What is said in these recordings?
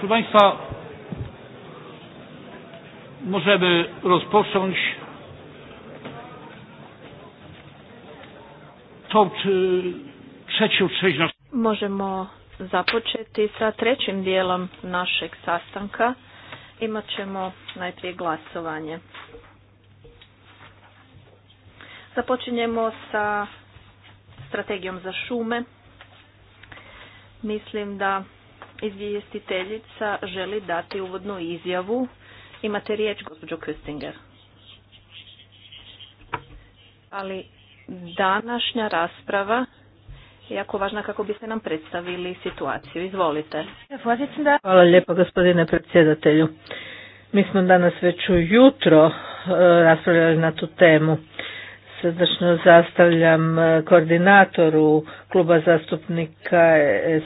Proszę Państwa, możemy rozpocząć tą trzecią część Možemo započeti sa trećim dijelom našeg sastanka. Imat ćemo najprije glasovanje. Započinjemo sa strategijom za šume. Mislim da Izvjestiteljica želi dati uvodnu izjavu. Imate riječ, gospođo Kustinger. Ali današnja rasprava je jako važna kako biste nam predstavili situaciju. Izvolite. Hvala lijepo gospodine predsjedatelju. Mi smo danas već ujutro eh, raspravljali na tu temu srdačno zastavljam e, koordinatoru kluba zastupnika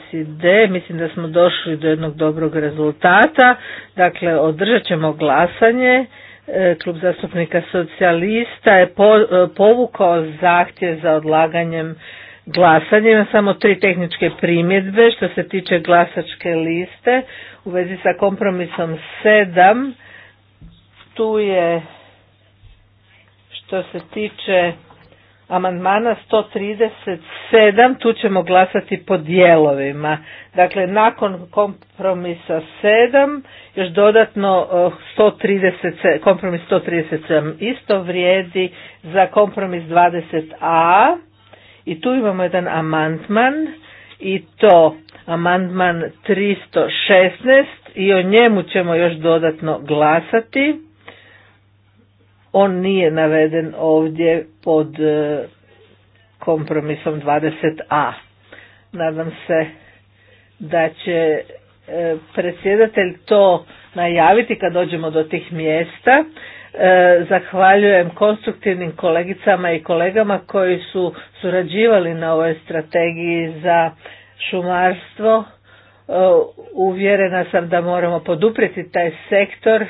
SID. Mislim da smo došli do jednog dobrog rezultata. Dakle, održat ćemo glasanje. E, Klub zastupnika socijalista je e, povukao zahtjev za odlaganjem glasanja. Ima samo tri tehničke primjedbe što se tiče glasačke liste. U vezi sa kompromisom 7 tu je što se tiče amandmana 137, tu ćemo glasati po dijelovima. Dakle, nakon kompromisa 7, još dodatno 130, e, kompromis 137 isto vrijedi za kompromis 20a. I tu imamo jedan amandman i to amandman 316 i o njemu ćemo još dodatno glasati on nije naveden ovdje pod e, kompromisom 20a. Nadam se da će e, predsjedatelj to najaviti kad dođemo do tih mjesta. E, zahvaljujem konstruktivnim kolegicama i kolegama koji su surađivali na ovoj strategiji za šumarstvo. Uvjerena sam da moramo poduprijeti taj sektor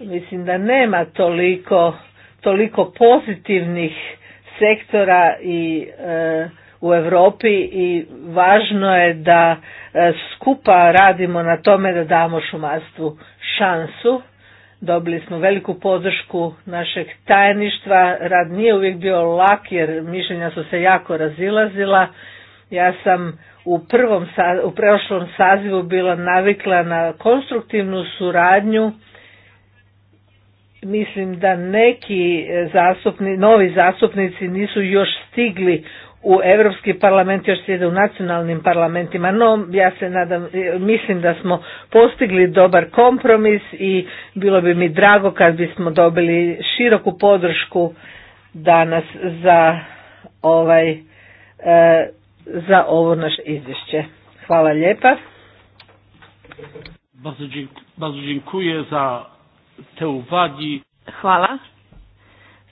Mislim da nema toliko, toliko pozitivnih sektora i e, u Europi i važno je da e, skupa radimo na tome da damo šumarstvu šansu. Dobili smo veliku podršku našeg tajništva. Rad nije uvijek bio lak jer mišljenja su se jako razilazila. Ja sam u prvom u prošlom sazivu bila navikla na konstruktivnu suradnju mislim da neki zastupni, novi zastupnici nisu još stigli u Europski parlament još sjede u nacionalnim parlamentima, no ja se nadam, mislim da smo postigli dobar kompromis i bilo bi mi drago kad bismo dobili široku podršku danas za ovaj e, za ovo naše izvješće. Hvala lijepa. Bardzo dziękuję za te Hvala.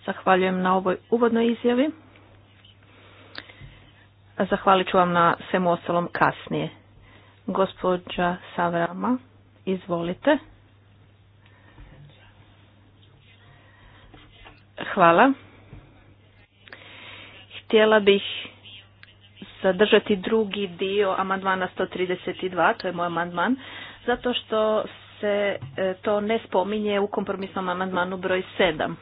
Zahvaljujem na ovoj uvodnoj izjavi. Zahvalit ću vam na svemu ostalom kasnije. Gospođa Savrama, izvolite. Hvala. Htjela bih zadržati drugi dio amandmana 132, to je moj amandman, zato što se e, to ne spominje u kompromisnom amandmanu broj 7.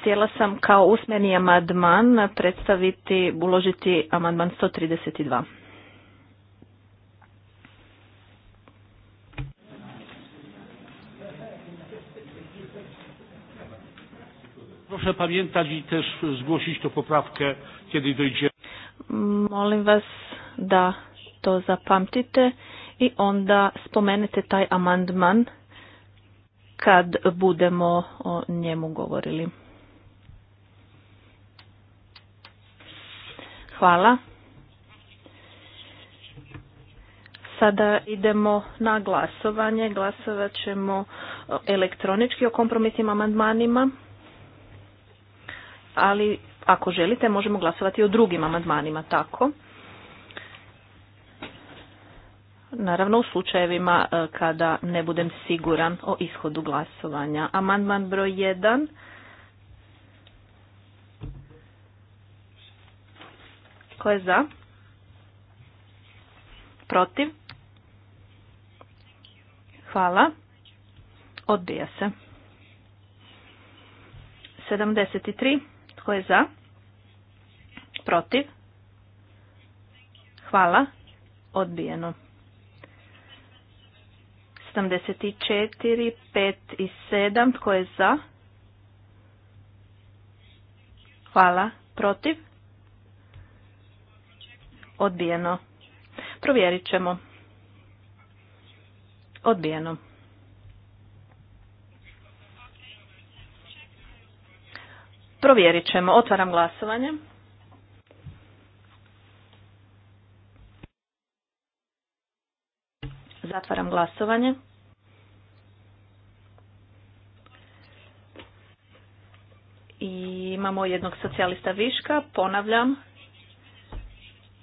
Htjela sam kao usmeni amandman predstaviti, uložiti amandman 132. Proszę pamiętać i też zgłosić poprawkę, kiedy dojdzie. Molim vas da to zapamtite i onda spomenete taj amandman kad budemo o njemu govorili. Hvala. Sada idemo na glasovanje. Glasovat ćemo elektronički o kompromisnim amandmanima. Ali ako želite možemo glasovati o drugim amandmanima tako. Naravno u slučajevima e, kada ne budem siguran o ishodu glasovanja. Amandman broj 1. Ko je za? Protiv? Hvala. Odbija se. 73. Tko je za? Protiv? Hvala. Odbijeno. 74, 5 i 7. Tko je za? Hvala. Protiv? Odbijeno. Provjerit ćemo. Odbijeno. Provjerit ćemo. Otvaram glasovanje. Zatvaram glasovanje. I imamo jednog socijalista viška, ponavljam,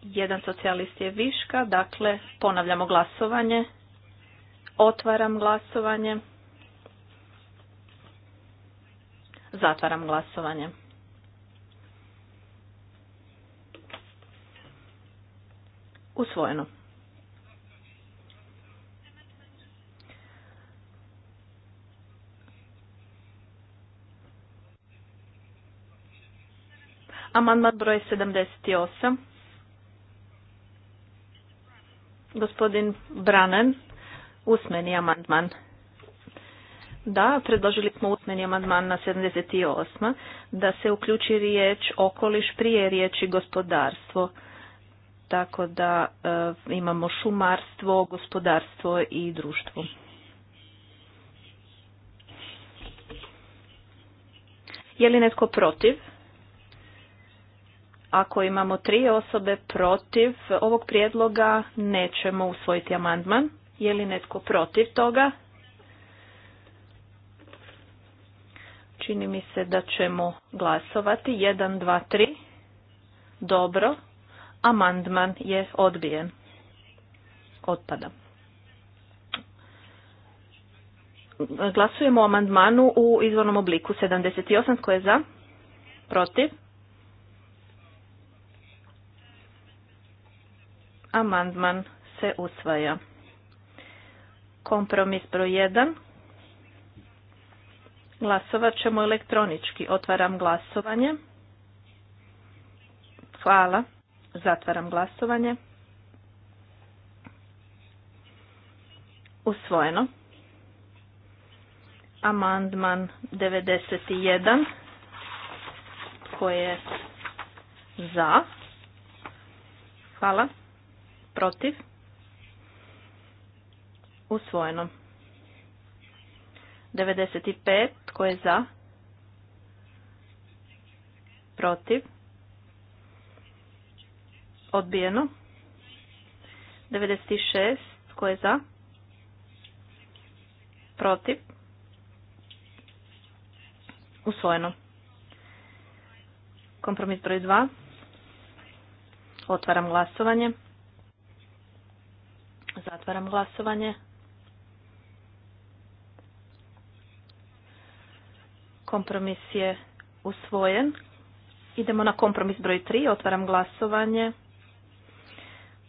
jedan socijalist je viška, dakle ponavljamo glasovanje, otvaram glasovanje, zatvaram glasovanje. Usvojeno. Amandman broj 78. Gospodin Branen, usmeni amandman. Da, predložili smo usmeni amandman na 78. Da se uključi riječ okoliš prije riječi gospodarstvo. Tako da e, imamo šumarstvo, gospodarstvo i društvo. Je li netko protiv? Ako imamo tri osobe protiv ovog prijedloga, nećemo usvojiti amandman. Je li netko protiv toga? Čini mi se da ćemo glasovati. 1, 2, 3. Dobro. Amandman je odbijen. Otpada. Glasujemo o amandmanu u izvornom obliku. 78 tko je za? Protiv? Amandman se usvaja. Kompromis broj 1. Glasovat ćemo elektronički. Otvaram glasovanje. Hvala. Zatvaram glasovanje. Usvojeno. Amandman 91 koje je za. Hvala. Protiv? Usvojeno. 95. Tko je za? Protiv? Odbijeno. 96. Tko je za? Protiv? Usvojeno. Kompromis broj 2. Otvaram glasovanje. Zatvaram glasovanje. Kompromis je usvojen. Idemo na kompromis broj 3. Otvaram glasovanje.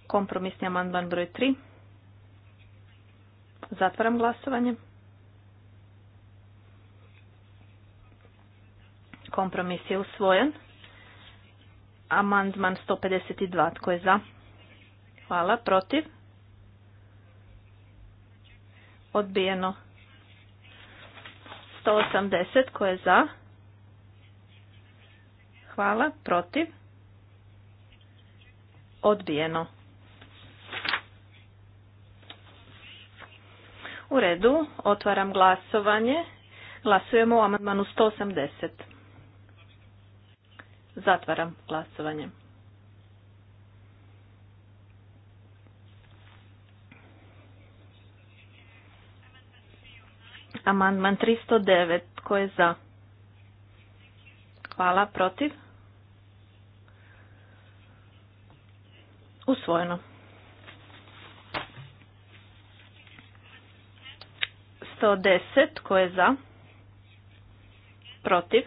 Kompromisni amandman broj 3. Zatvaram glasovanje. Kompromis je usvojen. Amandman 152. Tko je za? Hvala. Protiv? odbijeno. 180 koje je za. Hvala. Protiv. Odbijeno. U redu. Otvaram glasovanje. Glasujemo o amandmanu 180. Zatvaram glasovanje. Amandman 309. Tko je za? Hvala. Protiv? Usvojeno. 110. Tko je za? Protiv?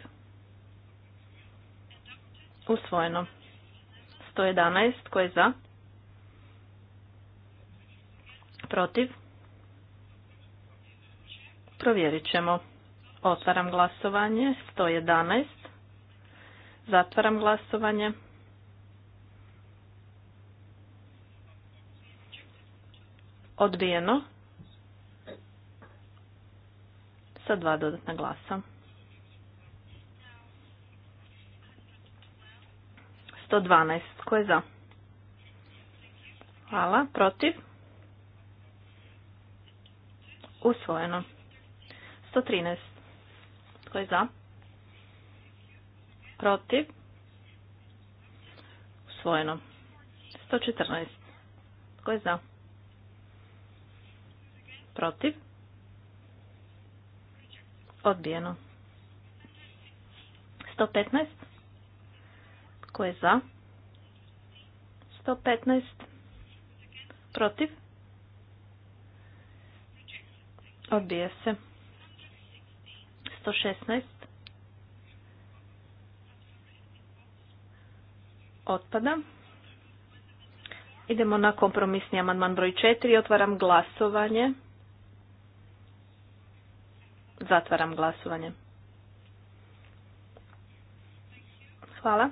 Usvojeno. 111. Tko je za? Protiv? Provjerit ćemo. Otvaram glasovanje. 111. Zatvaram glasovanje. Odbijeno. Sa dva dodatna glasa. 112. Ko je za? Hvala. Protiv? Usvojeno. 113. Tko je za? Protiv? Usvojeno. 114. Tko je za? Protiv? Odbijeno. 115. Tko je za? 115. Protiv? Odbije se. 116 otpada. Idemo na kompromisni amandman broj 4. Otvaram glasovanje. Zatvaram glasovanje. Hvala.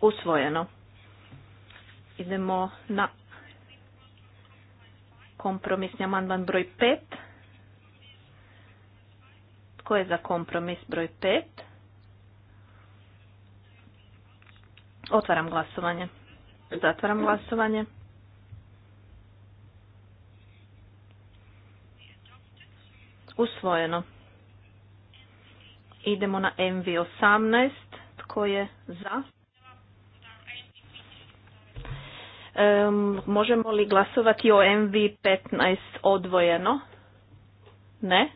Usvojeno. Idemo na kompromisni amandman broj pet, tko je za kompromis broj 5? Otvaram glasovanje. Zatvaram glasovanje. Usvojeno. Idemo na MV18. Tko je za? možemo li glasovati o MV15 odvojeno? Ne.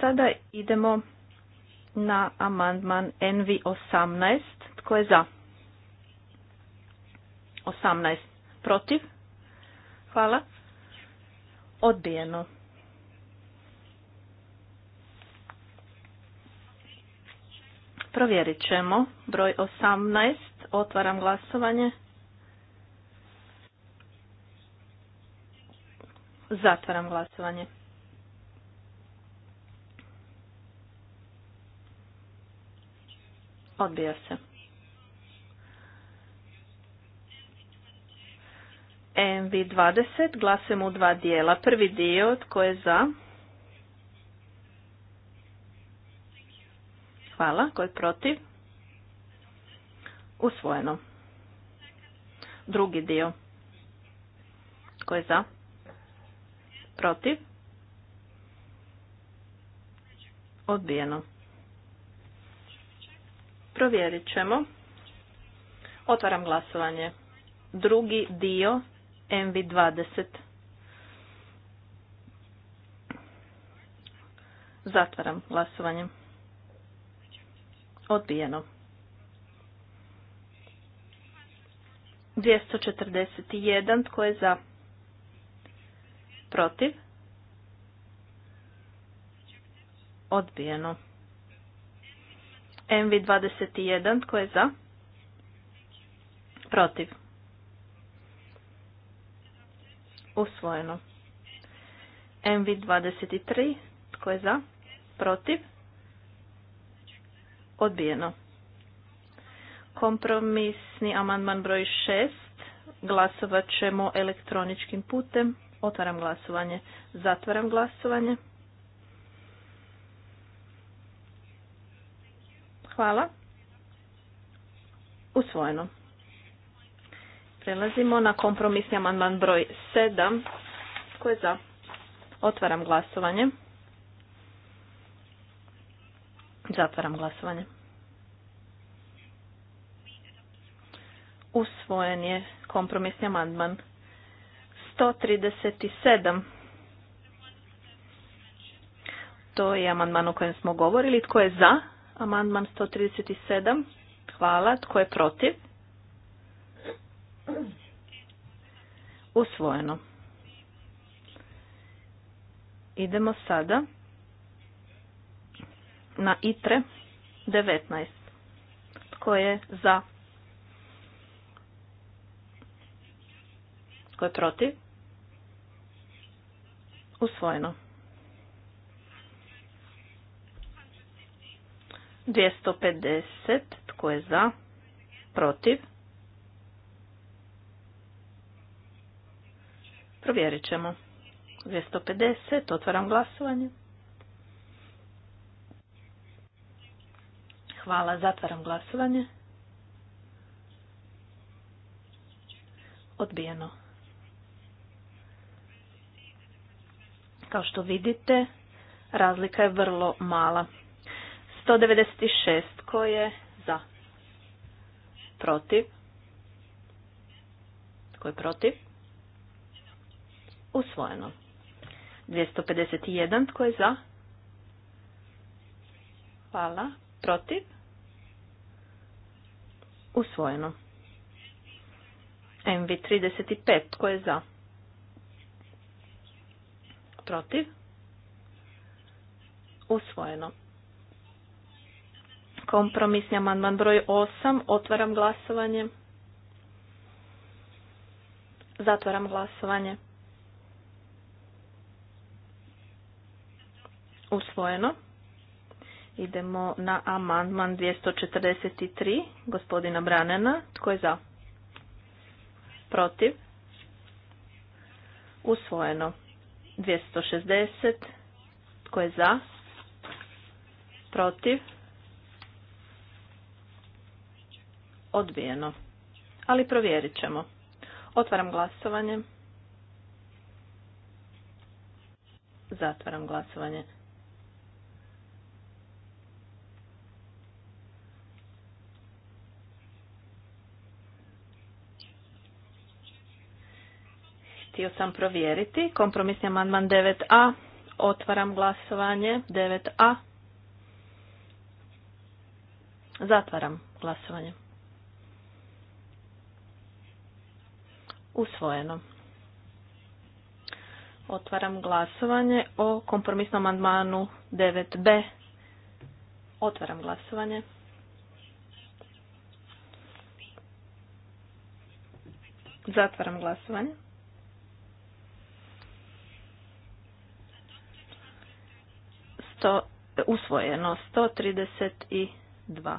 Sada idemo na amandman NV18. Tko je za? 18. Protiv? Hvala. Odbijeno. Provjerit ćemo. Broj 18. Otvaram glasovanje. Zatvaram glasovanje. Odbija se. MV20 glasujemo u dva dijela. Prvi dio tko je za? Hvala. Tko je protiv? Usvojeno. Drugi dio. Tko je za? Protiv? Odbijeno. Provjerit ćemo. Otvaram glasovanje. Drugi dio MV20. Zatvaram glasovanje. Odbijeno. 241. Tko je za? Protiv? Odbijeno. MV21, tko je za? Protiv. Usvojeno. MV23, tko je za? Protiv. Odbijeno. Kompromisni amandman broj 6. Glasovat ćemo elektroničkim putem. Otvaram glasovanje. Zatvaram glasovanje. Hvala. Usvojeno. Prelazimo na kompromisni amandman broj 7. Tko je za? Otvaram glasovanje. Zatvaram glasovanje. Usvojen je kompromisni amandman 137. To je amandman o kojem smo govorili. Tko je za? Amandman 137. Hvala. Tko je protiv? Usvojeno. Idemo sada na ITRE 19. Tko je za? Tko je protiv? Usvojeno. 250. Tko je za? Protiv? Provjerit ćemo. 250. Otvaram glasovanje. Hvala. Zatvaram glasovanje. Odbijeno. Kao što vidite, razlika je vrlo mala. 196 tko je za? Protiv? Tko je protiv? Usvojeno. 251 tko je za? Hvala. Protiv? Usvojeno. MV35 tko je za? Protiv? Usvojeno. Kompromisni amandman broj 8. Otvaram glasovanje. Zatvaram glasovanje. Usvojeno. Idemo na amandman 243 gospodina Branena. Tko je za? Protiv? Usvojeno. 260. Tko je za? Protiv? odbijeno. Ali provjerit ćemo. Otvaram glasovanje. Zatvaram glasovanje. Htio sam provjeriti. Kompromisni amandman 9a. Otvaram glasovanje. 9a. Zatvaram glasovanje. usvojeno. Otvaram glasovanje o kompromisnom amandmanu 9b. Otvaram glasovanje. Zatvaram glasovanje. Sto, usvojeno 132.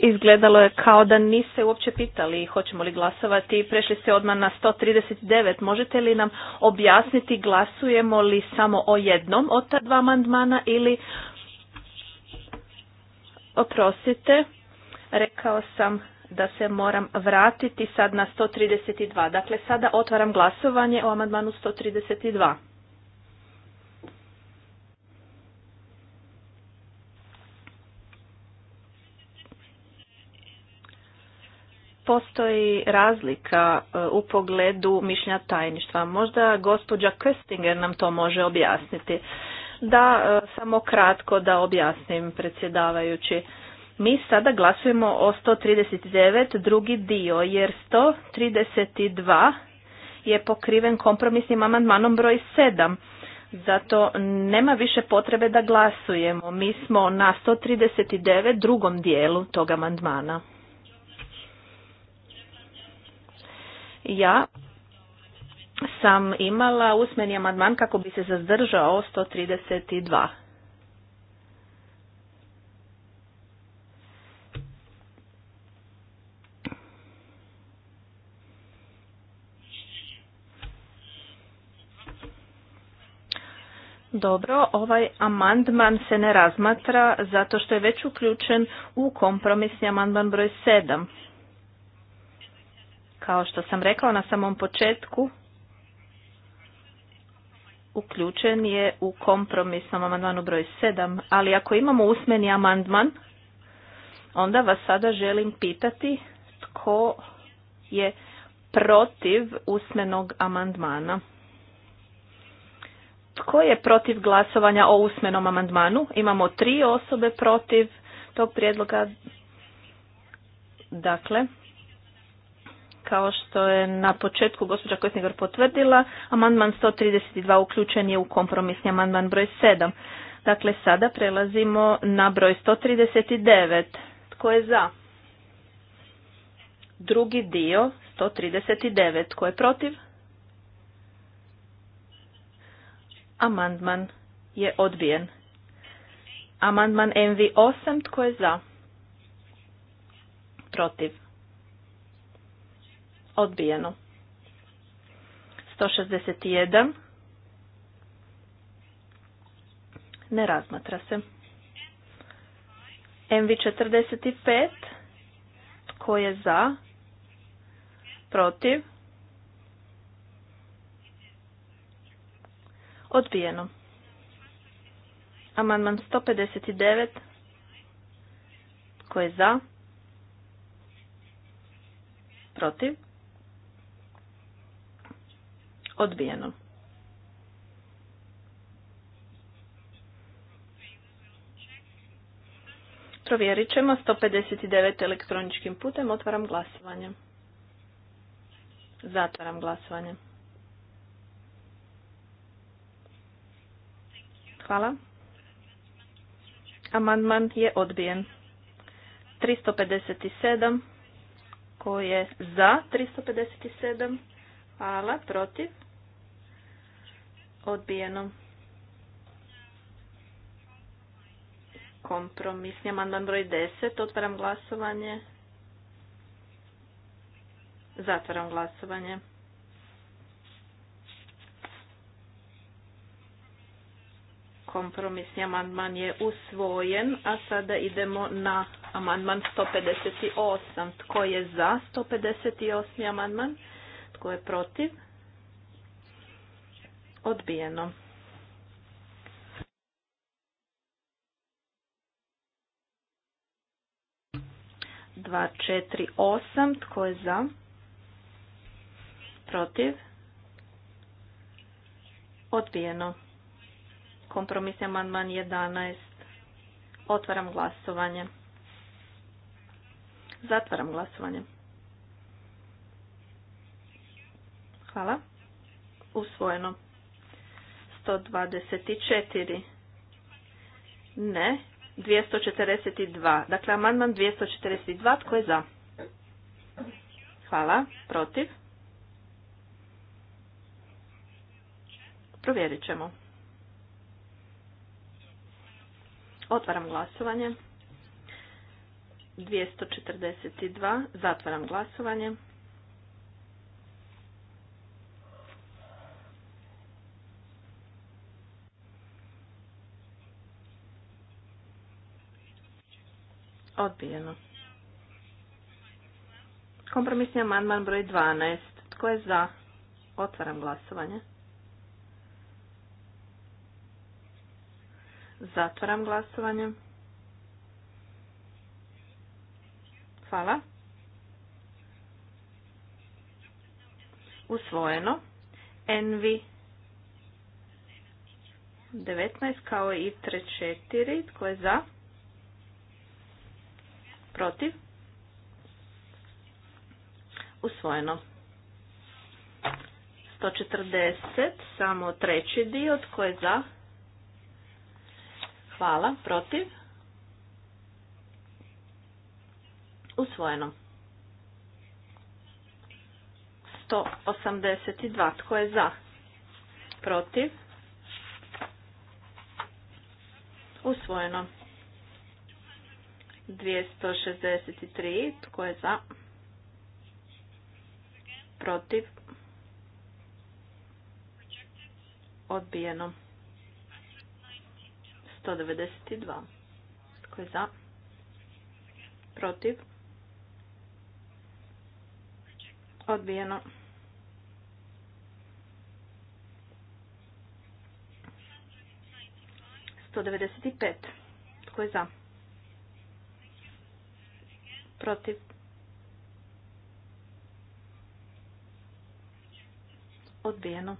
Izgledalo je kao da niste uopće pitali hoćemo li glasovati. Prešli ste odmah na 139. Možete li nam objasniti glasujemo li samo o jednom od ta dva mandmana ili... Oprostite, rekao sam da se moram vratiti sad na 132. Dakle, sada otvaram glasovanje o amandmanu 132. postoji razlika e, u pogledu mišljenja tajništva. Možda gospođa Köstinger nam to može objasniti. Da, e, samo kratko da objasnim predsjedavajući. Mi sada glasujemo o 139 drugi dio jer 132 je pokriven kompromisnim amandmanom broj 7. Zato nema više potrebe da glasujemo. Mi smo na 139 drugom dijelu tog amandmana. Ja sam imala usmeni amandman kako bi se zadržao 132. Dobro, ovaj amandman se ne razmatra zato što je već uključen u kompromisni amandman broj 7. Kao što sam rekao na samom početku, uključen je u kompromisnom amandmanu broj 7, ali ako imamo usmeni amandman, onda vas sada želim pitati tko je protiv usmenog amandmana. Tko je protiv glasovanja o usmenom amandmanu? Imamo tri osobe protiv tog prijedloga. Dakle, kao što je na početku gospođa Kosnigar potvrdila, amandman 132 uključen je u kompromisni amandman broj 7. Dakle, sada prelazimo na broj 139. Tko je za? Drugi dio 139. Tko je protiv? Amandman je odbijen. Amandman MV8. Tko je za? Protiv. Odbijeno. 161. Ne razmatra se. MV45. Tko je za? Protiv? Odbijeno. Amandman 159. Tko je za? Protiv? Odbijeno. Provjerit ćemo 159 elektroničkim putem. Otvaram glasovanje. Zatvaram glasovanje. Hvala. Amandman je odbijen. 357. Ko je za 357? Hvala. Protiv? Odbijeno. Kompromisni amandman broj 10. Otvaram glasovanje. Zatvaram glasovanje. Kompromisni amandman je usvojen, a sada idemo na amandman 158. Tko je za 158. amandman? Tko je protiv? Odbijeno. Dva, četiri, osam. Tko je za? Protiv? Odbijeno. je amandman 11. Otvaram glasovanje. Zatvaram glasovanje. Hvala. Usvojeno. 224. Ne. 242. Dakle, amandman 242. Tko je za? Hvala. Protiv? Provjerit ćemo. Otvaram glasovanje. 242. Zatvaram glasovanje. Odbijeno. Kompromisni amandman broj 12. Tko je za? Otvaram glasovanje. Zatvaram glasovanje. Hvala. Usvojeno. Envi 19 kao i 3 4. Tko je za? Protiv? Usvojeno. 140, samo treći dio, tko je za? Hvala. Protiv? Usvojeno. 182, tko je za? Protiv? Usvojeno. 263. Tko je za? Protiv? Odbijeno. 192. Tko je za? Protiv? Odbijeno. 195 devedeset Tko je za? protiv, odbijeno.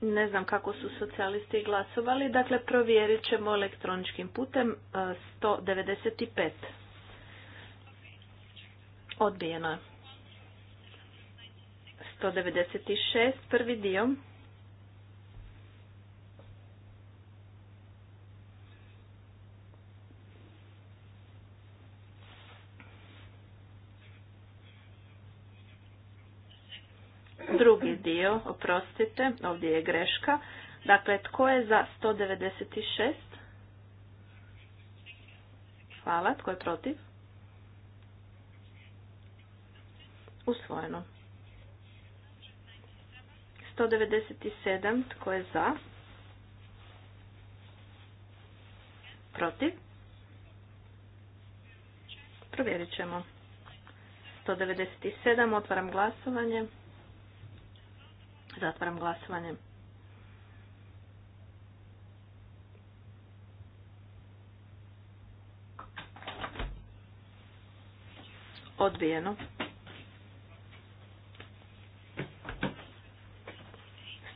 Ne znam kako su socijalisti glasovali, dakle provjerit ćemo elektroničkim putem 195. E, odbijeno je. 196. prvi dio. dio, oprostite, ovdje je greška. Dakle, tko je za 196? Hvala, tko je protiv? Usvojeno. 197, tko je za? Protiv? Provjerit ćemo. 197, otvaram glasovanje. Zatvaram glasovanje. Odbijeno.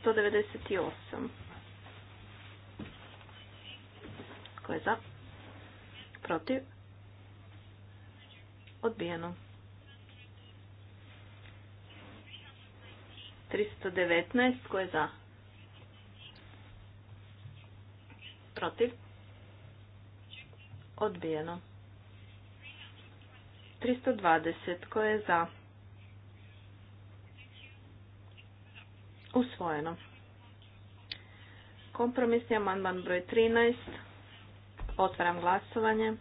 198. Ko je za? Protiv? Odbijeno. 319. Tko je za? Protiv? Odbijeno. 320. Tko je za? Usvojeno. Kompromisni amandman broj 13. Otvaram glasovanje.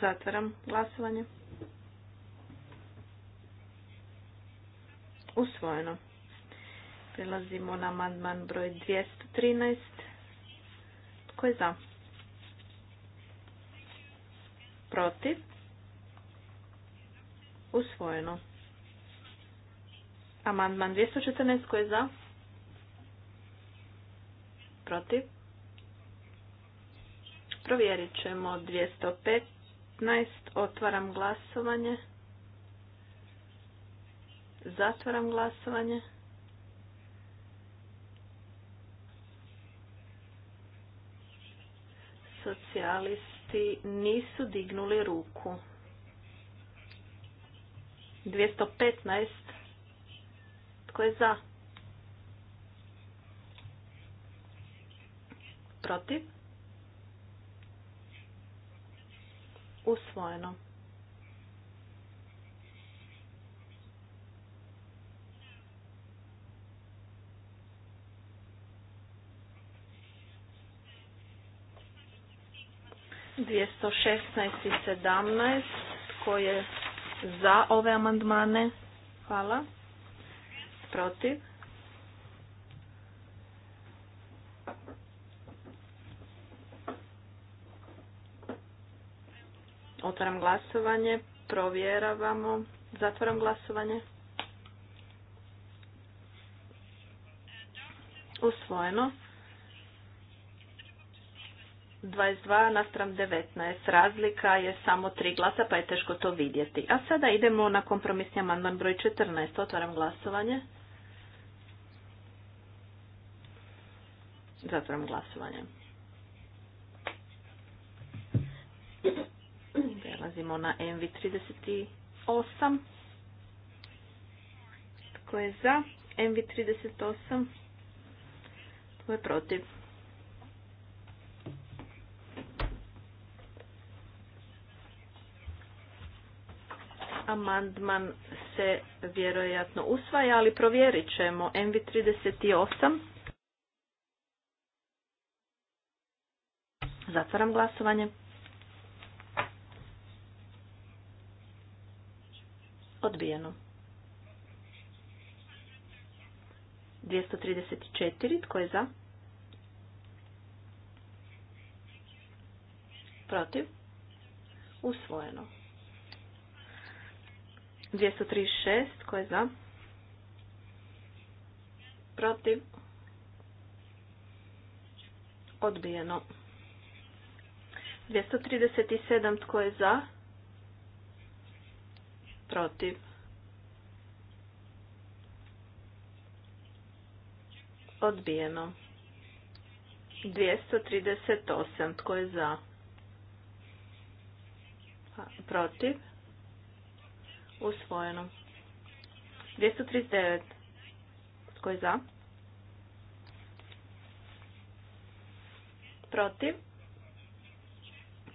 Zatvaram glasovanje. Usvojeno. Prelazimo na amandman broj 213. Tko je za? Protiv? Usvojeno. Amandman 214. Tko je za? Protiv? Provjerit ćemo 215. Otvaram glasovanje. Zatvaram glasovanje. Socijalisti nisu dignuli ruku. 215. Tko je za? Protiv? Usvojeno. 216 i 17 tko je za ove amandmane. Hvala. Protiv. Otvaram glasovanje, provjeravamo, zatvaram glasovanje. Usvojeno. 22 naspram 19. Razlika je samo tri glasa, pa je teško to vidjeti. A sada idemo na kompromisni amandman broj 14. Otvaram glasovanje. Zatvaram glasovanje. Prelazimo na MV 38. Tko je za? MV 38. Tko je protiv? Amandman se vjerojatno usvaja, ali provjerit ćemo. MV38. Zatvaram glasovanje. Odbijeno. 234. Tko je za? Protiv? Usvojeno. 236. Tko je za? Protiv? Odbijeno. 237. Tko je za? Protiv? Odbijeno. 238. Tko je za? Protiv? Usvojeno. 239. Tko je za? Protiv?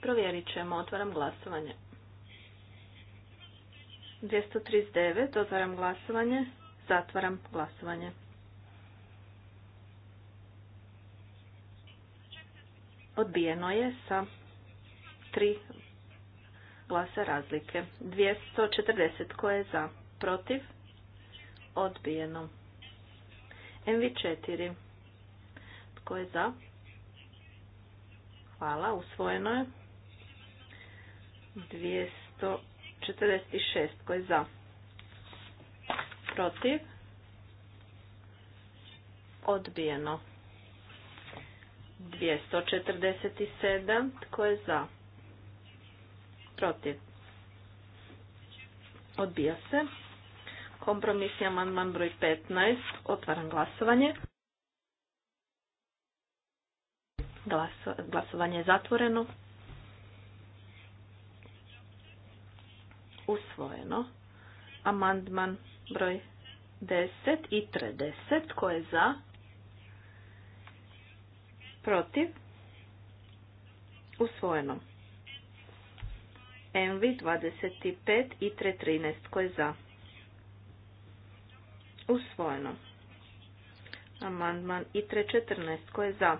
Provjerit ćemo. Otvaram glasovanje. 239. Otvaram glasovanje. Zatvaram glasovanje. Odbijeno je sa tri glasa razlike. 240 koje je za, protiv, odbijeno. MV4 tko je za? Hvala, usvojeno je. 246 Koje je za, protiv, odbijeno. 247 tko je za, protiv, odbija se. Kompromisni amandman broj 15, otvaram glasovanje. glasovanje je zatvoreno. Usvojeno. Amandman broj 10 i 30. Tko je za? Protiv? Usvojeno. Envi 25 i 3.13 koje je za. Usvojeno. Amandman i 314 koje je za.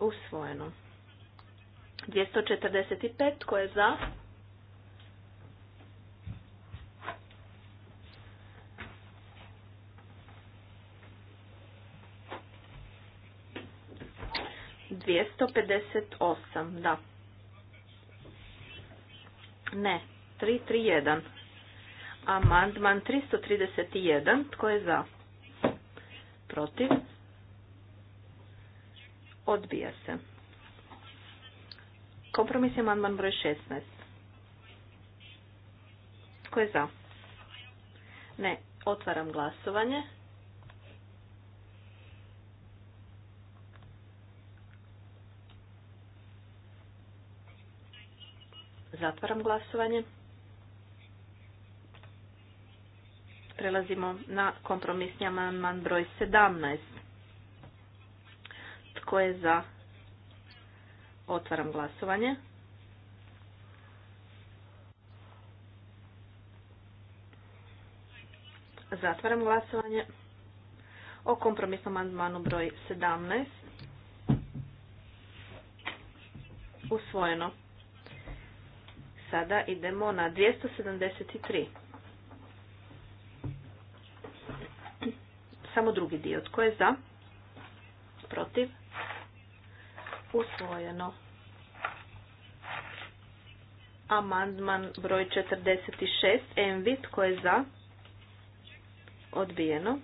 Usvojeno. 245 koje je za. Dvijesto pedeset osam, da. Ne. 331. Amandman 331. Tko je za? Protiv? Odbija se. Kompromis je amandman broj 16. Tko je za? Ne. Otvaram glasovanje. Zatvaram glasovanje. Prelazimo na kompromisni amandman broj 17. Tko je za? Otvaram glasovanje. Zatvaram glasovanje o kompromisnom amandmanu broj 17. Usvojeno. Sada idemo na 273. Samo drugi dio. Tko je za? Protiv? Usvojeno. Amandman broj 46. Envi. Tko je za? Odbijeno.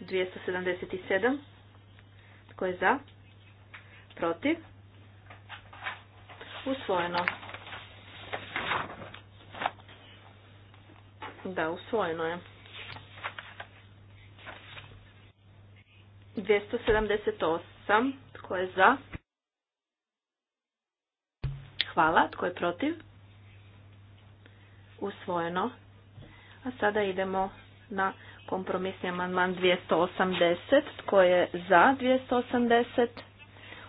277. Tko je za? Protiv? Usvojeno. Da, usvojeno je. 278. Tko je za? Hvala. Tko je protiv? Usvojeno. A sada idemo na kompromisni amandman 280. Tko je za 280?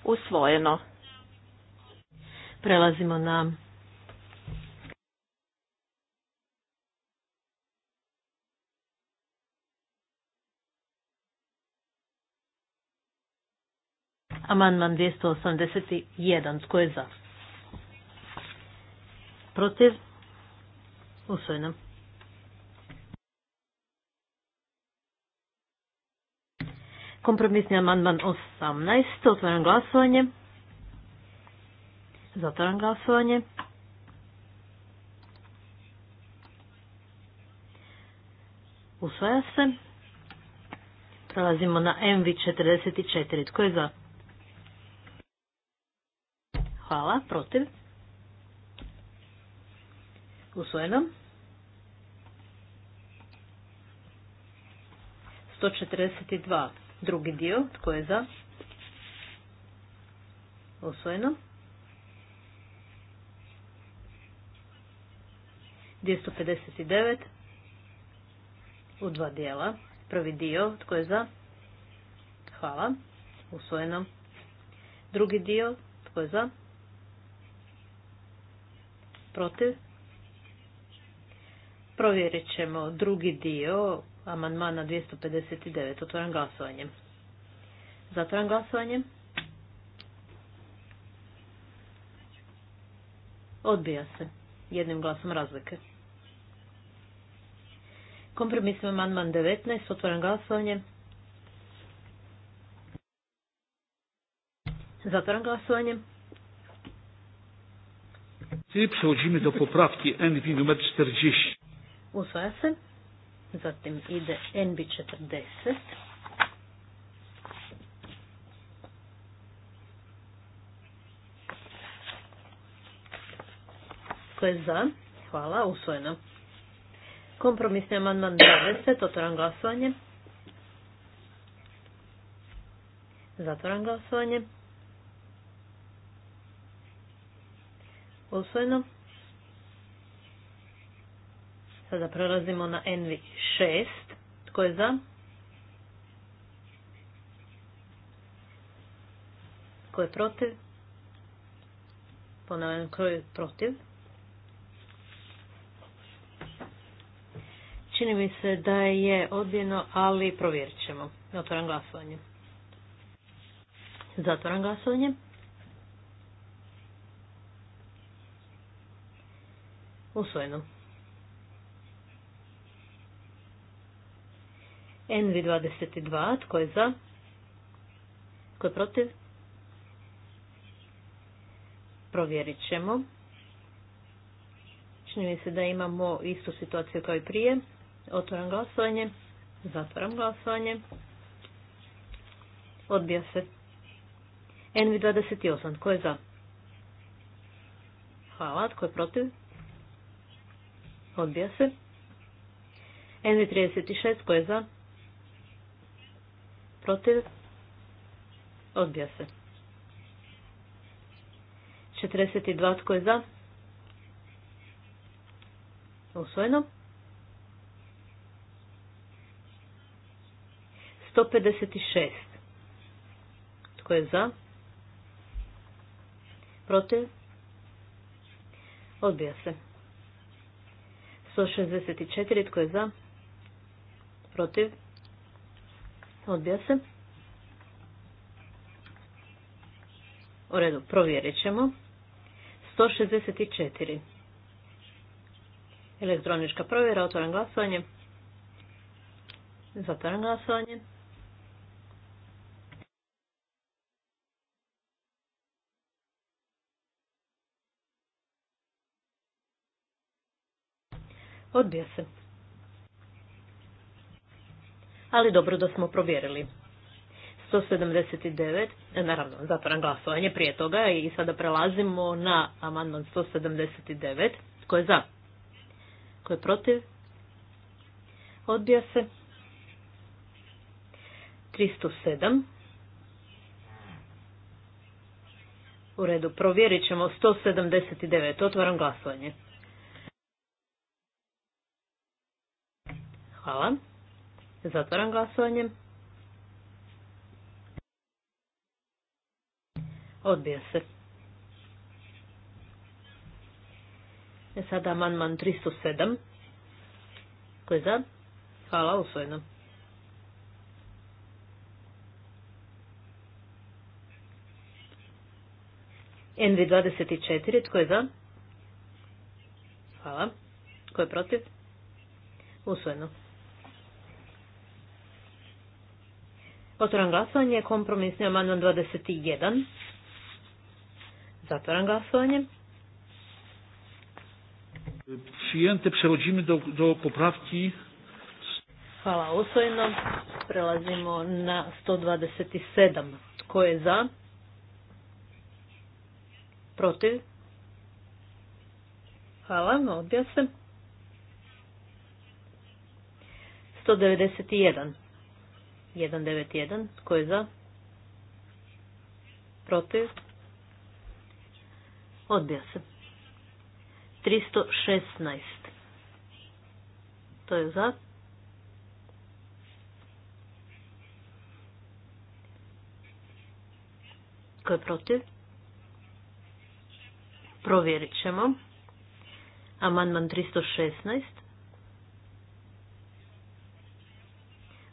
Usvojeno. Prelazimo na Amandman 281. Tko je za? Protiv? Usvojeno. Kompromisni amandman 18. Otvaram glasovanje. Zatvaram glasovanje. Usvaja se. Prelazimo na MV44. Tko je za? Hvala. Protiv? Usvojeno. 142. Drugi dio. Tko je za? Usvojeno. 259. U dva dijela. Prvi dio. Tko je za? Hvala. Usvojeno. Drugi dio. Tko je za? Protiv? Provjerit ćemo drugi dio amandmana 259. Otvoram glasovanje. Zatvoram glasovanje. Odbija se. Jednim glasom razlike. Kompromisni amandman 19. Otvoram glasovanje. Zatvoram glasovanje. Czyli przechodzimy do poprawki NB numer 40. Usvoja se. Zatim ide NB 40. Tko je za? Hvala, usvojeno. Kompromisni amandman 20, otvoram glasovanje. Zatvoram glasovanje. Usvojeno. Sada prelazimo na NV 6. Tko je za? Tko je protiv? Ponavljam, tko je protiv? Čini mi se da je odbijeno, ali provjerit ćemo. Otvoram glasovanje. Zatvoram glasovanje. Usvojeno. Envi 22. Tko je za? Tko je protiv? Provjerit ćemo. Čini mi se da imamo istu situaciju kao i prije. Otvaram glasovanje. Zatvaram glasovanje. Odbija se. envi 28 Tko je za? Hvala. Tko je protiv? Odbija se. NV36 koje je za? Protiv? Odbija se. 42 tko je za? Usvojeno. 156. Tko je za? Protiv? Odbija se. 164. Tko je za? Protiv? Odbija se. U redu, provjerit ćemo. 164. Elektronička provjera, otvoran glasovanje. Zatvoren glasovanje. Odbija se. Ali dobro da smo provjerili. 179, e, naravno, zatvoram glasovanje prije toga i sada prelazimo na amandman 179. Tko je za? Tko je protiv? Odbija se. 307. U redu, provjerit ćemo 179. Otvaram glasovanje. Hvala. Zatvaram glasovanje. Odbija se. E sada amandman 307. Ko je za? Hvala, usvojeno. NV24, tko je za? Hvala. Tko je protiv? Usvojeno. Otvoram glasovanje. Kompromisni amandman 21. Zatvoram glasovanje. Przyjęte. Przechodzimy do, do poprawki. Hvala, usvojeno. Prelazimo na 127. Tko je za? Protiv? Hvala, odbija se. 191. 191. Tko je za? Protiv? Odbija se. 316. To je za. Tko je protiv? Provjerit ćemo. Amandman 316.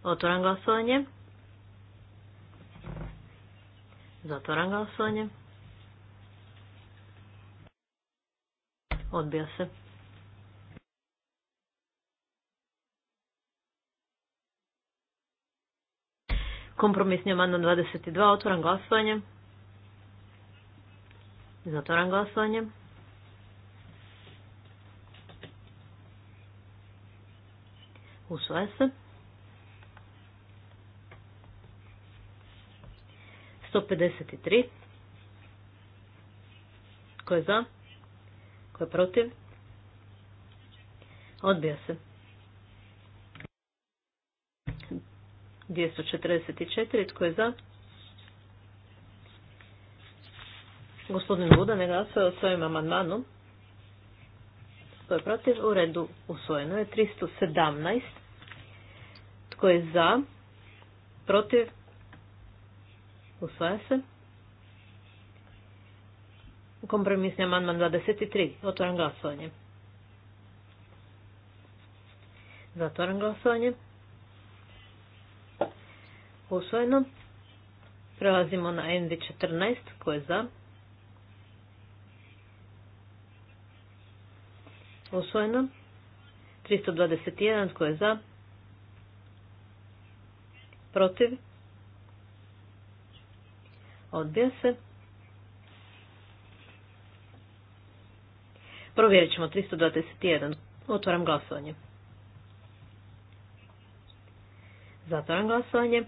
Otvoram glasovanje. Zatvoram glasovanje. Odbija se. Kompromisni amandman 22. Otvoram glasovanje. Zatvoram glasovanje. Usvaja se. 153. Ko je za? Ko je protiv? Odbija se. 244. Tko je za? Gospodin Buda ne glasuje o svojim amandmanu. Tko je protiv? U redu usvojeno je 317. Tko je za? Protiv? Usvaja se. Kompromisni amandman 23. Otvoram glasovanje. Zatvoram glasovanje. Usvojeno. Prelazimo na ND14. koje je za? Usvojeno. 321. koje je za? Protiv? Odbija se. Provjerit ćemo 321. Otvaram glasovanje. Zatvaram glasovanje.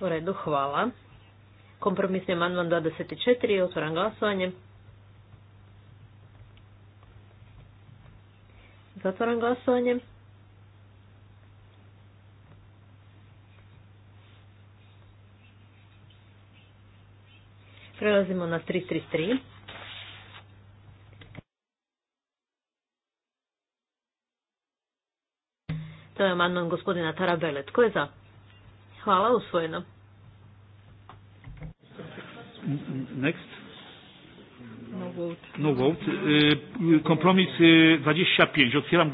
U redu, hvala. Kompromisni amandman 24. Otvaram glasovanje. Zatvaram glasovanje. Prelazimo na 333. To je amandman gospodina Tarabele. Ko je za? Hvala, usvojeno. Next. No vote. No vote. E, kompromis 25. E, Otwieram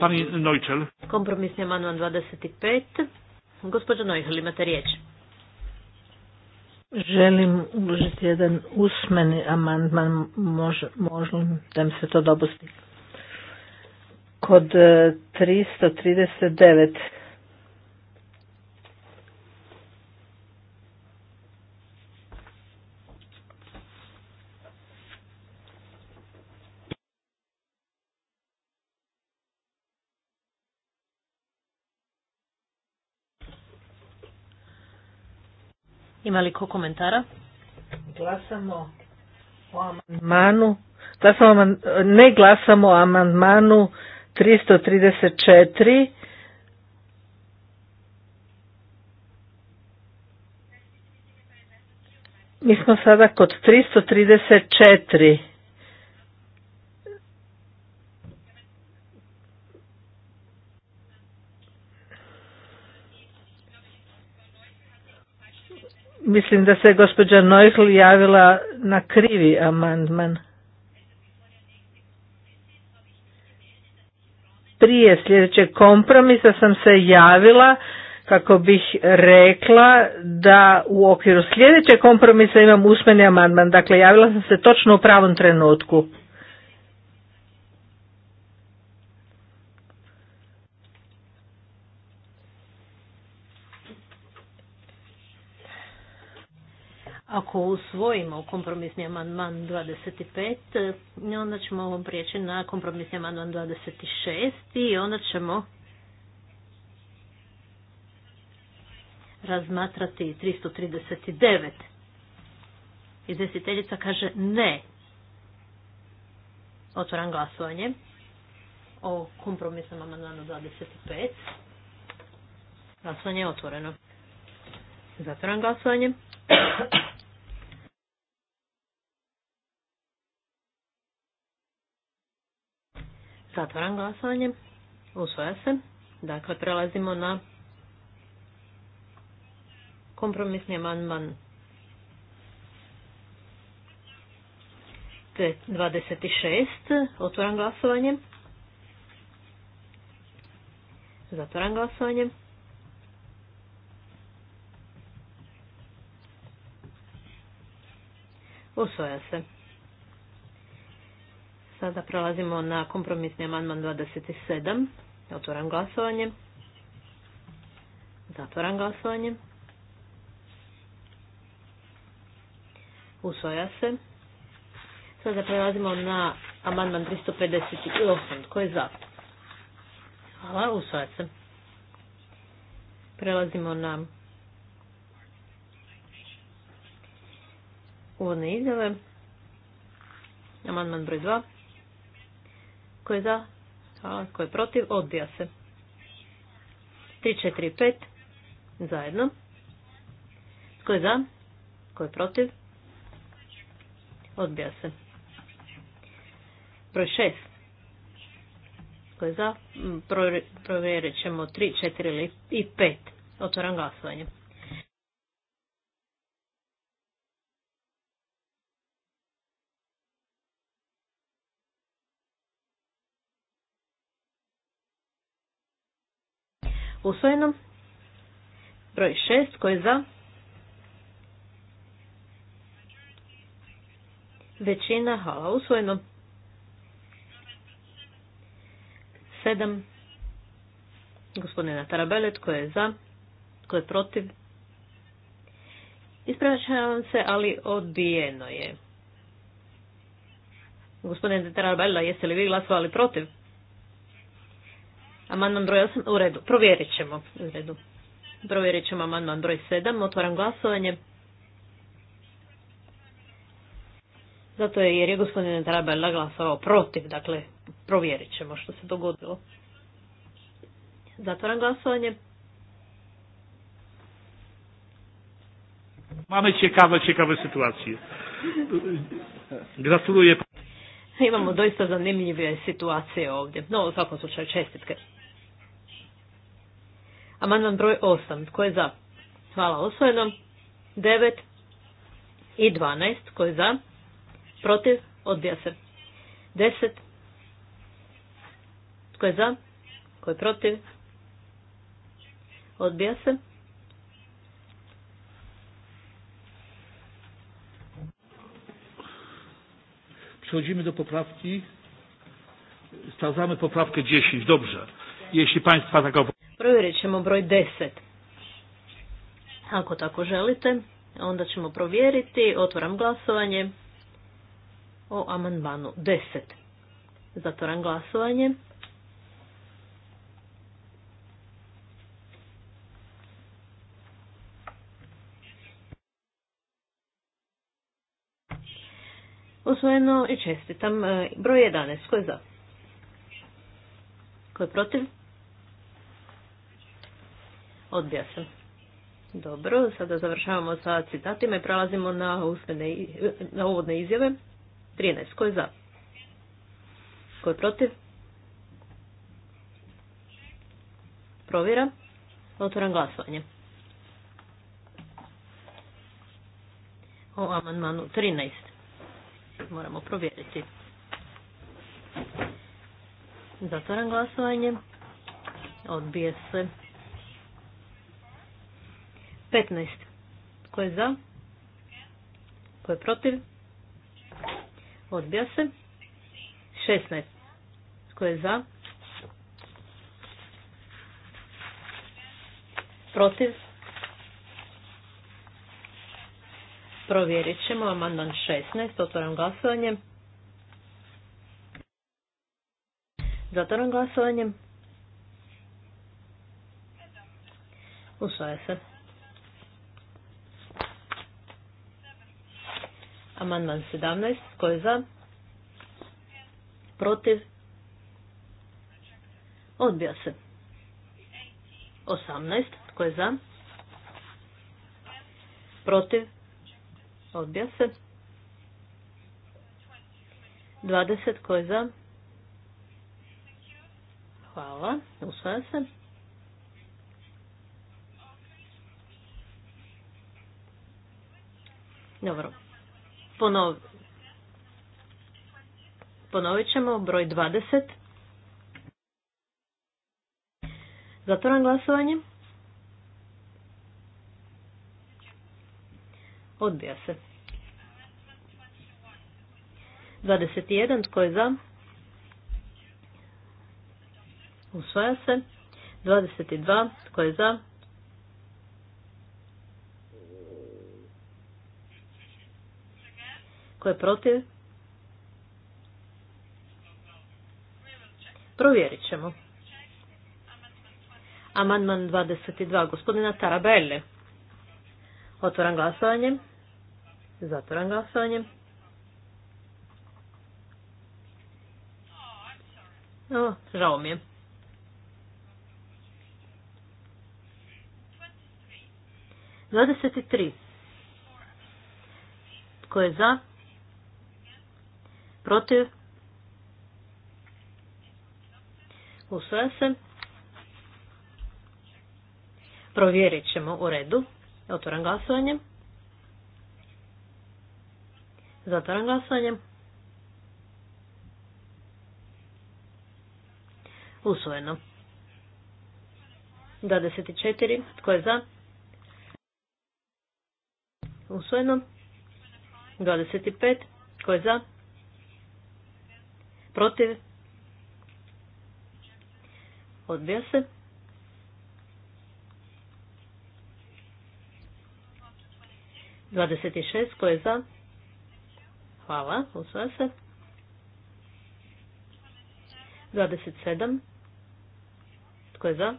Pani Neuchel. Kompromisni amandman 25. Gospodin Neuchel, imate riječ. Želim uložiti jedan usmeni amandman, možda da mi se to dopusti. Kod 339 e, Ima li ko komentara? Glasamo o amandmanu. Glasamo, ne glasamo o amandmanu 334. Mi smo sada kod 334. Mislim da se gospođa Neuchl javila na krivi amandman. Prije sljedećeg kompromisa sam se javila kako bih rekla da u okviru sljedećeg kompromisa imam usmeni amandman. Dakle, javila sam se točno u pravom trenutku. Ako usvojimo kompromisni amandman 25, onda ćemo prijeći na kompromisni amandman 26 i onda ćemo razmatrati 339. Izvjestiteljica kaže ne. Otvoram glasovanje o kompromisnom amandmanu 25. Glasovanje je otvoreno. Zatvoram glasovanje. Zatvaram glasovanje. Usvoja se. Dakle, prelazimo na kompromisni amandman 26. otvoram glasovanje. Zatvaram glasovanje. Usvoja se. Sada prelazimo na kompromisni amandman 27. Otvoram glasovanje. Zatvoram glasovanje. Usvoja se. Sada prelazimo na amandman 358. Tko je za? Hvala, usvoja se. Prelazimo na uvodne izjave. Amandman broj 2. Ko je za? A, ko je protiv? Odbija se. 3, 4, 5. Zajedno. Ko je za? Ko je protiv? Odbija se. Broj 6. Ko je za? Mm, provjerit ćemo 3, 4 i 5. Otvoram glasovanje. Usvojeno. Broj šest, Tko je za? Većina. Hvala. Usvojeno. sedam, Gospodina Tarabelet. Tko je za? Tko je protiv? Ispraćavam se, ali odbijeno je. Gospodine Tarabella, jeste li vi glasovali protiv? Amandman broj 8, u redu, provjerit ćemo. U redu. Provjerit ćemo amandman broj 7, otvaram glasovanje. Zato je jer je gospodin Trabela glasovao protiv, dakle provjerit ćemo što se dogodilo. Zatvaram glasovanje. Mamy ciekawe, ciekawe situacije. Imamo doista zanimljive situacije ovdje. No, u svakom slučaju čestitke. Amandman broj 8. Tko je za? Hvala. Osvojeno. 9 i 12. Tko je za? Protiv? Odbija se. 10. Tko je za? Tko je protiv? Odbija se. Przechodzimy do poprawki. Stawiamy poprawkę 10. Dobrze. Jeśli Państwa taką... Provjerit ćemo broj 10. Ako tako želite, onda ćemo provjeriti. Otvoram glasovanje o amandmanu 10. Zatvoram glasovanje. Usvojeno i čestitam. E, broj 11. Ko je za? Ko je protiv? Odbija se. Dobro, sada završavamo sa citatima i prelazimo na, usmene, na uvodne izjave. 13. Ko je za? Ko je protiv? Provjera. Otvoram glasovanje. O amandmanu 13. Moramo provjeriti. Zatvoram glasovanje. Odbije se. 15. Ko je za? Ko je protiv? Odbija se. 16. Ko je za? Protiv? Provjerit ćemo Amandan 16. Otvaram glasovanje. Zatvaram glasovanje. Usvaja se. Amandman 17. Tko je za? Protiv? Odbija se. 18. Tko je za? Protiv? Odbija se. 20. Tko je za? Hvala. Usvaja se. Dobro. Ponov... Ponovit ćemo broj 20. Zatvoram glasovanje. Odbija se. 21. Tko je za? Usvaja se. 22. Tko je za? je protiv? Provjerit ćemo. Amandman 22. Gospodina Tarabelle. Otvoram glasovanje. Zatvoram glasovanje. O, žao mi je. 23. Tko je za? Protiv? Usvaja se. Provjerit ćemo u redu. Otvoram glasovanje. Zatvoram glasovanje. Usvojeno. 24. Tko je za? Usvojeno. 25. Tko je za? Protiv? Odbija se. Dvadeset šest tko je za? Hvala, usvaja se. Dvadeset sedam. Tko je za?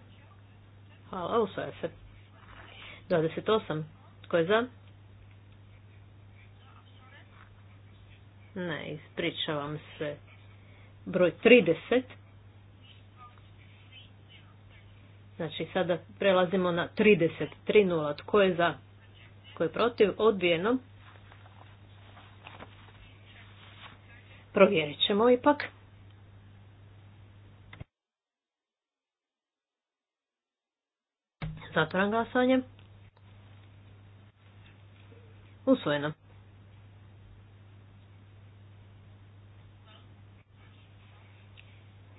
Hvala, usvaja se. Dvadeset osam. Tko je za? Ne, ispričavam se broj 30. Znači sada prelazimo na 30, 3-0. Tko je za? Tko je protiv? Odbijeno. Provjerit ćemo ipak. Zatvoram glasovanje. Usvojeno.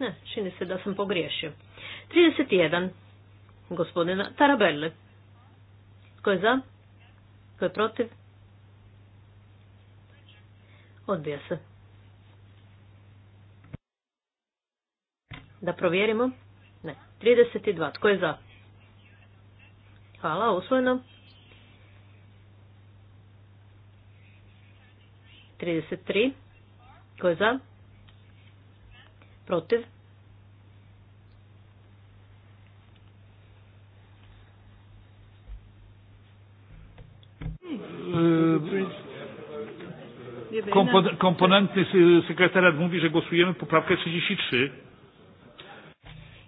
Ne, čini se da sam pogriješio. 31. Gospodina Tarabelle. Tko je za? Tko je protiv? Odbija se. Da provjerimo? Ne. 32. Tko je za? Hvala, usvojeno. 33. Tko je za? Protiv? E, komponenty komponentny sekretariat mówi, że głosujemy poprawkę 33.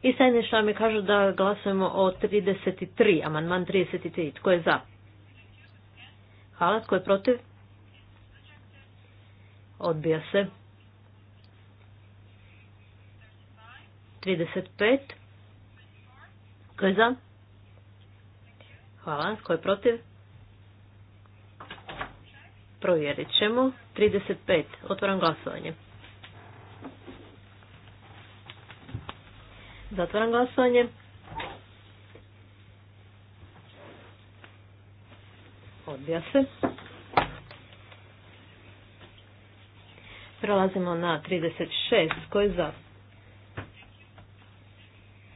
I sajništa mi kažu da glasujemo o 33, amandman 33. Tko je za? Hvala, tko je protiv? Odbija se. 35. Tko je za? Hvala. Tko je protiv? Provjerit ćemo. 35. Otvaram glasovanje. Zatvaram glasovanje. Odbija se. Prelazimo na 36. Tko je za?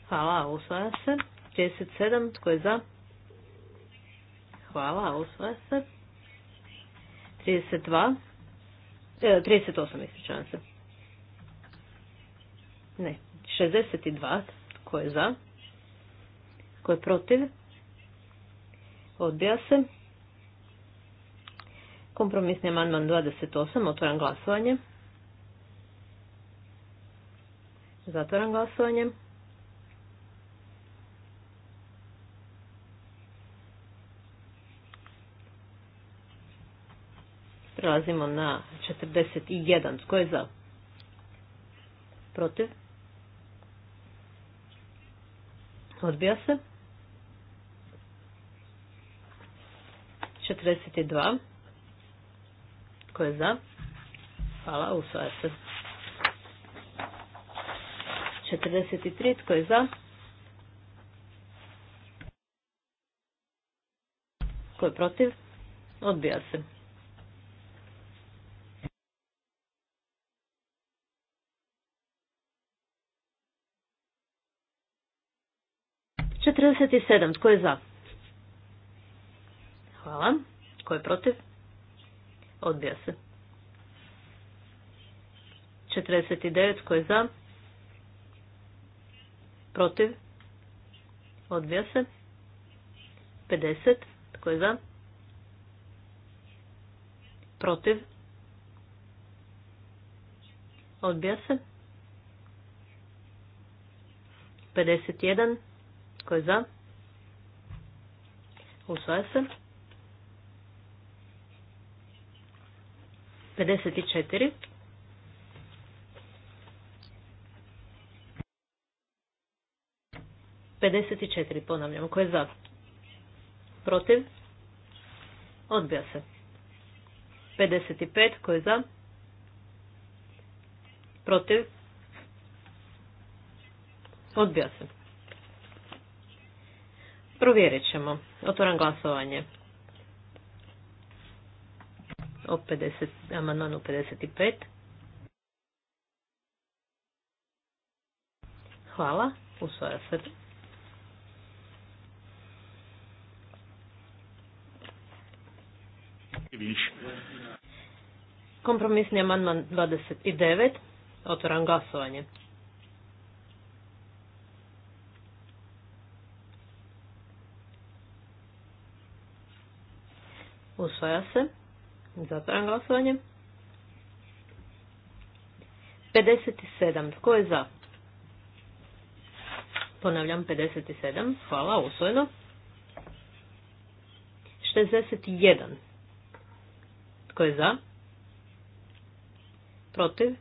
Hvala, usvaja se. 57, tko je za? Hvala, usvaja se. 32, 38, e, ispričavam se. Ne, 62, tko je za? Tko je protiv? Odbija se. Kompromisni amandman 28, otvoram glasovanje. Zatvoram glasovanje. Prelazimo na 41. Tko je za? Protiv? Odbija se. 42. Tko je za? Hvala, usvaja se. 43. Tko je za? Tko je protiv? Odbija se. 27. Tko je za? Hvala. Tko je protiv? Odbija se. 49. Tko je za? Protiv? Odbija se. 50. Tko je za? Protiv? Odbija se. 51. Tko je za? Usvaja se. 54. 54 ponavljamo, ko je za? Protiv? Odbija se. 55, ko je za? Protiv? Odbija se. Provjerit ćemo. Otvoram glasovanje. O 50, amandmanu 55. Hvala. Usvaja se. Kompromisni amandman 29. Otvoram glasovanje. Usvaja se. Zatvaram glasovanje. 57. Tko je za? Ponavljam 57. Hvala, usvojeno. 61. Tko je za? Protiv?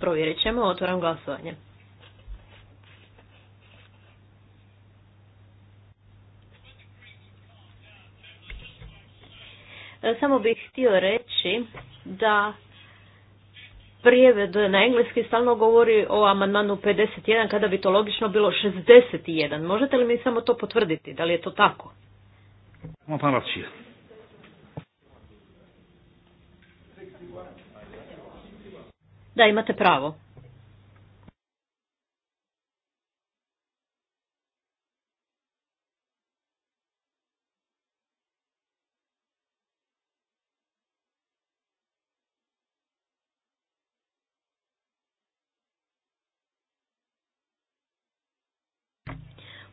Provjerit ćemo, otvoram glasovanje. E, samo bih htio reći da prijeved na engleski stalno govori o amandmanu 51 kada bi to logično bilo 61. Možete li mi samo to potvrditi? Da li je to tako? Da, imate pravo.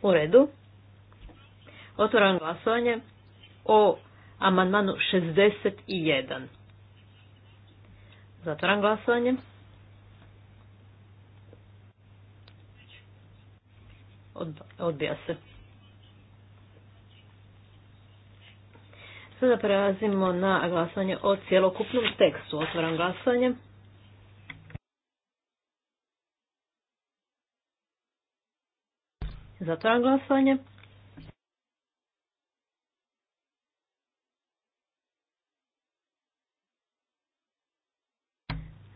U redu. Otvaram glasovanje o amandmanu 61. Zatvaram glasovanje. Odbija se. Sada prelazimo na glasovanje o cjelokupnom tekstu. Otvaram glasovanje. Zatvaram glasovanje.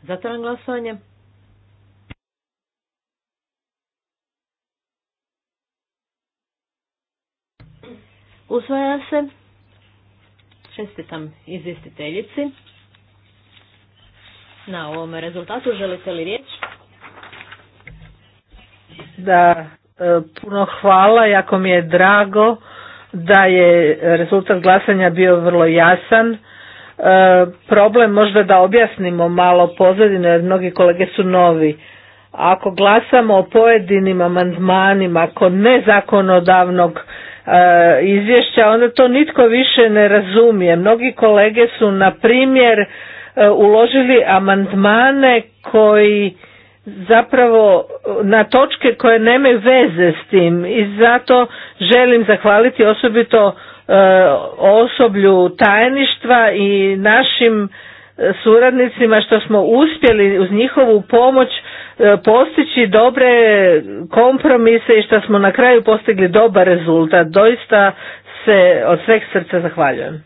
Zatvaram glasovanje. Usvaja se. Čestitam izvjestiteljici. Na ovom rezultatu želite li riječ? Da, E, puno hvala, jako mi je drago da je rezultat glasanja bio vrlo jasan. E, problem možda da objasnimo malo pozadine, jer mnogi kolege su novi. Ako glasamo o pojedinim amandmanima ne nezakonodavnog e, izvješća onda to nitko više ne razumije. Mnogi kolege su na primjer uložili amandmane koji zapravo na točke koje nemaju veze s tim i zato želim zahvaliti osobito e, osoblju tajništva i našim e, suradnicima što smo uspjeli uz njihovu pomoć e, postići dobre kompromise i što smo na kraju postigli dobar rezultat. Doista se od sveg srca zahvaljujem.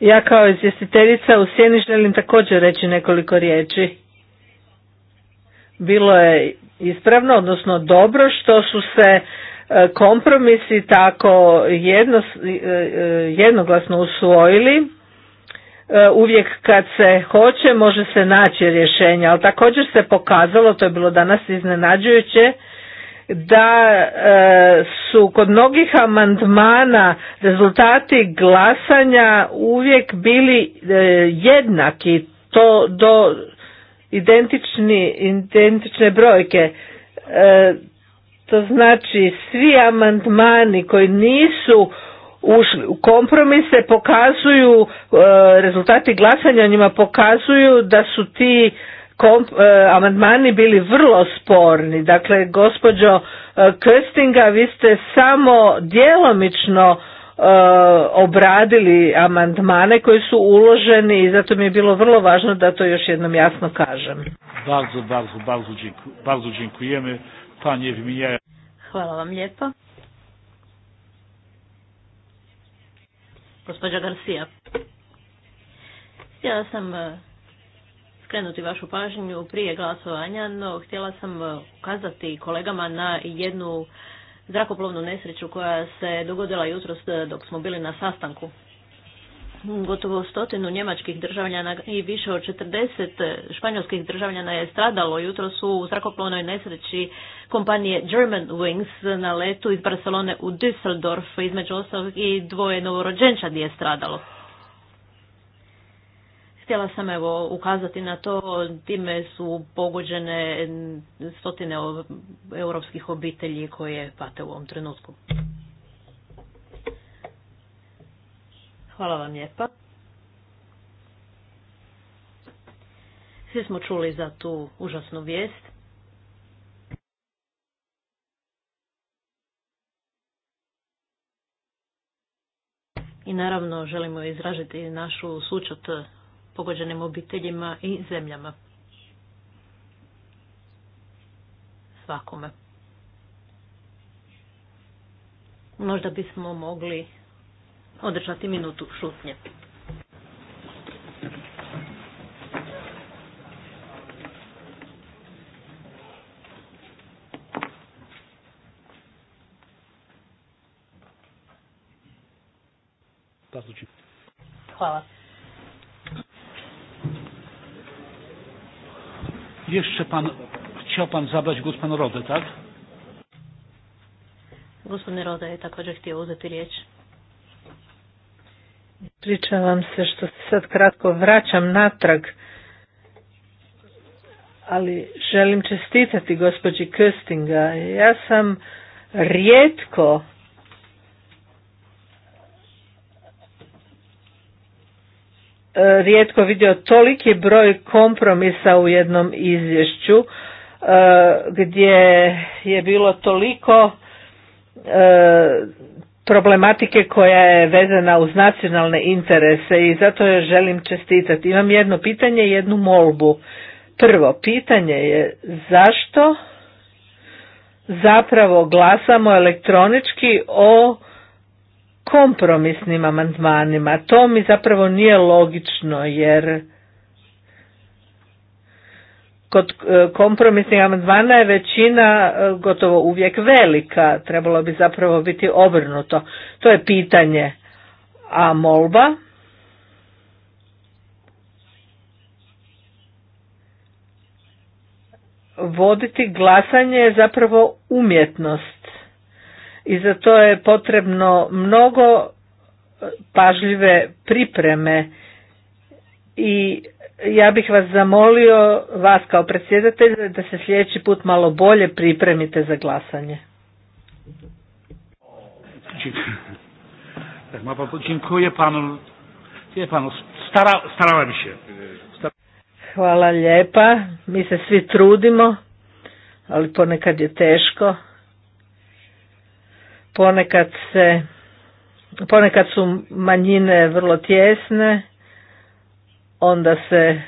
Ja kao izvjestiteljica u Sjeni želim također reći nekoliko riječi. Bilo je ispravno, odnosno dobro što su se e, kompromisi tako jedno, e, e, jednoglasno usvojili. Uvijek kad se hoće može se naći rješenja, ali također se pokazalo, to je bilo danas iznenađujuće, da e, su kod mnogih amandmana rezultati glasanja uvijek bili e, jednaki to do identični, identične brojke. E, to znači svi amandmani koji nisu ušli u kompromise pokazuju, rezultati glasanja njima pokazuju da su ti komp, e, amandmani bili vrlo sporni. Dakle, gospođo e, Köstinga, vi ste samo djelomično e, obradili amandmane koji su uloženi i zato mi je bilo vrlo važno da to još jednom jasno kažem. Bardzo, bardzo, bardzo, dziękuj, bardzo dziękujemy. Panie Hvala vam lijepo. Gospođa Garcia. Ja sam e, skrenuti vašu pažnju prije glasovanja, no htjela sam e, ukazati kolegama na jednu zrakoplovnu nesreću koja se dogodila jutros e, dok smo bili na sastanku. Gotovo stotinu njemačkih državljana i više od 40 španjolskih državljana je stradalo jutros u zrakoplovnoj nesreći kompanije German Wings na letu iz Barcelone u Düsseldorf, između ostalog i dvoje novorođenčadi je stradalo. Htjela sam evo ukazati na to, time su pogođene stotine europskih obitelji koje pate u ovom trenutku. Hvala vam lijepa. Svi smo čuli za tu užasnu vijest. I naravno želimo izražiti našu sučot pogođenim obiteljima i zemljama. Svakome. Možda bismo mogli održati minutu šutnje. Hvala. Jeszcze pan, chciał pan zabrać głos panu Rodę, tak? Gospodine Roda je također htio uzeti riječ. Pričavam se što se sad kratko vraćam natrag, ali želim čestitati gospođi Köstinga. Ja sam rijetko rijetko vidio toliki broj kompromisa u jednom izvješću e, gdje je bilo toliko e, problematike koja je vezana uz nacionalne interese i zato joj želim čestitati. Imam jedno pitanje i jednu molbu. Prvo pitanje je zašto zapravo glasamo elektronički o kompromisnim amandmanima. To mi zapravo nije logično jer kod e, kompromisnih amandmana je većina e, gotovo uvijek velika, trebalo bi zapravo biti obrnuto. To je pitanje. A molba? Voditi glasanje je zapravo umjetnost i za to je potrebno mnogo e, pažljive pripreme i ja bih vas zamolio, vas kao predsjedatelj, da se sljedeći put malo bolje pripremite za glasanje. Pa Hvala lijepa. Mi se svi trudimo, ali ponekad je teško ponekad se ponekad su manjine vrlo tjesne onda se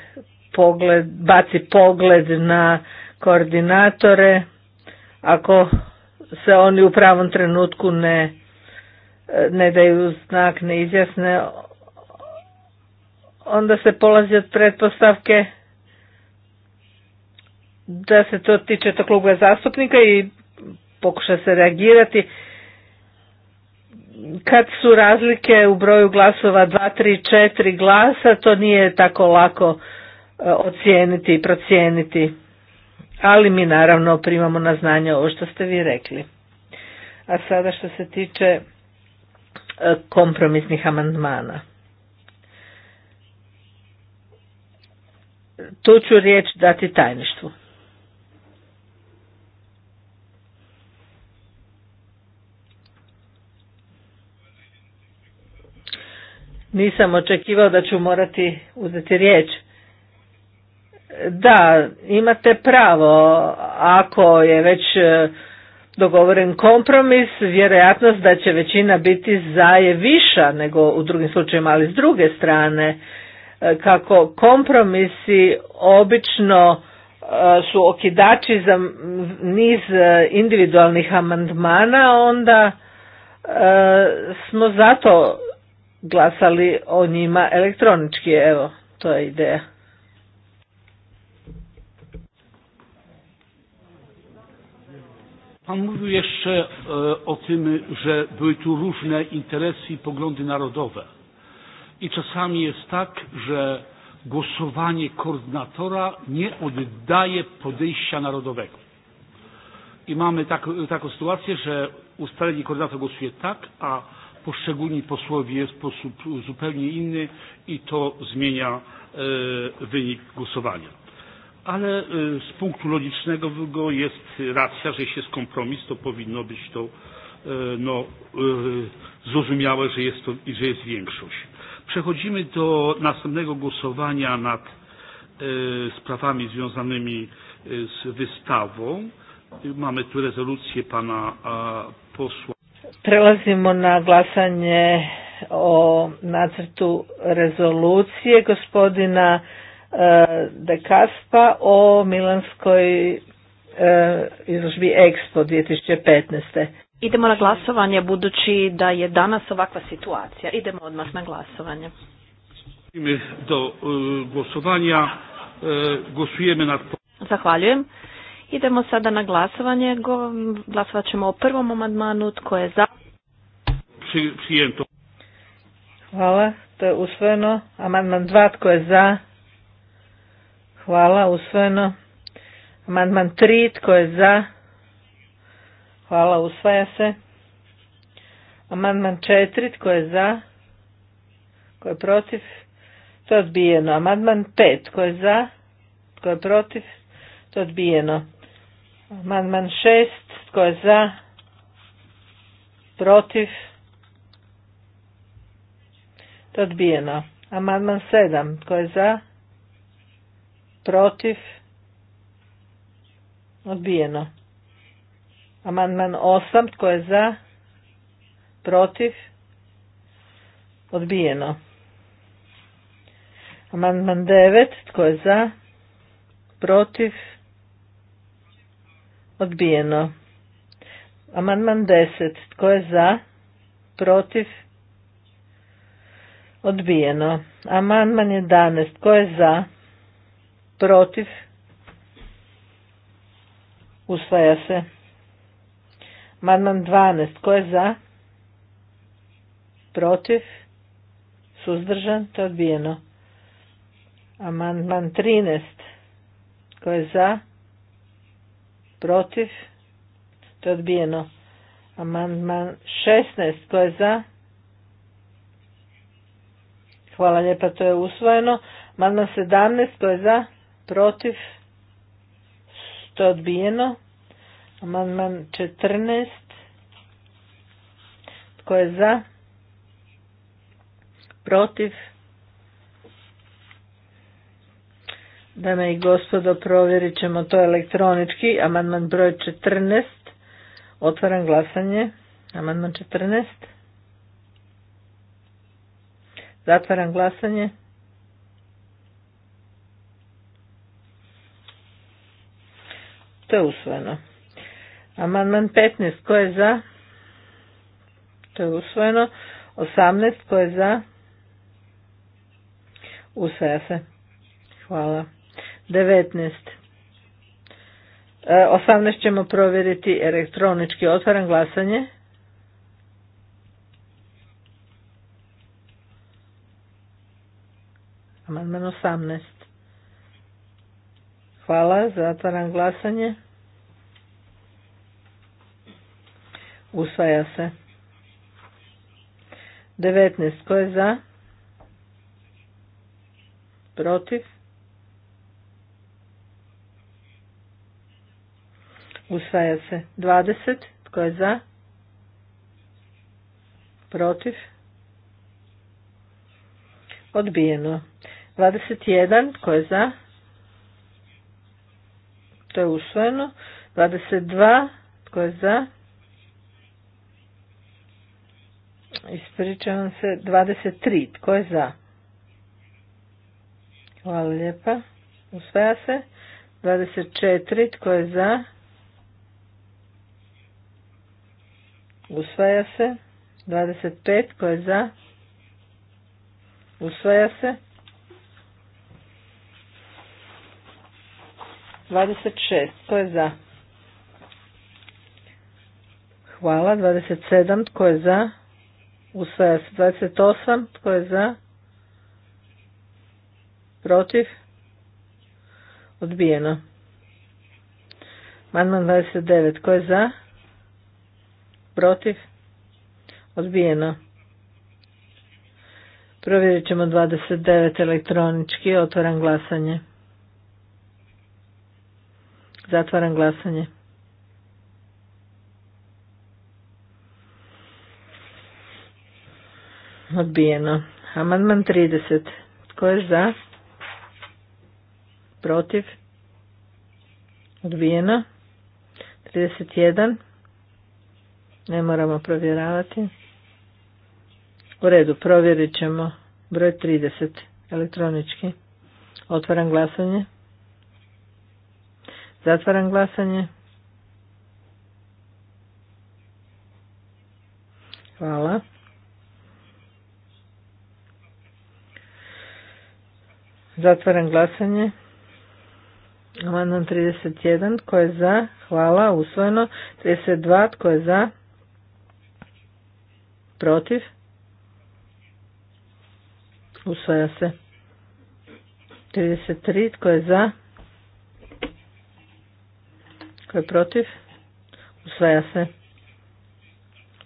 pogled, baci pogled na koordinatore ako se oni u pravom trenutku ne ne daju znak ne izjasne onda se polazi od pretpostavke da se to tiče to kluba zastupnika i pokuša se reagirati kad su razlike u broju glasova 2, 3, 4 glasa, to nije tako lako e, ocijeniti i procijeniti. Ali mi naravno primamo na znanje ovo što ste vi rekli. A sada što se tiče e, kompromisnih amandmana. Tu ću riječ dati tajništvu. nisam očekivao da ću morati uzeti riječ. Da, imate pravo, ako je već e, dogovoren kompromis, vjerojatnost da će većina biti za je viša nego u drugim slučajima, ali s druge strane, e, kako kompromisi obično e, su okidači za niz individualnih amandmana, onda smo zato glasali o njima elektronički. Evo, to je ideja. Pan mówił jeszcze e, o tym, że były tu różne interesy i poglądy narodowe. I czasami jest tak, że głosowanie koordynatora nie oddaje podejścia narodowego. I mamy tak, taką sytuację, że ustalenie koordynator głosuje tak, a poszczególni posłowie w sposób zupełnie inny i to zmienia e, wynik głosowania. Ale e, z punktu logicznego jest racja, że jeśli jest kompromis, to powinno być to e, no, zrozumiałe, że jest, to, że jest większość. Przechodzimy do następnego głosowania nad sprawami związanymi z wystawą. Mamy tu rezolucję pana posła. Prelazimo na glasanje o nacrtu rezolucije gospodina e, De Kaspa o Milanskoj e, izložbi Expo 2015. Idemo na glasovanje budući da je danas ovakva situacija. Idemo odmah na glasovanje. Do e, Zahvaljujem. Idemo sada na glasovanje. Glasovat ćemo o prvom amandmanu. Tko je za? Hvala. To je usvojeno. Amandman 2. Tko je za? Hvala. Usvojeno. Amandman 3. Tko je za? Hvala. Usvaja se. Amandman 4. Tko je za? Tko je protiv? To je odbijeno. Amandman 5. Tko je za? Tko je protiv? To je odbijeno. Amandman šest. Tko je za? Protiv? To odbijeno. Amandman sedam. Tko je za? Protiv? Odbijeno. Amandman osam Tko je za? Protiv? Odbijeno. Amandman devet Tko je za? Protiv? Odbijeno. Amandman 10. Tko je za? Protiv? Odbijeno. Amandman 11. Tko je za? Protiv? Usvaja se. Amandman 12. Tko je za? Protiv? Suzdržan? To je odbijeno. Amandman 13. Tko je za? protiv, to je odbijeno. Amandman 16, tko je za? Hvala lijepa, to je usvojeno. Amandman 17, tko je za? Protiv, to je odbijeno. Amandman 14, tko je za? Protiv, Dame i gospodo, provjerit ćemo to elektronički. Amandman broj 14. Otvaram glasanje. Amandman 14. Zatvaram glasanje. To je usvojeno. Amandman 15. Ko je za? To je usvojeno. 18. Ko je za? Usvaja se. Hvala. 19. 18 ćemo provjeriti elektronički. otvaran glasanje. Amandman 18. Hvala, otvaran glasanje. Usvaja se. 19. Ko je za? Protiv? Usvaja se. 20. Tko je za? Protiv? Odbijeno. 21. Tko je za? To je usvojeno. 22. Tko je za? Ispričavam se. 23. Tko je za? Hvala lijepa. Usvaja se. 24. Tko je za? Usvaja se. 25. Ko je za? Usvaja se. 26. Ko je za? Hvala. 27. Tko je za? Usvaja se. 28. Tko je za? Protiv? Odbijeno. Manman 29. Tko je za? protiv, odbijeno. Provjerit ćemo 29 elektronički, otvaram glasanje. Zatvaram glasanje. Odbijeno. Amandman 30. Tko je za? Protiv? Odbijeno. 31. Ne moramo provjeravati. U redu, provjerit ćemo broj 30 elektronički. Otvaram glasanje. Zatvaram glasanje. Hvala. Zatvaram glasanje. Amandman 31. Tko je za? Hvala. Usvojeno. 32. Tko je za? protiv, usvaja se. 33, tko je za, tko je protiv, usvaja se.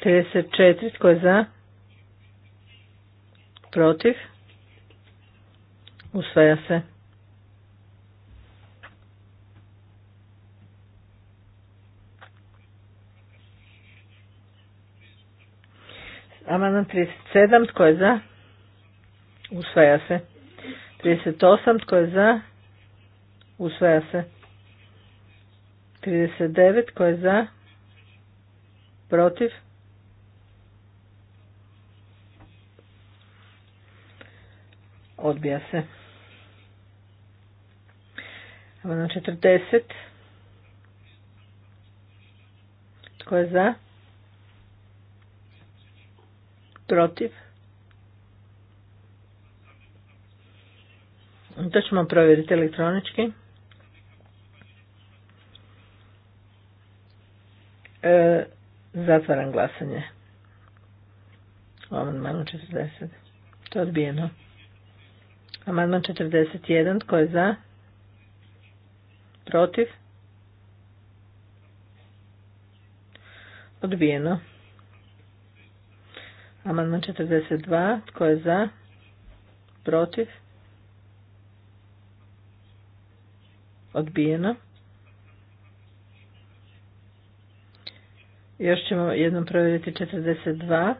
34, tko je za, protiv, usvaja se. Amandman 37. Tko je za? Usvaja se. 38. Tko je za? Usvaja se. 39. Tko je za? Protiv? Odbija se. Amandman 40. Tko je za? Protiv? To ćemo provjeriti elektronički. E, zatvaram glasanje. Amandman amandmanu 40. To je odbijeno. Amandman 41. Tko je za? Protiv? Odbijeno. Amandman 42. Tko je za? Protiv? Odbijeno. Još ćemo jednom provjeriti 42.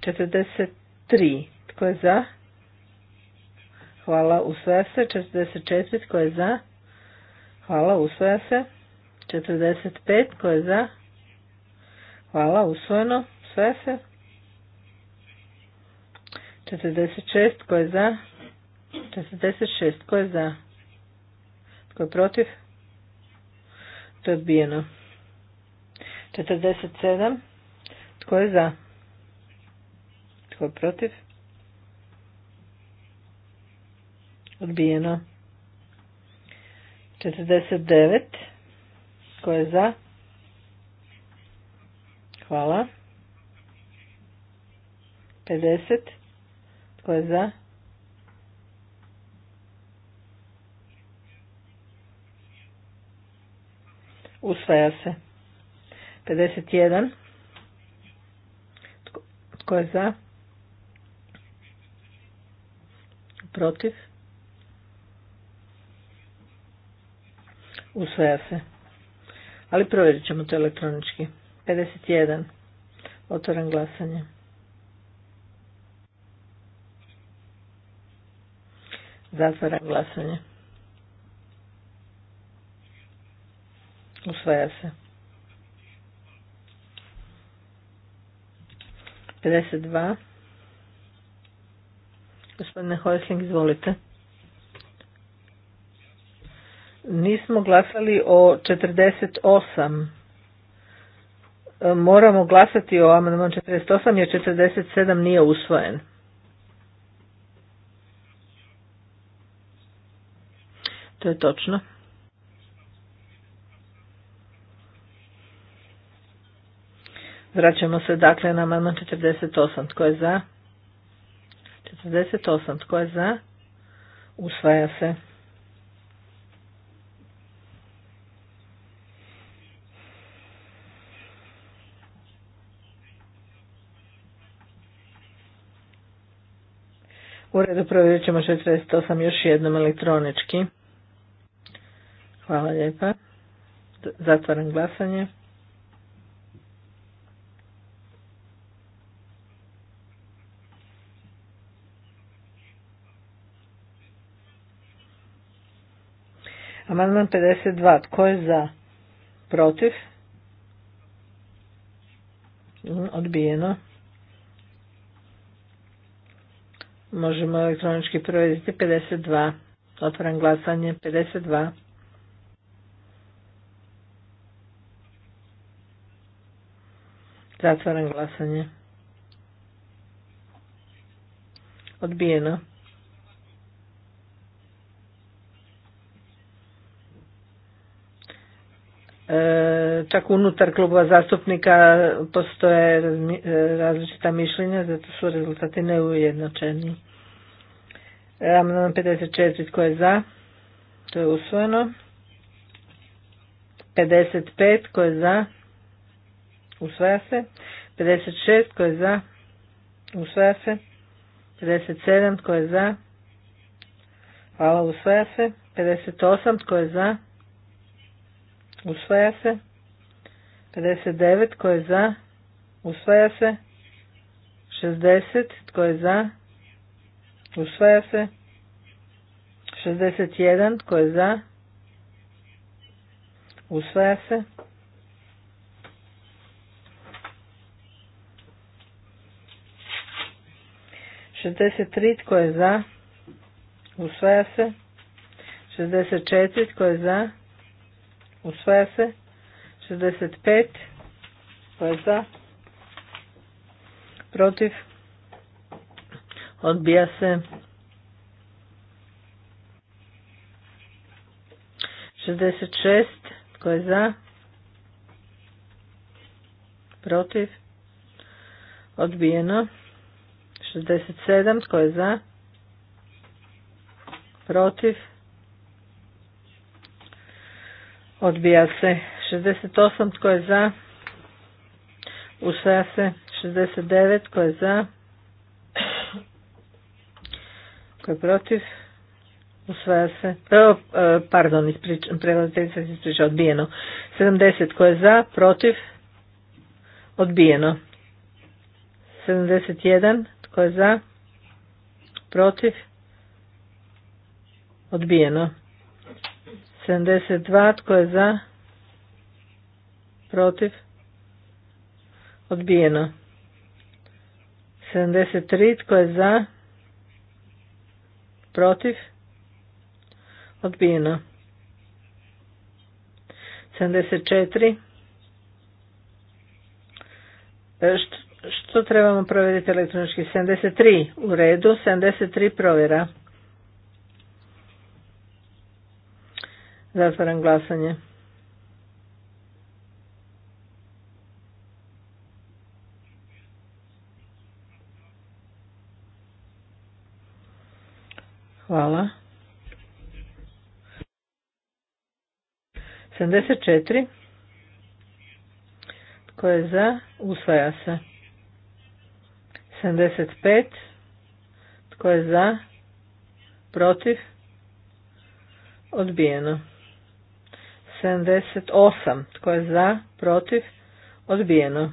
43. Tko je za? Hvala, usvaja se. 44. Tko je za? Hvala, usvaja se. 45. Tko je za? Hvala, usvojeno. Sve se. 46 tko je za? 46 tko je za? Tko je protiv? To je odbijeno. 47 tko je za? Tko je protiv? Odbijeno. 49 tko je za? Hvala. 50. Tko je za? Usvaja se. 51. Tko je za? Protiv? Usvaja se. Ali provjerit ćemo to elektronički. 51. Otvoren glasanje. Zatvoren glasanje. Usvaja se. 52. Gospodine Hojsling, izvolite. Nismo glasali o 48. E, moramo glasati o amandman 48 jer 47 nije usvojen. To je točno. Vraćamo se dakle na amandman 48. Tko je za? 48. Tko je za? Usvaja se. U redu provjerit ćemo 48 još jednom elektronički. Hvala lijepa. Zatvaram glasanje. Amandman 52. Tko je za? Protiv? Odbijeno. Možemo elektronički provjeriti 52. Otvaram glasanje 52. Zatvaram glasanje. Odbijeno. E, čak unutar klubova zastupnika postoje e, različita mišljenja, zato su rezultati neujednačeni. E, amandman 54 tko je za? To je usvojeno. 55 tko je za? Usvaja se. 56 tko je za? Usvaja se. 57 tko je za? Hvala, usvaja se. 58 tko je za? Usvaja se. 59. Tko je za? Usvaja se. 60. Tko je za? Usvaja se. 61. Tko je za? Usvaja se. 63... tri tko je za? Usvaja se. Šestdeset četiri tko je za? Usvaja se. 65. Tko je za? Protiv? Odbija se. 66. Tko je za? Protiv? Odbijeno. 67. Tko je za? Protiv? Odbija se 68 tko je za. Usvaja se 69 tko je za. Tko je protiv? Usvaja se. E, e, pardon, ispričam, se ispriča odbijeno. 70 tko je za, protiv? Odbijeno. 71 tko je za? Protiv? Odbijeno. 72 tko je za? Protiv? Odbijeno. 73 tko je za? Protiv? Odbijeno. 74 e, što, trebamo provjeriti elektronički? 73 u redu, 73 provjera. Zatvaram glasanje. Hvala. 74. Tko je za? Usvaja se. 75. Tko je za? Protiv? Odbijeno. 78. Tko je za? Protiv? Odbijeno.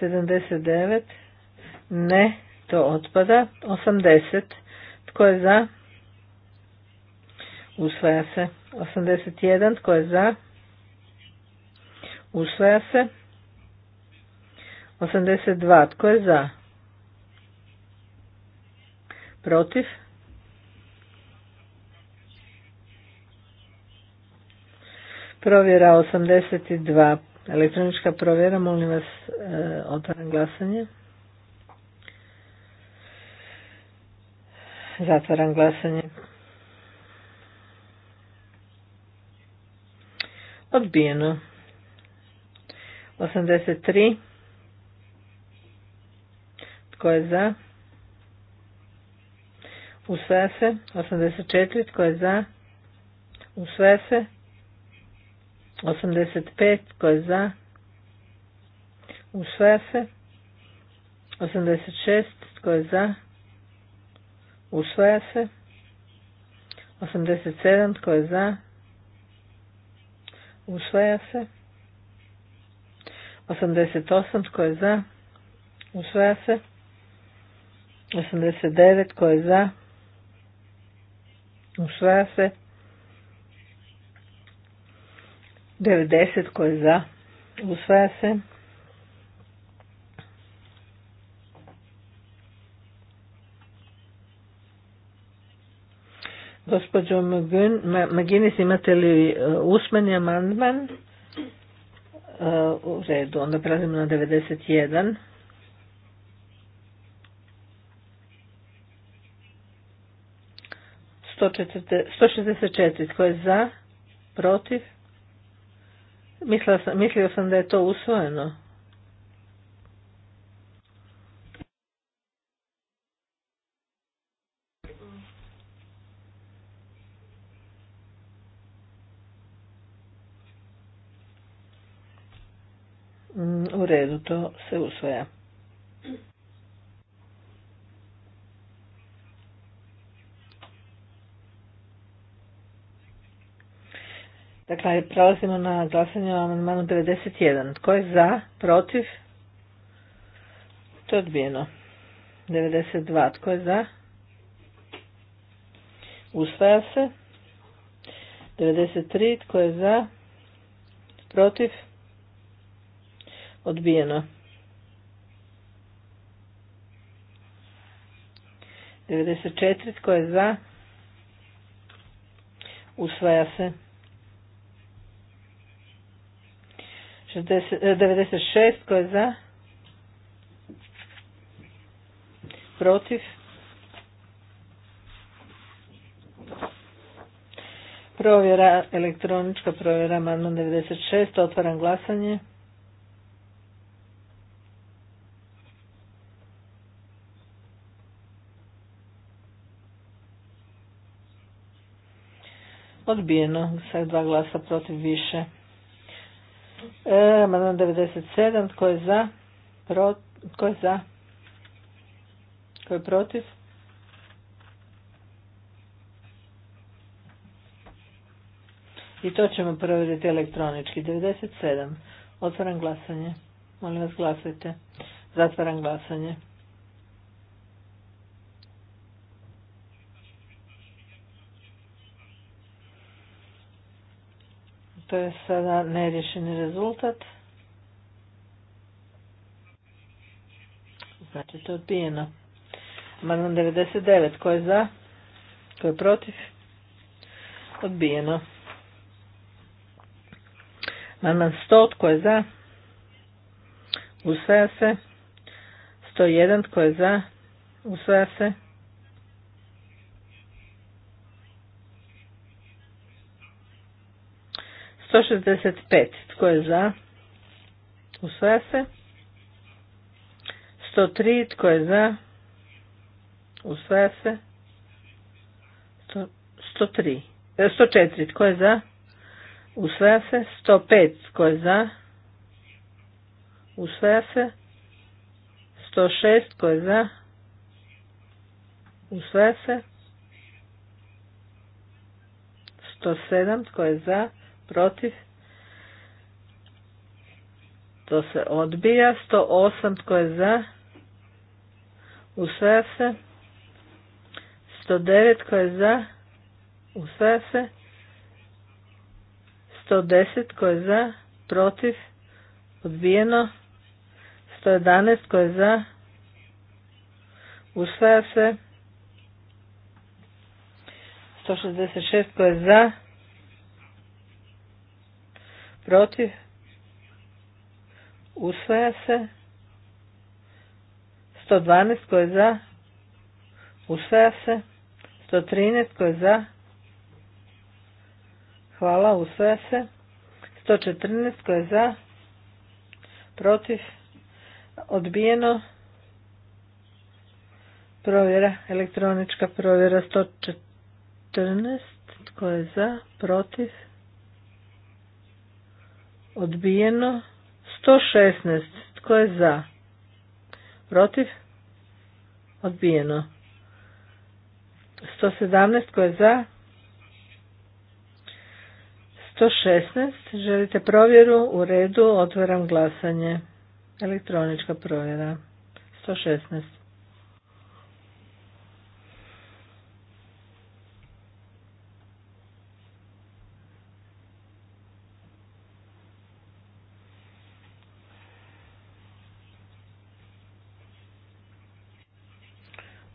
Sedamdeset devet. Ne, to otpada. Osamdeset. Tko je za? Usvaja se. Osamdeset jedan. Tko je za? Usvaja se. Osamdeset dva. Tko je za? Protiv? Provjera 82. Elektronička provjera, molim vas, e, otvaram glasanje. Zatvaram glasanje. Odbijeno. 83. Tko je za? Usvaja se. 84. Tko je za? Usvaja se. 85 koje za? Usvaja se. 86 koje za? Usvaja se. 87 koje za? Usvaja se. 88 koje za? Usvaja se. 89 koje je za? Usvaja se. 90 koji za, usvaja se. Gospođo Maginis, imate li e, usmeni amandman? E, u redu, onda prelazimo na 91. 164, 164, tko je za protiv Mislio sam, mislio sam da je to usvojeno. Mm, u redu to se usvoja. Dakle, prelazimo na glasanje o amandmanu 91. Tko je za, protiv? To je odbijeno. 92. Tko je za? Usvaja se. 93. Tko je za? Protiv? Odbijeno. 94. Tko je za? Usvaja se. 96 tko je za? Protiv? Provjera, elektronička provjera, devedeset 96, otvaram glasanje. Odbijeno, sa dva glasa protiv više. E, 97. Tko je za? tko je za? Tko je protiv? I to ćemo provjeriti elektronički. 97. Otvaram glasanje. Molim vas glasajte. Zatvaram glasanje. To je sada nerješeni rezultat. Znači to je odbijeno. Amandman 99. Ko je za? Ko je protiv? Odbijeno. Amandman 100. Tko je za? Usvaja se. 101. Tko je za? Usvaja se. 165. Tko je za? Usvaja se. 103. Tko je za? Usvaja se. 103. 104. E, Tko je za? Usvaja se. 105. Tko je za? Usvaja se. 106. Tko je za? Usvaja se. 107. Tko je za? protiv, to se odbija. 108 tko je za, usvaja se. 109 tko je za, usvaja se. 110 tko je za, protiv, odbijeno. 111 tko je za, usvaja se. 166 tko je za, protiv, usvaja se. 112 koje je za, usvaja se. 113 koje je za, hvala, usvaja se. 114 koje je za, protiv, odbijeno. Provjera, elektronička provjera 114, Koje je za, protiv, Odbijeno. 116. Tko je za? Protiv? Odbijeno. 117. Tko je za? 116. Želite provjeru? U redu. Otvaram glasanje. Elektronička provjera. 116.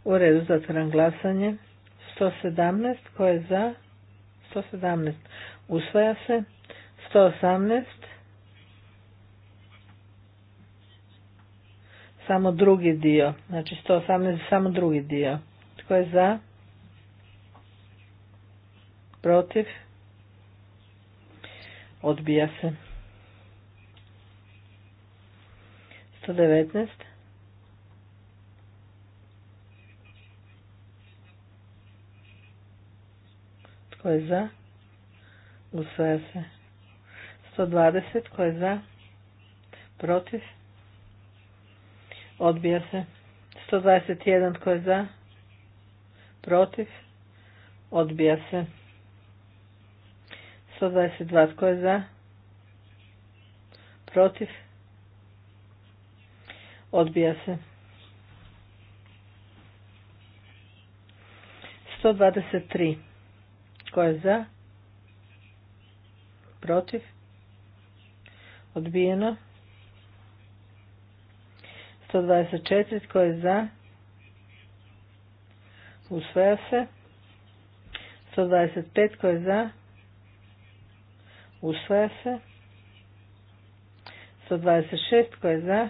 U redu zatvaram glasanje. 117 ko je za? 117 usvaja se. 118 samo drugi dio. Znači 118 samo drugi dio. koje je za? Protiv? Odbija se. 119 Koje je za? Usvaja se. 120. Koje je za? Protiv? Odbija se. 121. Koje je za? Protiv? Odbija se. 122. Tko je za? Protiv? Odbija se. 123. Tko je za? Protiv? Odbijeno. 124. Tko je za? Usvaja se. 125. Tko je za? Usvaja se. 126. Tko je za?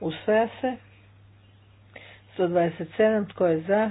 Usvaja se. 127. Tko je za?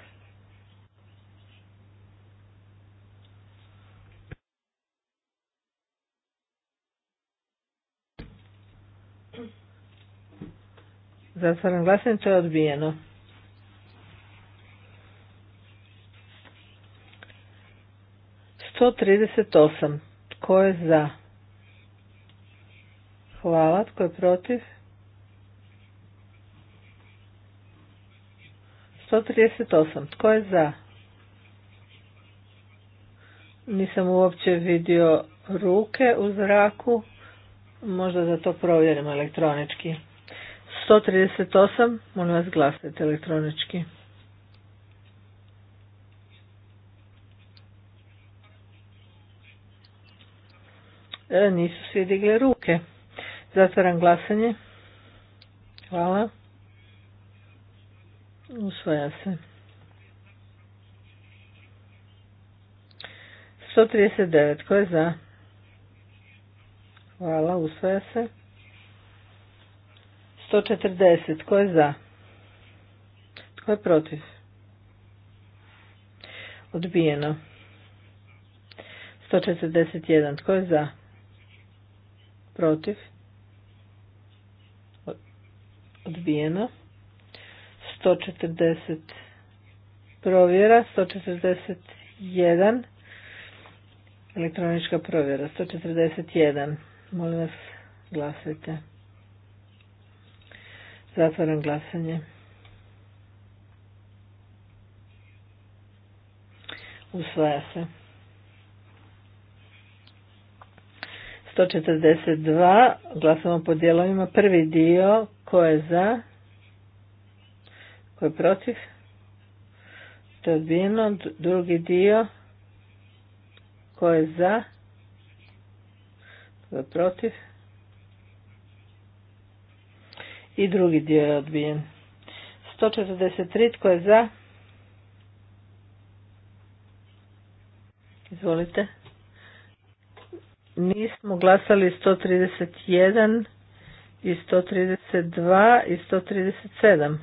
Zatvaram glasanje, to je odbijeno. Sto Tko je za? Hvala. Tko je protiv? 138. Tko je za? Nisam uopće vidio ruke u zraku. Možda za to provjerim elektronički. 138, molim vas glasajte elektronički. E, nisu svi digle ruke. Zatvaram glasanje. Hvala. Usvaja se. 139. Ko je za? Hvala, usvaja se. 140. Tko je za? Tko je protiv? Odbijeno. 141. Tko je za? Protiv? Odbijeno. 140. Provjera. 141. Elektronička provjera. 141. Molim vas glasajte. Zatvaram glasanje. Usvaja se. 142. Glasamo po dijelovima. Prvi dio. Ko je za? Ko je protiv? To je Drugi dio. Ko je za? Ko je protiv? I drugi dio je odbijen. 143 tko je za? Izvolite. Nismo glasali 131 i 132 i 137.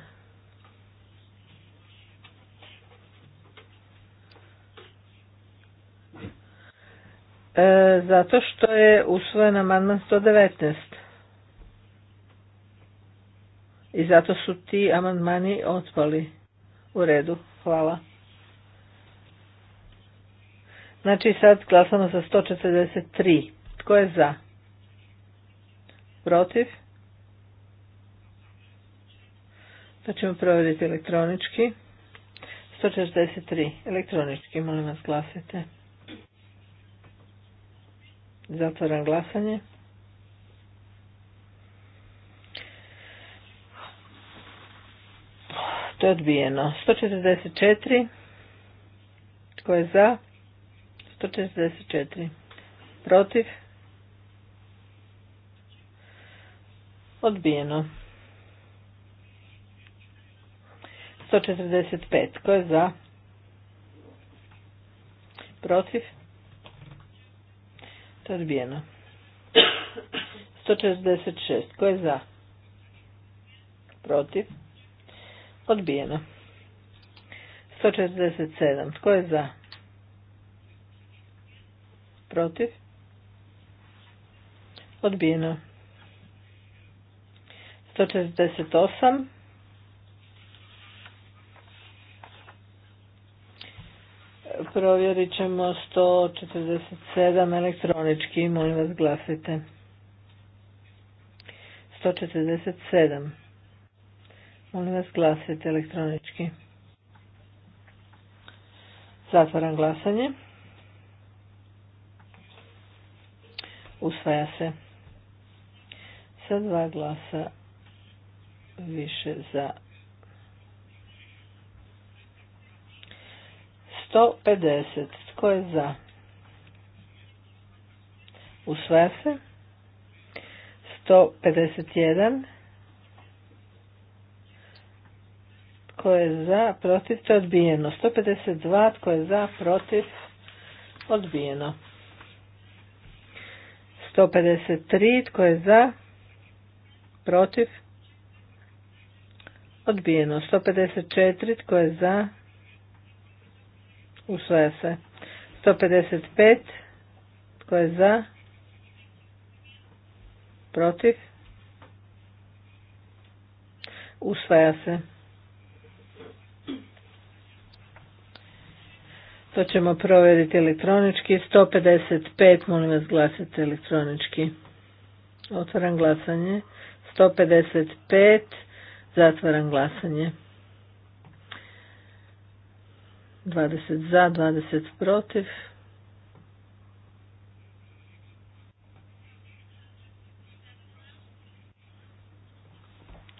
E, zato što je usvojen amandman 119. I zato su ti amandmani otpali. U redu, hvala. Znači sad glasamo za 143. Tko je za? Protiv? da ćemo provjeriti elektronički. 143. Elektronički, molim vas glasajte. Zatvaram glasanje. To je odbijeno. 144. Ko je za? 144. Protiv? Odbijeno. 145. Ko je za? Protiv? To je odbijeno. 146. Ko je za? Protiv? Odbijeno. 147. Tko je za? Protiv? Odbijeno. 148. Provjerit ćemo 147 elektronički. Molim vas glasite. 147. Molim vas glasajte elektronički. Zatvaram glasanje. Usvaja se. Sa dva glasa više za 150. Tko je za? Usvaja se. 151. tko je za, protiv, to je odbijeno. 152, tko je za, protiv, odbijeno. 153, tko je za, protiv, odbijeno. 154, tko je za, usvaja se. 155, tko je za, protiv, usvaja se. To ćemo provjeriti elektronički. 155, molim vas glasajte elektronički. Otvaram glasanje. 155, zatvaram glasanje. 20 za, 20 protiv.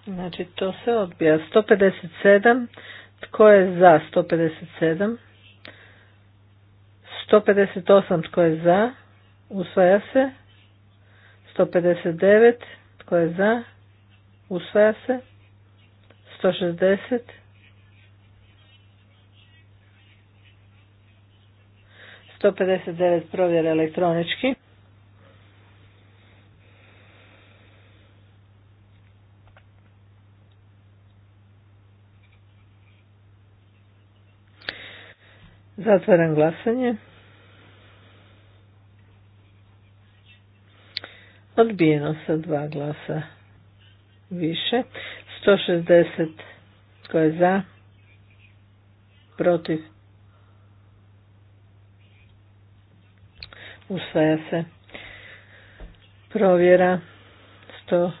Znači to se odbija. 157, tko je za 157? 158 tko je za, usvaja se. 159 tko je za, usvaja se. 160 159 provjere elektronički. Zatvaram glasanje. Odbijeno sa dva glasa više. 160 tko je za? Protiv? Usvaja se. Provjera 160.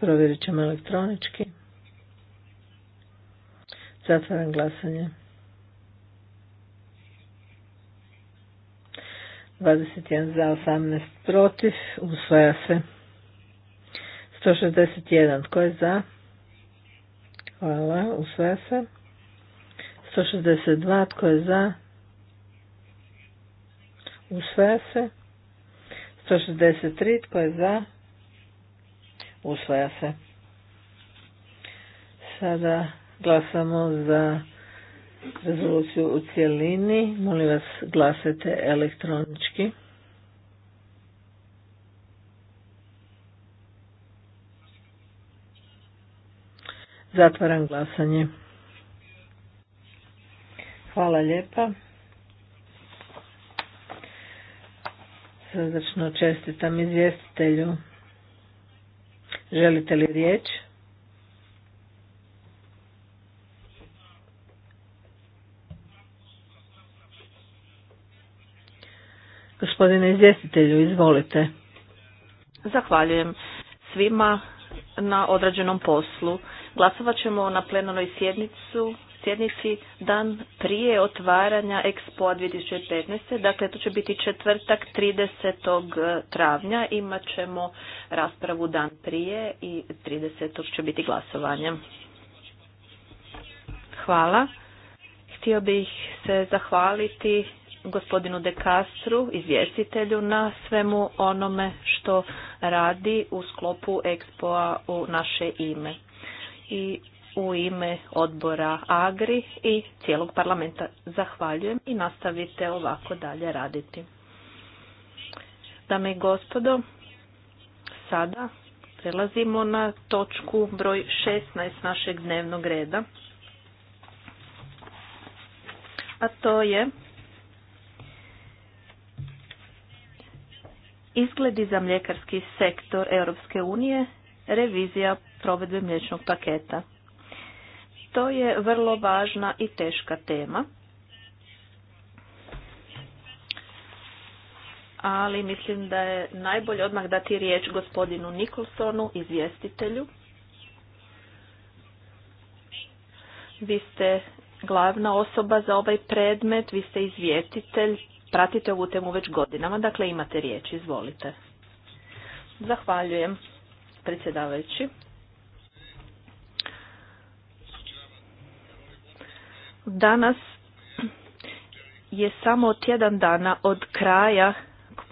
Provjerit ćemo elektronički. Zatvaram glasanje. 21 za 18 protiv, usvaja se. 161 tko je za? Hvala, usvaja se. 162 tko je za? Usvaja se. 163 tko je za? Usvaja se. Sada glasamo za rezoluciju u cjelini. Molim vas glasajte elektronički. Zatvaram glasanje. Hvala lijepa. Srdačno čestitam izvjestitelju. Želite li riječ? gospodine izvjestitelju, izvolite. Zahvaljujem svima na odrađenom poslu. Glasovat ćemo na plenarnoj sjednicu sjednici dan prije otvaranja Expo 2015. Dakle, to će biti četvrtak 30. travnja. Imat ćemo raspravu dan prije i 30. će biti glasovanje. Hvala. Htio bih se zahvaliti gospodinu De Castru, izvjestitelju, na svemu onome što radi u sklopu ekspoa u naše ime i u ime odbora Agri i cijelog parlamenta. Zahvaljujem i nastavite ovako dalje raditi. Dame i gospodo, sada prelazimo na točku broj 16 našeg dnevnog reda. A to je Izgledi za mljekarski sektor Europske unije, revizija provedbe mliječnog paketa. To je vrlo važna i teška tema. Ali mislim da je najbolje odmah dati riječ gospodinu Nikolsonu, izvjestitelju. Vi ste glavna osoba za ovaj predmet, vi ste izvjestitelj pratite ovu temu već godinama, dakle imate riječ, izvolite. Zahvaljujem, predsjedavajući. Danas je samo tjedan dana od kraja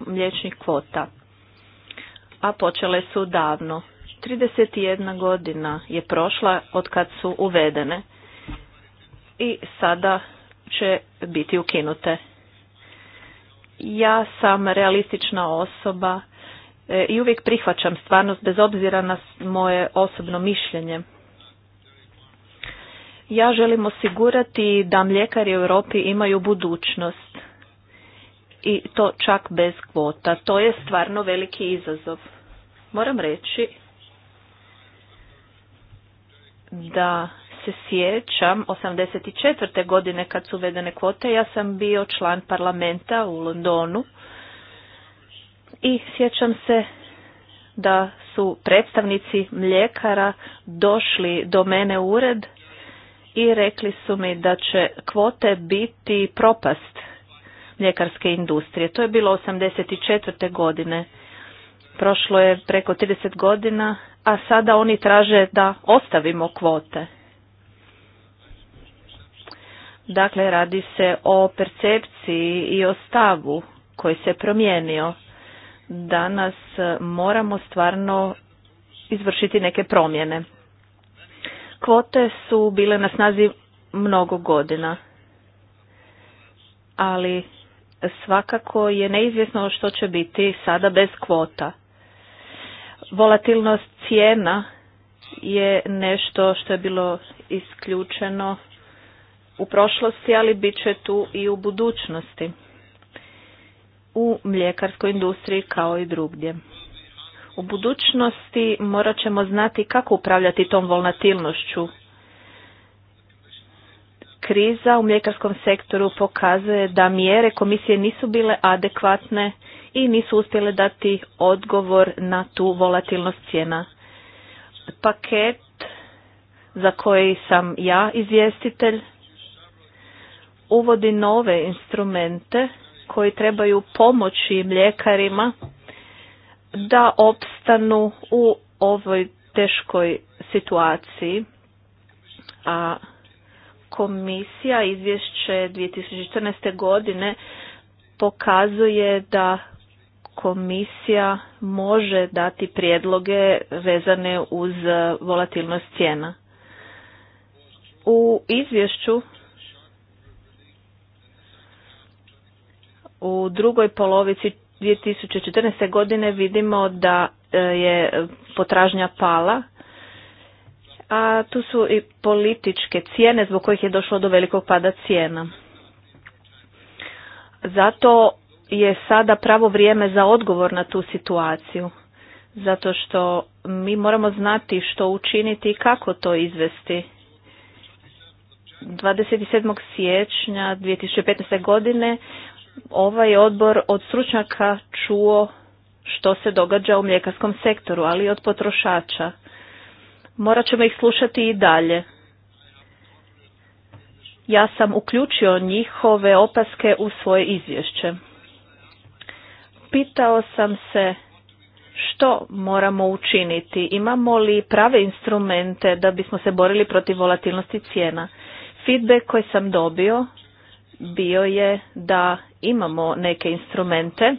mliječnih kvota, a počele su davno. 31 godina je prošla od kad su uvedene i sada će biti ukinute. Ja sam realistična osoba e, i uvijek prihvaćam stvarnost bez obzira na moje osobno mišljenje. Ja želim osigurati da mljekari u Europi imaju budućnost i to čak bez kvota. To je stvarno veliki izazov. Moram reći da se sjećam, 84. godine kad su uvedene kvote, ja sam bio član parlamenta u Londonu i sjećam se da su predstavnici mljekara došli do mene u ured i rekli su mi da će kvote biti propast mljekarske industrije. To je bilo 84. godine. Prošlo je preko 30 godina, a sada oni traže da ostavimo kvote. Dakle, radi se o percepciji i o stavu koji se promijenio. Danas e, moramo stvarno izvršiti neke promjene. Kvote su bile na snazi mnogo godina, ali svakako je neizvjesno što će biti sada bez kvota. Volatilnost cijena je nešto što je bilo isključeno u prošlosti, ali bit će tu i u budućnosti u mljekarskoj industriji kao i drugdje. U budućnosti morat ćemo znati kako upravljati tom volatilnošću. Kriza u mljekarskom sektoru pokazuje da mjere komisije nisu bile adekvatne i nisu uspjele dati odgovor na tu volatilnost cijena. Paket za koji sam ja izvjestitelj uvodi nove instrumente koji trebaju pomoći mljekarima da opstanu u ovoj teškoj situaciji. A komisija izvješće 2014. godine pokazuje da komisija može dati prijedloge vezane uz volatilnost cijena. U izvješću u drugoj polovici 2014. godine vidimo da e, je potražnja pala, a tu su i političke cijene zbog kojih je došlo do velikog pada cijena. Zato je sada pravo vrijeme za odgovor na tu situaciju, zato što mi moramo znati što učiniti i kako to izvesti. 27. siječnja 2015. godine ovaj odbor od stručnjaka čuo što se događa u mljekarskom sektoru, ali i od potrošača. Morat ćemo ih slušati i dalje. Ja sam uključio njihove opaske u svoje izvješće. Pitao sam se što moramo učiniti, imamo li prave instrumente da bismo se borili protiv volatilnosti cijena. Feedback koji sam dobio bio je da imamo neke instrumente,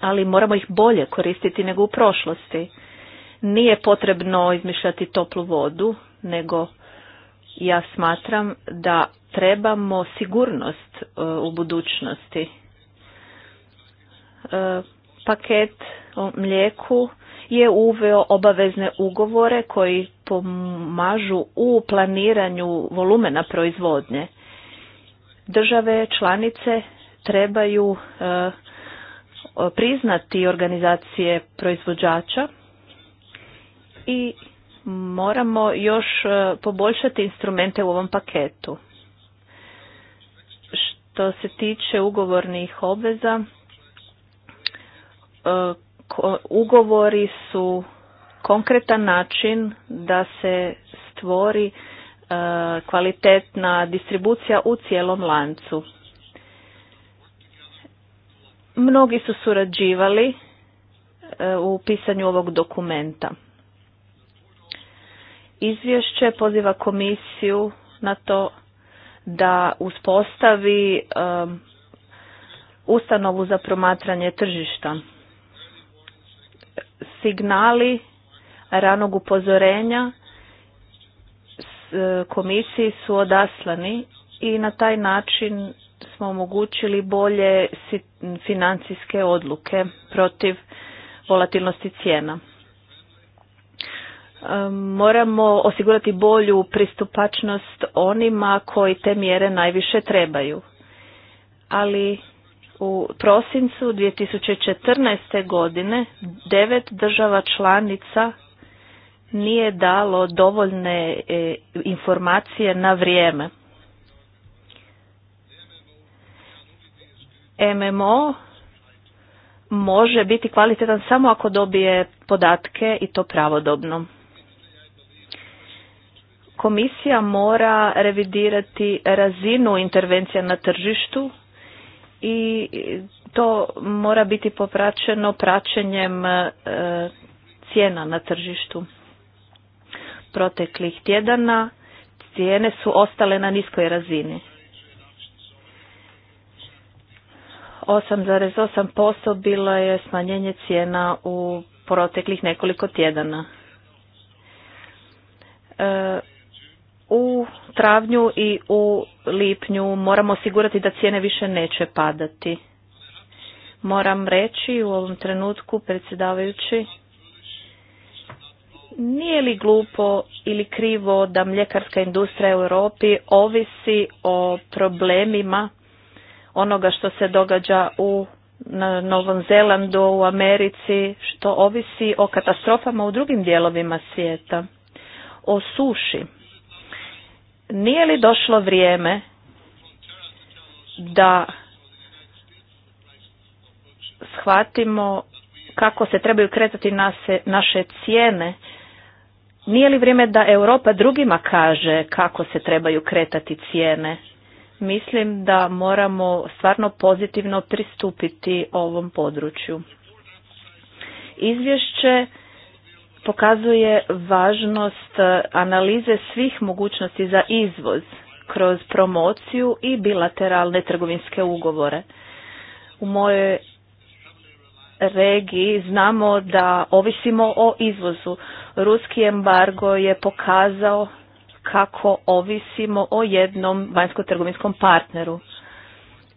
ali moramo ih bolje koristiti nego u prošlosti. Nije potrebno izmišljati toplu vodu, nego ja smatram da trebamo sigurnost e, u budućnosti. E, paket o mlijeku je uveo obavezne ugovore koji pomažu u planiranju volumena proizvodnje države članice trebaju e, priznati organizacije proizvođača i moramo još e, poboljšati instrumente u ovom paketu. Što se tiče ugovornih obveza, e, ugovori su konkretan način da se stvori E, kvalitetna distribucija u cijelom lancu. Mnogi su surađivali e, u pisanju ovog dokumenta. Izvješće poziva komisiju na to da uspostavi e, ustanovu za promatranje tržišta. Signali ranog upozorenja komisiji su odaslani i na taj način smo omogućili bolje financijske odluke protiv volatilnosti cijena. E, moramo osigurati bolju pristupačnost onima koji te mjere najviše trebaju. Ali u prosincu 2014. godine devet država članica nije dalo dovoljne e, informacije na vrijeme. MMO može biti kvalitetan samo ako dobije podatke i to pravodobno. Komisija mora revidirati razinu intervencija na tržištu i to mora biti popraćeno praćenjem e, cijena na tržištu proteklih tjedana cijene su ostale na niskoj razini. 8,8% bilo je smanjenje cijena u proteklih nekoliko tjedana. E, u travnju i u lipnju moramo osigurati da cijene više neće padati. Moram reći u ovom trenutku predsjedavajući nije li glupo ili krivo da mljekarska industrija u Europi ovisi o problemima onoga što se događa u Novom Zelandu, u Americi, što ovisi o katastrofama u drugim dijelovima svijeta, o suši. Nije li došlo vrijeme da shvatimo kako se trebaju kretati naše cijene nije li vrijeme da Europa drugima kaže kako se trebaju kretati cijene? Mislim da moramo stvarno pozitivno pristupiti ovom području. Izvješće pokazuje važnost eh, analize svih mogućnosti za izvoz kroz promociju i bilateralne trgovinske ugovore. U mojoj regiji znamo da ovisimo o izvozu. Ruski embargo je pokazao kako ovisimo o jednom vanjsko-trgovinskom partneru.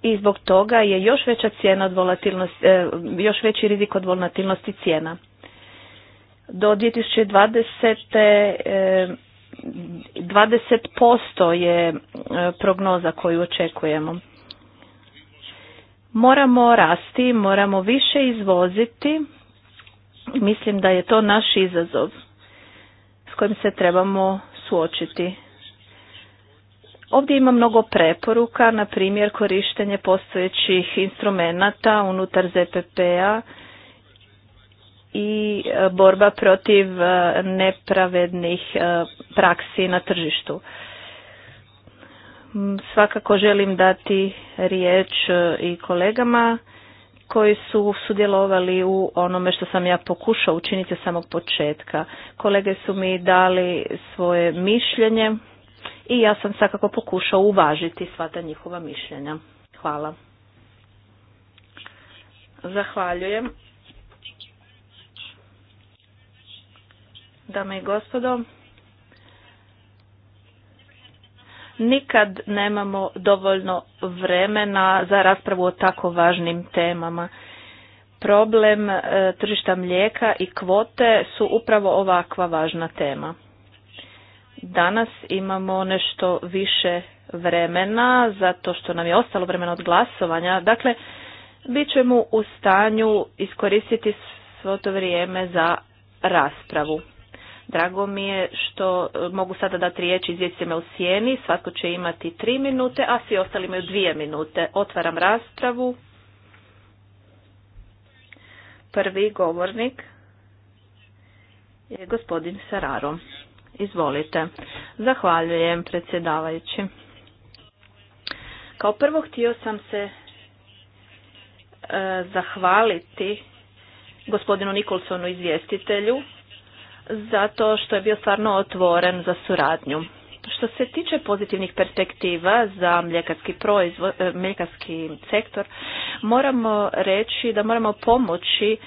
I zbog toga je još veća cijena od volatilnosti, eh, još veći rizik od volatilnosti cijena. Do 2020. 20% eh, je eh, prognoza koju očekujemo moramo rasti, moramo više izvoziti. Mislim da je to naš izazov s kojim se trebamo suočiti. Ovdje ima mnogo preporuka, na primjer korištenje postojećih instrumenata unutar ZPP-a i e, borba protiv e, nepravednih e, praksi na tržištu. Mm, svakako želim dati riječ e, i kolegama koji su sudjelovali u onome što sam ja pokušao učiniti od samog početka. Kolege su mi dali svoje mišljenje i ja sam svakako pokušao uvažiti sva ta njihova mišljenja. Hvala. Zahvaljujem. Dame i gospodo, nikad nemamo dovoljno vremena za raspravu o tako važnim temama. Problem e, tržišta mlijeka i kvote su upravo ovakva važna tema. Danas imamo nešto više vremena zato što nam je ostalo vremena od glasovanja. Dakle, bit ćemo u stanju iskoristiti svo to vrijeme za raspravu. Drago mi je što e, mogu sada dati riječ me u sjeni. Svatko će imati tri minute, a svi ostali imaju dvije minute. Otvaram raspravu. Prvi govornik je gospodin Sararo. Izvolite. Zahvaljujem predsjedavajući. Kao prvo htio sam se e, zahvaliti gospodinu Nikolsonu izvjestitelju zato što je bio stvarno otvoren za suradnju. Što se tiče pozitivnih perspektiva za mljekarski, proizvod, e, mljekarski sektor, moramo reći da moramo pomoći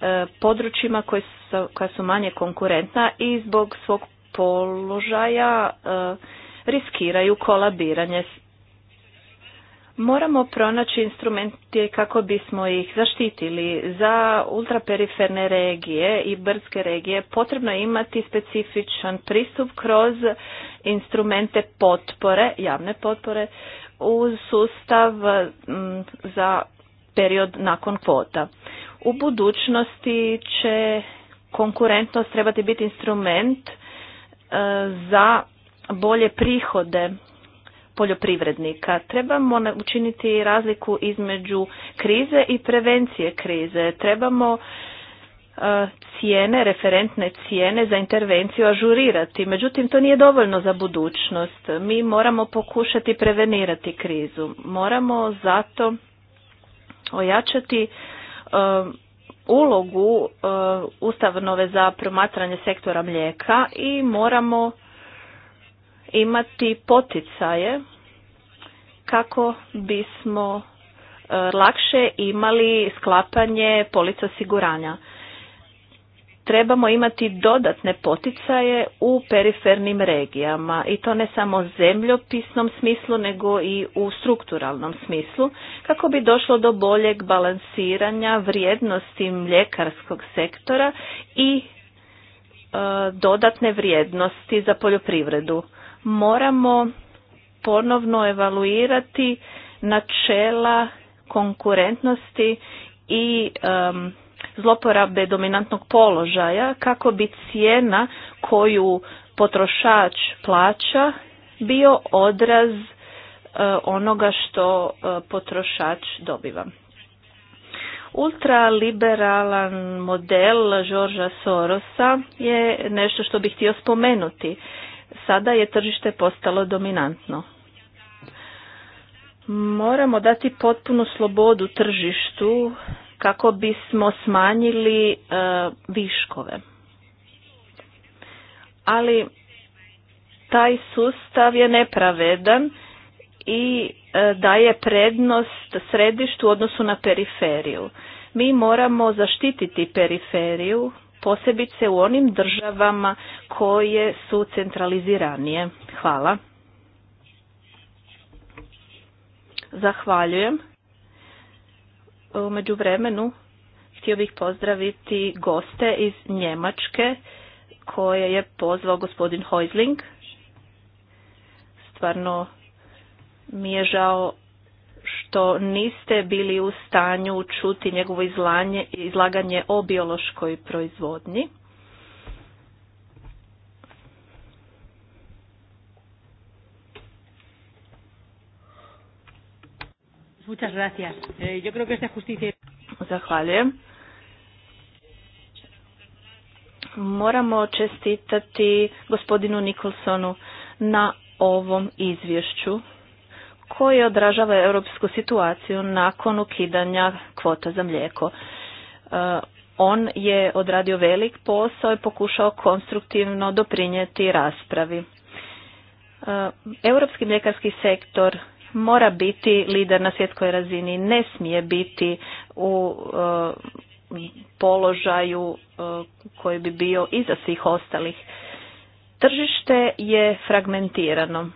e, područjima su, koja su manje konkurentna i zbog svog položaja e, riskiraju kolabiranje Moramo pronaći instrumente kako bismo ih zaštitili. Za ultraperiferne regije i brdske regije potrebno je imati specifičan pristup kroz instrumente potpore, javne potpore, uz sustav mm, za period nakon kvota. U budućnosti će konkurentnost trebati biti instrument e, za bolje prihode poljoprivrednika. Trebamo učiniti razliku između krize i prevencije krize. Trebamo e, cijene, referentne cijene za intervenciju ažurirati. Međutim, to nije dovoljno za budućnost. Mi moramo pokušati prevenirati krizu. Moramo zato ojačati e, ulogu e, Ustavnove za promatranje sektora mlijeka i moramo imati poticaje kako bismo e, lakše imali sklapanje polica osiguranja. Trebamo imati dodatne poticaje u perifernim regijama i to ne samo u zemljopisnom smislu nego i u strukturalnom smislu kako bi došlo do boljeg balansiranja vrijednosti mljekarskog sektora i e, dodatne vrijednosti za poljoprivredu moramo ponovno evaluirati načela konkurentnosti i um, zloporabe dominantnog položaja kako bi cijena koju potrošač plaća bio odraz e, onoga što e, potrošač dobiva. Ultraliberalan model Žorža Sorosa je nešto što bih htio spomenuti sada je tržište postalo dominantno. Moramo dati potpunu slobodu tržištu kako bismo smanjili e, viškove. Ali taj sustav je nepravedan i e, daje prednost središtu u odnosu na periferiju. Mi moramo zaštititi periferiju posebice u onim državama koje su centraliziranije. Hvala. Zahvaljujem. U međuvremenu htio bih pozdraviti goste iz Njemačke koje je pozvao gospodin Heusling. Stvarno mi je žao što niste bili u stanju čuti njegovo izlanje, izlaganje o biološkoj proizvodnji. Eh, Zahvaljujem. Moramo čestitati gospodinu Nikolsonu na ovom izvješću koji odražava europsku situaciju nakon ukidanja kvota za mlijeko. E, on je odradio velik posao i pokušao konstruktivno doprinijeti raspravi. E, europski mljekarski sektor mora biti lider na svjetskoj razini, ne smije biti u e, položaju koji bi bio iza svih ostalih. Tržište je fragmentirano.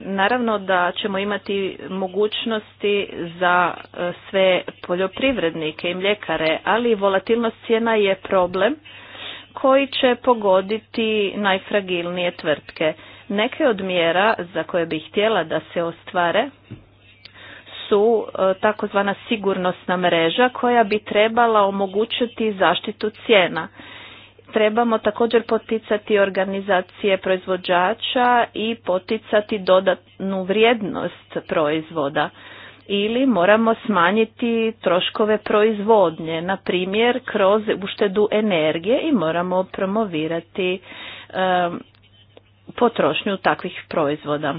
Naravno da ćemo imati mogućnosti za e, sve poljoprivrednike i mljekare, ali volatilnost cijena je problem koji će pogoditi najfragilnije tvrtke. Neke od mjera za koje bih htjela da se ostvare su e, takozvana sigurnosna mreža koja bi trebala omogućiti zaštitu cijena trebamo također poticati organizacije proizvođača i poticati dodatnu vrijednost proizvoda ili moramo smanjiti troškove proizvodnje, na primjer kroz uštedu energije i moramo promovirati potrošnju takvih proizvoda.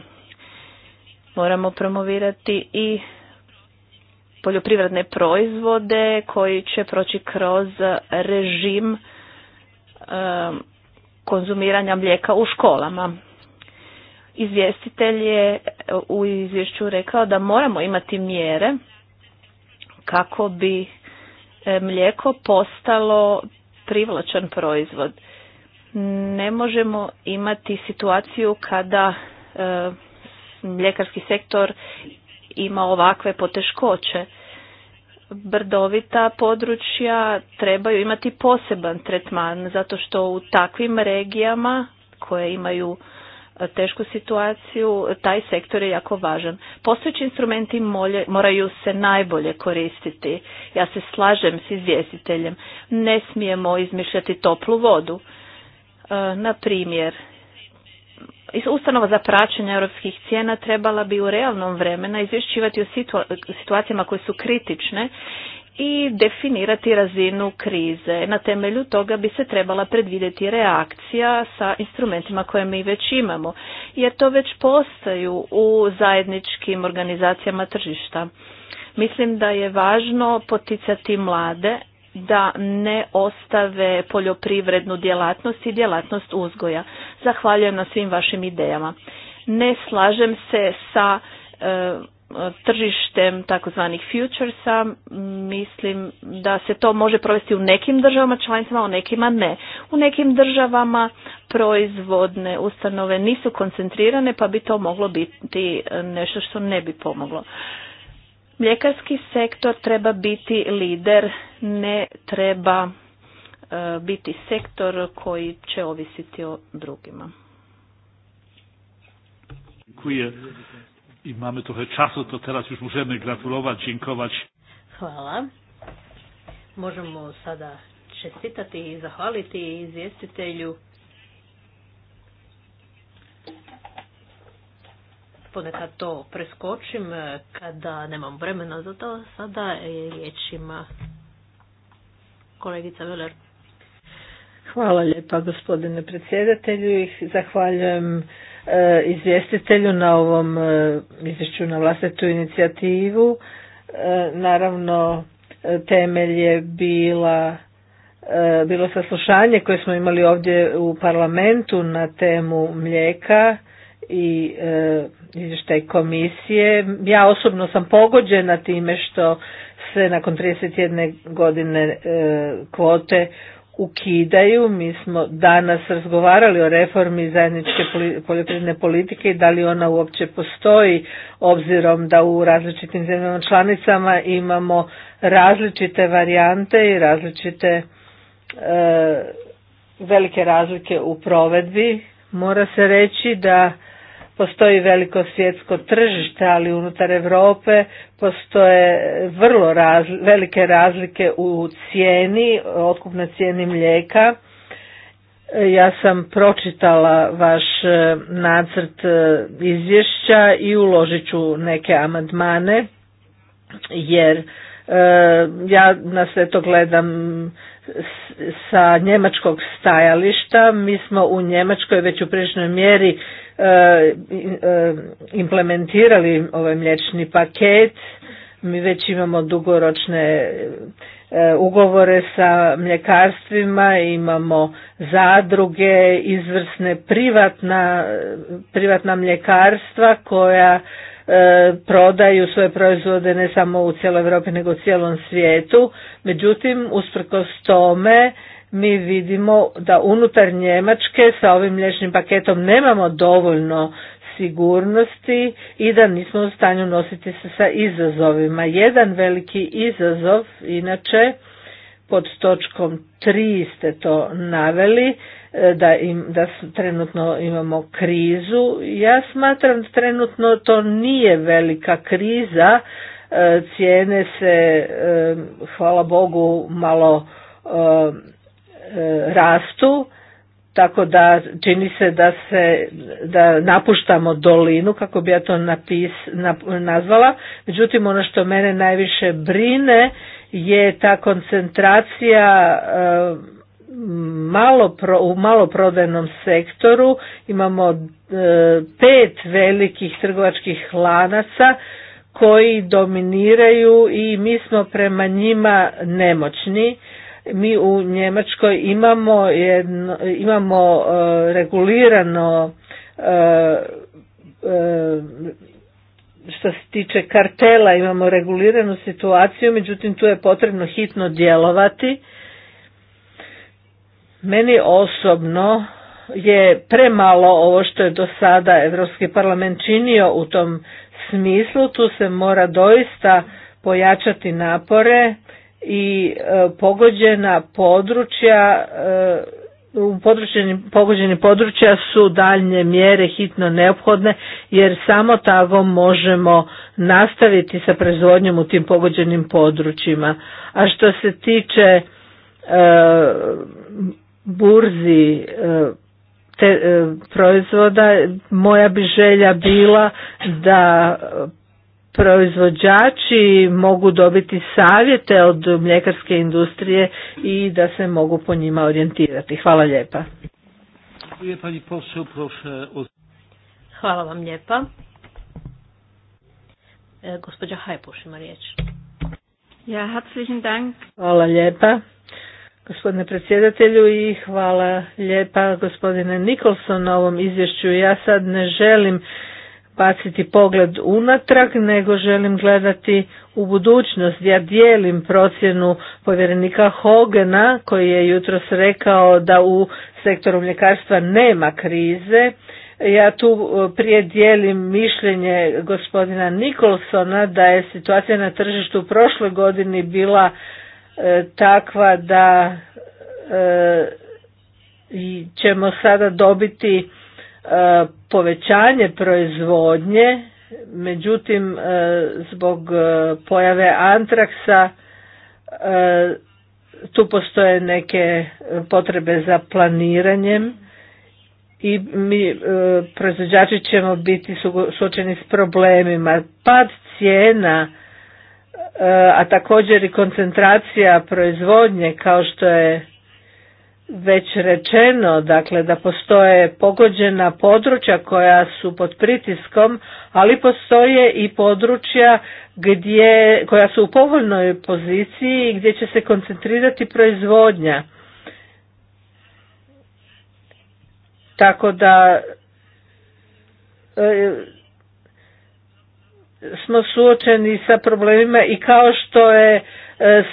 Moramo promovirati i poljoprivredne proizvode koji će proći kroz režim Um, konzumiranja mlijeka u školama. Izvjestitelj je u izvješću rekao da moramo imati mjere kako bi e, mlijeko postalo privlačan proizvod. Ne možemo imati situaciju kada e, mljekarski sektor ima ovakve poteškoće brdovita područja trebaju imati poseban tretman zato što u takvim regijama koje imaju e, tešku situaciju, taj sektor je jako važan. Postojeći instrumenti moraju se najbolje koristiti. Ja se slažem s izvjestiteljem. Ne smijemo izmišljati toplu vodu. E, na primjer, ustanova za praćenje europskih cijena trebala bi u realnom vremena izvješćivati o situacijama koje su kritične i definirati razinu krize. Na temelju toga bi se trebala predvidjeti reakcija sa instrumentima koje mi već imamo, jer to već postaju u zajedničkim organizacijama tržišta. Mislim da je važno poticati mlade da ne ostave poljoprivrednu djelatnost i djelatnost uzgoja. Zahvaljujem na svim vašim idejama. Ne slažem se sa e, tržištem takozvanih futuresa. Mislim da se to može provesti u nekim državama članicama, u nekima ne. U nekim državama proizvodne ustanove nisu koncentrirane pa bi to moglo biti nešto što ne bi pomoglo. Mljekarski sektor treba biti lider, ne treba e, biti sektor koji će ovisiti o drugima. Dziękuję. I mamy trochę czasu, to teraz już możemy gratulować, dziękować. Hvala. Možemo sada čestitati i zahvaliti izvjestitelju ponekad to preskočim e, kada nemam vremena za to. Sada riječima kolegica Veler. Hvala lijepa gospodine predsjedatelju i zahvaljujem e, izvjestitelju na ovom e, izvješću na vlastitu inicijativu. Naravno, temelj je bila bilo saslušanje koje smo imali ovdje u parlamentu na temu mlijeka i e, izvještaj komisije. Ja osobno sam pogođena time što se nakon 31 godine e, kvote ukidaju. Mi smo danas razgovarali o reformi zajedničke poljoprivredne politike i da li ona uopće postoji obzirom da u različitim zemljama članicama imamo različite varijante i različite e, velike razlike u provedbi. Mora se reći da Postoji veliko svjetsko tržište, ali unutar Europe postoje vrlo velike razlike u cijeni, otkupnoj cijeni mlijeka. Ja sam pročitala vaš e, nacrt e, izvješća i uložit ću neke amandmane jer e, ja na sve to gledam sa njemačkog stajališta. Mi smo u Njemačkoj već u priličnoj mjeri e, e, implementirali ovaj mliječni paket. Mi već imamo dugoročne e, ugovore sa mljekarstvima, imamo zadruge, izvrsne privatna, privatna mljekarstva koja E, prodaju svoje proizvode ne samo u cijeloj Europi nego u cijelom svijetu. Međutim, usprkos tome mi vidimo da unutar Njemačke sa ovim mliječnim paketom nemamo dovoljno sigurnosti i da nismo u stanju nositi se sa izazovima. Jedan veliki izazov, inače, pod točkom 3 ste to naveli, da, im, da trenutno imamo krizu. Ja smatram da trenutno to nije velika kriza, e, cijene se, e, hvala Bogu, malo e, rastu, tako da čini se da se da napuštamo dolinu kako bi ja to napis, nap, nazvala međutim ono što mene najviše brine je ta koncentracija malo pro, u maloprodajnom sektoru imamo e, pet velikih trgovačkih lanaca koji dominiraju i mi smo prema njima nemoćni. Mi u Njemačkoj imamo, jedno, imamo e, regulirano e, što se tiče kartela imamo reguliranu situaciju, međutim tu je potrebno hitno djelovati meni osobno je premalo ovo što je do sada Evropski parlament činio u tom smislu, tu se mora doista pojačati napore i e, pogođena područja e, pogođeni područja su daljnje mjere hitno neophodne jer samo tako možemo nastaviti sa proizvodnjom u tim pogođenim područjima. A što se tiče e, burzi e, te e, proizvoda moja bi želja bila da proizvođači mogu dobiti savjete od mljekarske industrije i da se mogu po njima orijentirati. Hvala lijepa. Hvala vam lijepa. E, Gospodja Hajpuš ima riječ. Ja, Hvala lijepa gospodine predsjedatelju i hvala lijepa gospodine Nikolson na ovom izvješću. Ja sad ne želim baciti pogled unatrag, nego želim gledati u budućnost. Ja dijelim procjenu povjerenika Hogena koji je jutros rekao da u sektoru mljekarstva nema krize. Ja tu e, prije dijelim mišljenje gospodina Nikolsona da je situacija na tržištu u prošloj godini bila E, takva da e, ćemo sada dobiti e, povećanje proizvodnje, međutim zbog pojave antraksa tu postoje neke potrebe za planiranjem i mi proizvođači ćemo biti suočeni s problemima. Pad cijena a također i koncentracija proizvodnje kao što je već rečeno, dakle da postoje pogođena područja koja su pod pritiskom, ali postoje i područja gdje, koja su u povoljnoj poziciji i gdje će se koncentrirati proizvodnja. Tako da e, smo suočeni sa problemima i kao što je e,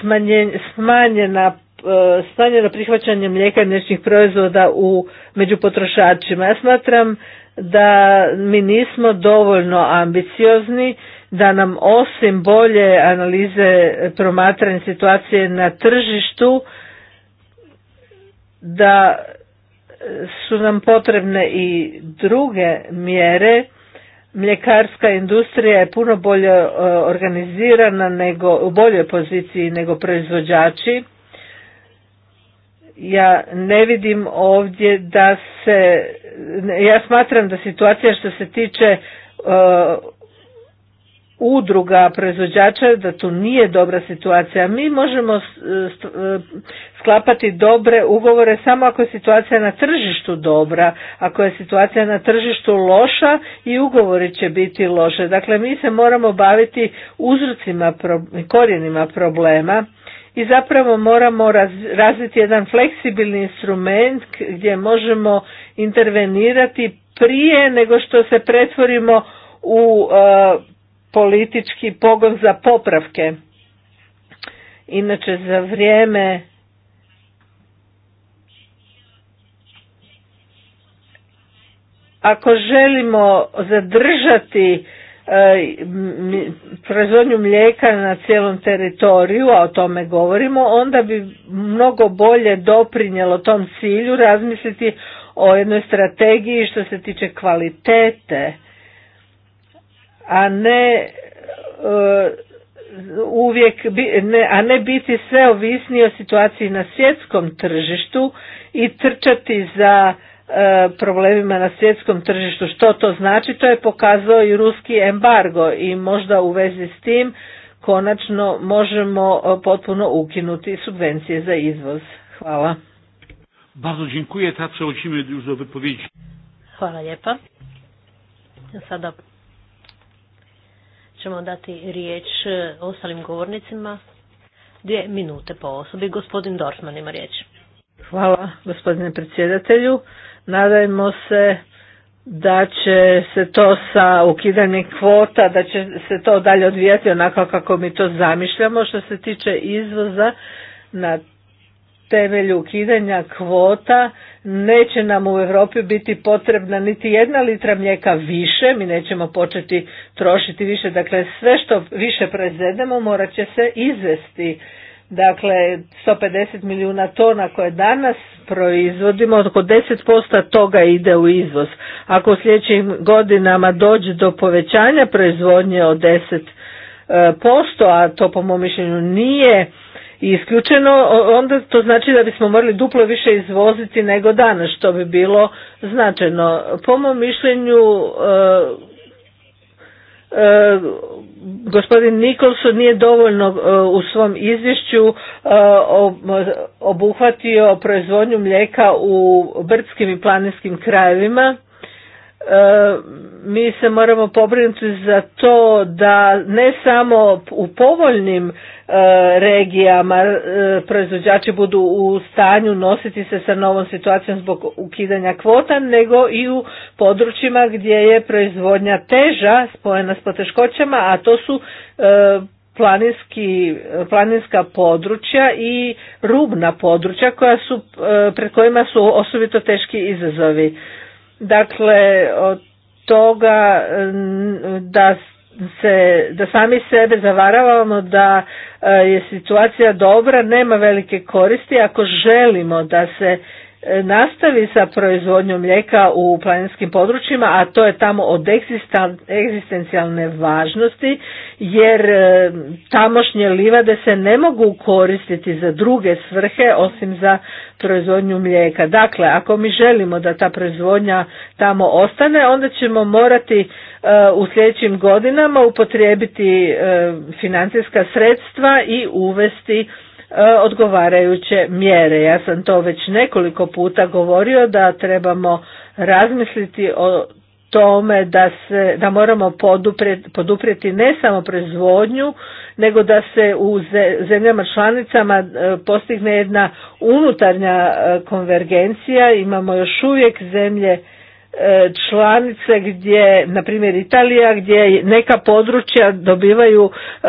smanjena e, smanjeno prihvaćanje mlijeka i mliječnih proizvoda u, među potrošačima. Ja smatram da mi nismo dovoljno ambiciozni, da nam osim bolje analize promatranje situacije na tržištu, da su nam potrebne i druge mjere mljekarska industrija je puno bolje e, organizirana nego u boljoj poziciji nego proizvođači ja ne vidim ovdje da se ja smatram da situacija što se tiče e, udruga proizvođača da tu nije dobra situacija mi možemo sklapati dobre ugovore samo ako je situacija na tržištu dobra, ako je situacija na tržištu loša i ugovori će biti loše. Dakle, mi se moramo baviti uzrocima, korijenima problema i zapravo moramo razviti jedan fleksibilni instrument gdje možemo intervenirati prije nego što se pretvorimo u e, politički pogon za popravke. Inače za vrijeme Ako želimo zadržati e, proizvodnju mlijeka na cijelom teritoriju, a o tome govorimo, onda bi mnogo bolje doprinjelo tom cilju razmisliti o jednoj strategiji što se tiče kvalitete, a ne e, uvijek ne, a ne biti sve ovisni o situaciji na svjetskom tržištu i trčati za E, problemima na svjetskom tržištu. Što to znači? To je pokazao i ruski embargo i možda u vezi s tim konačno možemo e, potpuno ukinuti subvencije za izvoz. Hvala. Bardzo dziękuję. Teraz przechodzimy już do wypowiedzi. Hvala lijepa. Sada ćemo dati riječ e, ostalim govornicima. Dvije minute po osobi. Gospodin Dorfman ima riječ. Hvala gospodine predsjedatelju. Nadajmo se da će se to sa ukidanjem kvota, da će se to dalje odvijati onako kako mi to zamišljamo. Što se tiče izvoza na temelju ukidanja kvota neće nam u Europi biti potrebna niti jedna litra mlijeka više, mi nećemo početi trošiti više, dakle sve što više prezedemo morat će se izvesti Dakle, 150 milijuna tona koje danas proizvodimo, oko 10% toga ide u izvoz. Ako u sljedećim godinama dođe do povećanja proizvodnje od 10%, a to po mom mišljenju nije isključeno, onda to znači da bismo morali duplo više izvoziti nego danas, što bi bilo značajno. Po mom mišljenju e, E, gospodin Nicholson nije dovoljno e, u svom izvješću e, obuhvatio proizvodnju mlijeka u brdskim i planinskim krajevima E, mi se moramo pobrinuti za to da ne samo u povoljnim e, regijama e, proizvođači budu u stanju nositi se sa novom situacijom zbog ukidanja kvota, nego i u područjima gdje je proizvodnja teža spojena s poteškoćama, a to su planinski, planinska područja i rubna područja koja su, pred kojima su osobito teški izazovi Dakle, od toga da se, da sami sebe zavaravamo da e, je situacija dobra, nema velike koristi ako želimo da se E, nastavi sa proizvodnjom mlijeka u planinskim područjima, a to je tamo od egzistencijalne važnosti, jer e, tamošnje livade se ne mogu koristiti za druge svrhe osim za proizvodnju mlijeka. Dakle, ako mi želimo da ta proizvodnja tamo ostane, onda ćemo morati e, u sljedećim godinama upotrijebiti financijska sredstva i uvesti E, odgovarajuće mjere. Ja sam to već nekoliko puta govorio da trebamo razmisliti o tome da, se, da moramo poduprijeti, ne samo proizvodnju, nego da se u zemljama članicama e, postigne jedna unutarnja e, konvergencija. Imamo još uvijek zemlje E, članice gdje, na primjer Italija, gdje neka područja dobivaju e,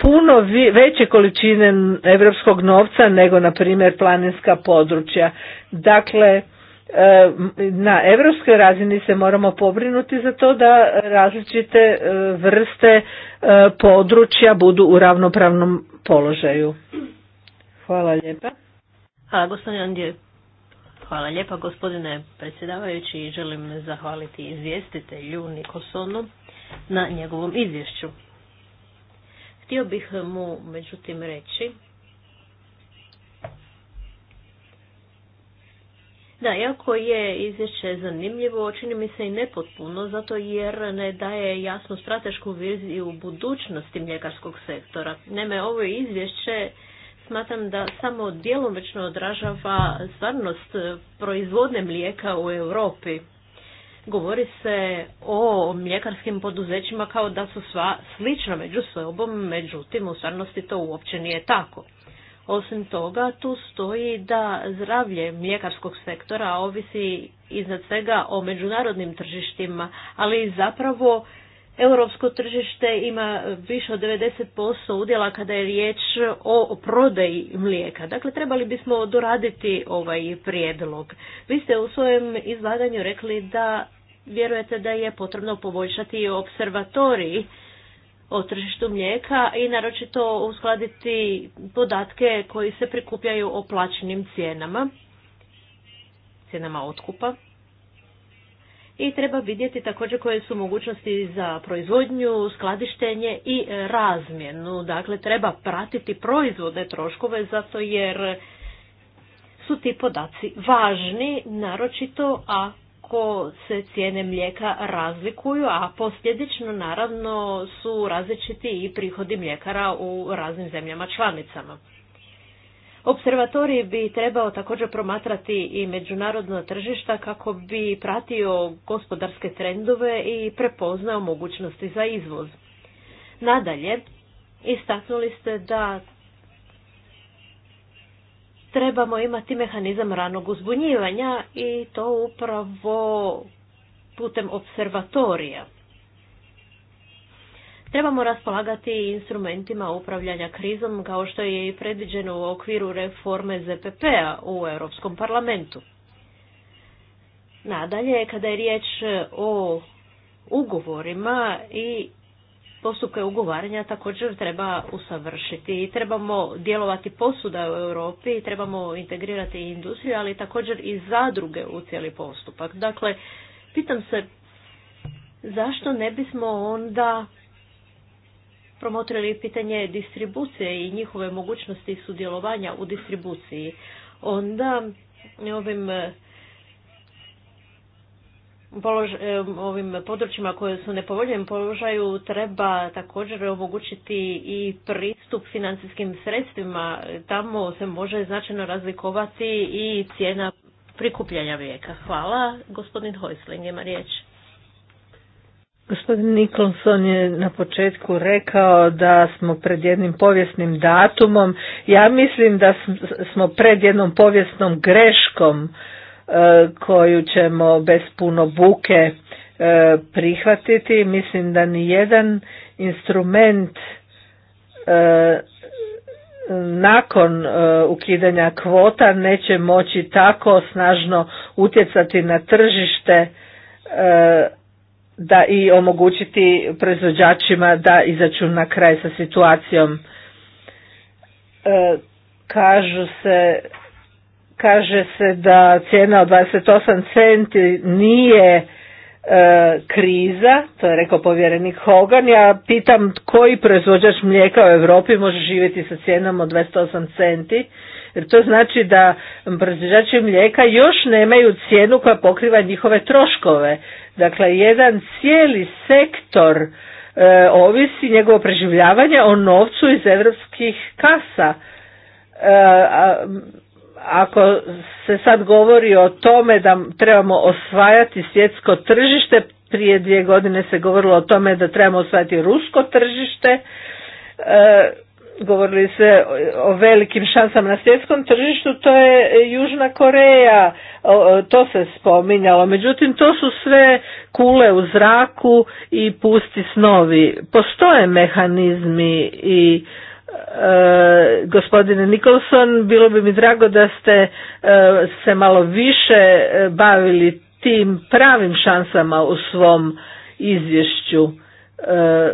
puno veće količine europskog novca nego, na primjer, planinska područja. Dakle, e, na evropskoj razini se moramo pobrinuti za to da različite vrste područja budu u ravnopravnom položaju. Hvala lijepa. Hvala gospodin Hvala lijepa gospodine predsjedavajući i želim zahvaliti izvjestitelju Nikosonu na njegovom izvješću. Htio bih mu međutim reći Da, iako je izvješće zanimljivo, čini mi se i nepotpuno, zato jer ne daje jasnu stratešku viziju budućnosti mljekarskog sektora. Neme ovo izvješće smatram da samo djelomično odražava stvarnost e, proizvodne mlijeka u Europi. Govori se o mljekarskim poduzećima kao da su sva slična među sobom, međutim u stvarnosti to uopće nije tako. Osim toga, tu stoji da zdravlje mljekarskog sektora ovisi iznad svega o međunarodnim tržištima, ali zapravo Europsko tržište ima više od 90% udjela kada je riječ o prodaji mlijeka. Dakle, trebali bismo doraditi ovaj prijedlog. Vi ste u svojem izlaganju rekli da vjerujete da je potrebno poboljšati observatorij o tržištu mlijeka i naročito uskladiti podatke koji se prikupljaju o plaćenim cijenama, cijenama otkupa i treba vidjeti također koje su mogućnosti za proizvodnju, skladištenje i razmjenu. Dakle, treba pratiti proizvode troškove zato jer su ti podaci važni, naročito ako se cijene mlijeka razlikuju, a posljedično naravno su različiti i prihodi mljekara u raznim zemljama članicama. Observatorij bi trebao također promatrati i međunarodno tržišta kako bi pratio gospodarske trendove i prepoznao mogućnosti za izvoz. Nadalje, istaknuli ste da trebamo imati mehanizam ranog uzbunjivanja i to upravo putem observatorija. Trebamo raspolagati instrumentima upravljanja krizom kao što je i predviđeno u okviru reforme ZPP-a u Europskom parlamentu. Nadalje, kada je riječ o ugovorima i postupke ugovaranja također treba usavršiti i trebamo djelovati posuda u Europi i trebamo integrirati industriju, ali također i zadruge u cijeli postupak. Dakle, pitam se zašto ne bismo onda promotrili pitanje distribucije i njihove mogućnosti sudjelovanja u distribuciji, onda eh, ovim eh, eh, ovim područjima koje su nepovoljnim položaju treba također omogućiti i pristup financijskim sredstvima. Tamo se može značajno razlikovati i cijena prikupljanja vijeka. Hvala. Gospodin Hojsling ima riječ. Gospodin Nikolson je na početku rekao da smo pred jednim povijesnim datumom. Ja mislim da smo pred jednom povijesnom greškom e, koju ćemo bez puno buke e, prihvatiti. Mislim da ni jedan instrument e, nakon ukidanja kvota neće moći tako snažno utjecati na tržište da i omogućiti proizvođačima da izađu na kraj sa situacijom. E, se, kaže se da cijena od 28 centi nije e, kriza, to je rekao povjerenik Hogan, ja pitam koji proizvođač mlijeka u Europi može živjeti sa cijenom od 28 centi, jer to znači da proizvođači mlijeka još nemaju cijenu koja pokriva njihove troškove. Dakle, jedan cijeli sektor e, ovisi njegovo preživljavanje o novcu iz europskih kasa. E, ako se sad govori o tome da trebamo osvajati svjetsko tržište, prije dvije godine se govorilo o tome da trebamo osvajati rusko tržište, e, govorili se o velikim šansama na svjetskom tržištu, to je Južna Koreja, to se spominjalo. Međutim, to su sve kule u zraku i pusti snovi. Postoje mehanizmi i e, gospodine Nicholson, bilo bi mi drago da ste e, se malo više e, bavili tim pravim šansama u svom izvješću. E,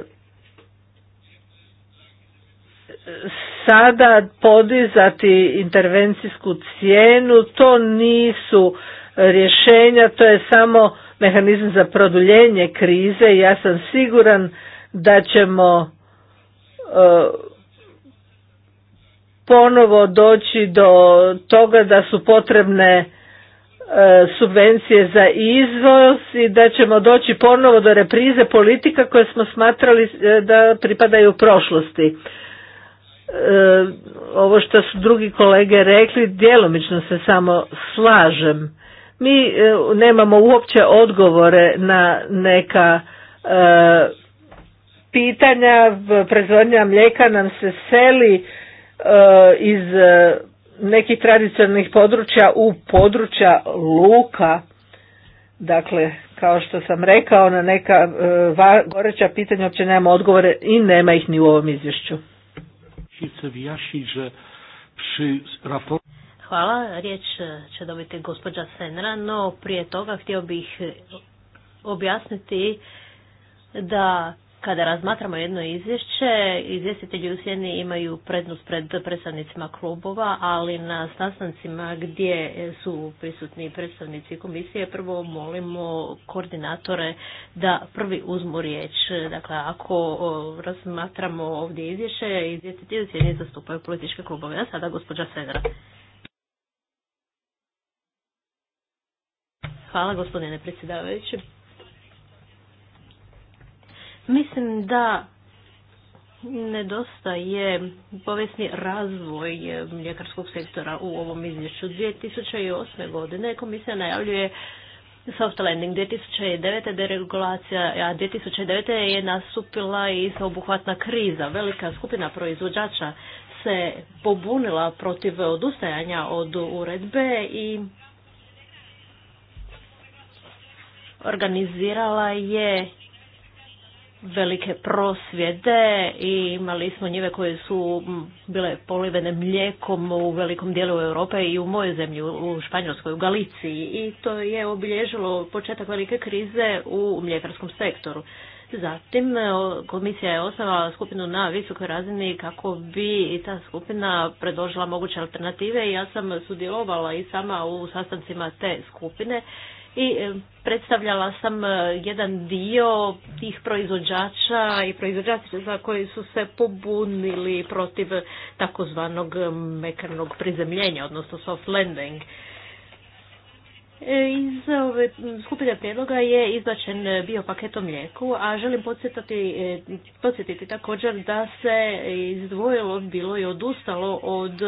sada podizati intervencijsku cijenu, to nisu rješenja, to je samo mehanizam za produljenje krize i ja sam siguran da ćemo e, ponovo doći do toga da su potrebne e, subvencije za izvoz i da ćemo doći ponovo do reprize politika koje smo smatrali e, da pripadaju u prošlosti. E, ovo što su drugi kolege rekli, djelomično se samo slažem. Mi e, nemamo uopće odgovore na neka e, pitanja, proizvodnja mlijeka nam se seli iz nekih tradicionalnih područja u područja luka. Dakle, kao što sam rekao, na neka goreća pitanja uopće nemamo odgovore i nema ih ni u ovom izvješću jednocześnie chcę že Hvala, riječ e, će dobiti gospođa Senra, no prije toga htio bih objasniti da kada razmatramo jedno izvješće, izvjestitelji u sjeni imaju prednost pred predstavnicima klubova, ali na sastancima gdje su prisutni predstavnici komisije, prvo molimo koordinatore da prvi uzmu riječ. Dakle, ako razmatramo ovdje izvješće, izvjestitelji u sjeni zastupaju političke klubove. A sada gospođa Sedra. Hvala gospodine predsjedavajući. Mislim da nedostaje povijesni razvoj mljekarskog sektora u ovom izvješću. 2008. godine komisija najavljuje soft landing 2009. deregulacija, a 2009. je nastupila i obuhvatna kriza. Velika skupina proizvođača se pobunila protiv odustajanja od uredbe i organizirala je velike prosvjede i imali smo njive koje su bile polivene mlijekom u velikom dijelu Europe i u mojoj zemlji, u Španjolskoj, u Galiciji i to je obilježilo početak velike krize u mljekarskom sektoru. Zatim e, komisija je osnovala skupinu na visokoj razini kako bi i ta skupina predložila moguće alternative i ja sam sudjelovala i sama u sastancima te skupine i e, predstavljala sam e, jedan dio tih proizvođača i proizvođača koji su se pobunili protiv takozvanog e, mekarnog prizemljenja, odnosno soft landing. E, iz ove skupine prijedloga je izbačen bio paket o mlijeku, a želim podsjetiti, e, podsjetiti također da se izdvojilo bilo i odustalo od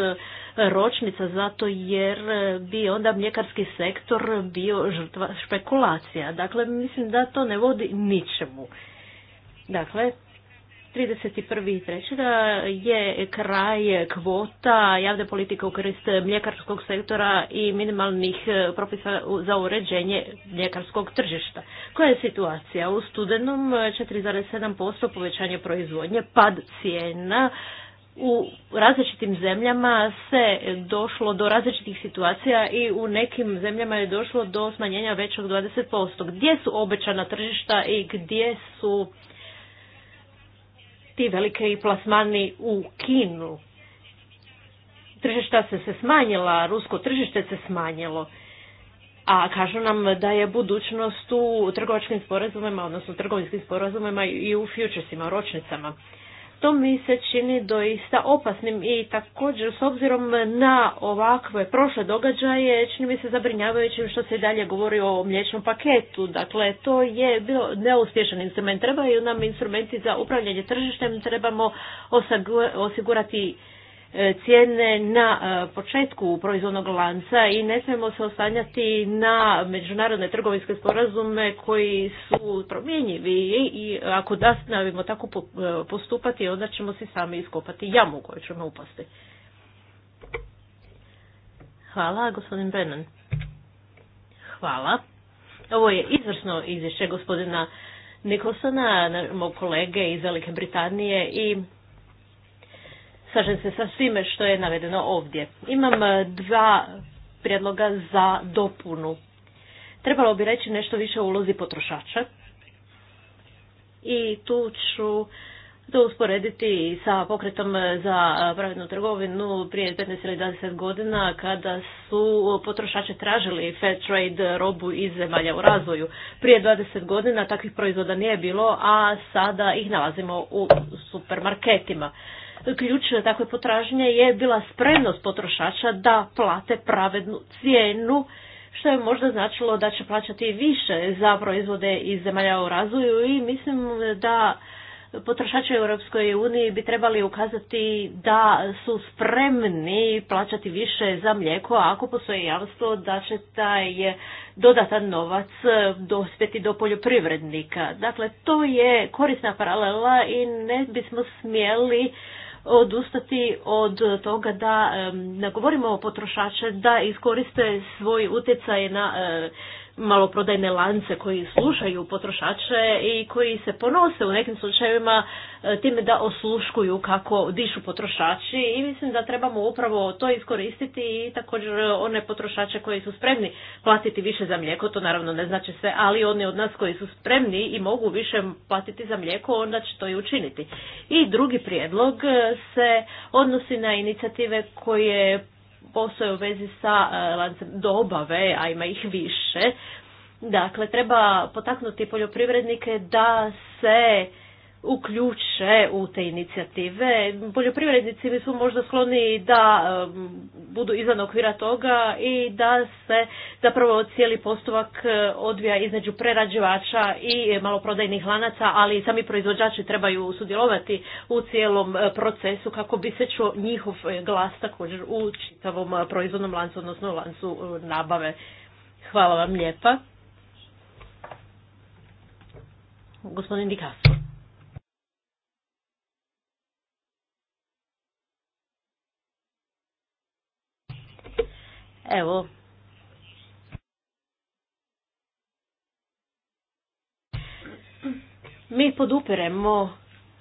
ročnica zato jer bi onda mljekarski sektor bio žrtva špekulacija. Dakle, mislim da to ne vodi ničemu. Dakle, 31.3. je kraj kvota javne politike u korist mljekarskog sektora i minimalnih e, propisa za uređenje mljekarskog tržišta. Koja je situacija? U studenom 4,7% e, povećanje proizvodnje, pad cijena, u različitim zemljama se došlo do različitih situacija i u nekim zemljama je došlo do smanjenja većeg 20%. Gdje su obećana tržišta i gdje su ti velike plasmani u Kinu. Tržišta se se smanjila, rusko tržište se smanjilo. A kažu nam da je budućnost u trgovačkim sporazumima, odnosno trgovinskim sporazumima i u futuresima, ročnicama. To mi se čini doista opasnim i također s obzirom na ovakve prošle događaje čini mi se zabrinjavajućim što se i dalje govori o mliječnom paketu. Dakle, to je bio neuspješan instrument. Trebaju nam instrumenti za upravljanje tržištem, trebamo osigurati E, cijene na e, početku proizvodnog lanca i ne smijemo se oslanjati na međunarodne trgovinske sporazume koji su promjenjivi i ako nastavimo tako e, postupati onda ćemo si sami iskopati jamu koju ćemo upasti. Hvala, gospodin Brennan. Hvala. Ovo je izvrsno izvješće gospodina Nikosana, mog kolege iz Velike Britanije i Slažem se sa svime što je navedeno ovdje. Imam e, dva prijedloga za dopunu. Trebalo bi reći nešto više o ulozi potrošača. I tu ću to usporediti sa pokretom za pravednu trgovinu prije 15 ili 20 godina kada su potrošači tražili fair trade robu iz zemalja u razvoju. Prije 20 godina takvih proizvoda nije bilo, a sada ih nalazimo u supermarketima ključ takve potražnje je bila spremnost potrošača da plate pravednu cijenu, što je možda značilo da će plaćati više za proizvode iz zemalja u razvoju i mislim da potrošači u Europskoj uniji bi trebali ukazati da su spremni plaćati više za mlijeko ako postoji jamstvo da će taj dodatan novac dospjeti do poljoprivrednika. Dakle, to je korisna paralela i ne bismo smjeli odustati od toga da ne govorimo o potrošače da iskoriste svoj utjecaj na maloprodajne lance koji slušaju potrošače i koji se ponose u nekim slučajevima e, time da osluškuju kako dišu potrošači i mislim da trebamo upravo to iskoristiti i također one potrošače koji su spremni platiti više za mlijeko, to naravno ne znači sve, ali oni od nas koji su spremni i mogu više platiti za mlijeko, onda će to i učiniti. I drugi prijedlog e, se odnosi na inicijative koje postoje u vezi sa e, lancem dobave, a ima ih više. Dakle, treba potaknuti poljoprivrednike da se uključe u te inicijative. Poljoprivrednici su možda skloni da um, budu izvan okvira toga i da se zapravo cijeli postupak uh, odvija između prerađivača i maloprodajnih lanaca, ali i sami proizvođači trebaju sudjelovati u cijelom uh, procesu kako bi se čuo njihov glas također u čitavom uh, proizvodnom lancu, odnosno lancu nabave. Hvala vam lijepa. Gospodin Dikasov. Evo, mi podupiremo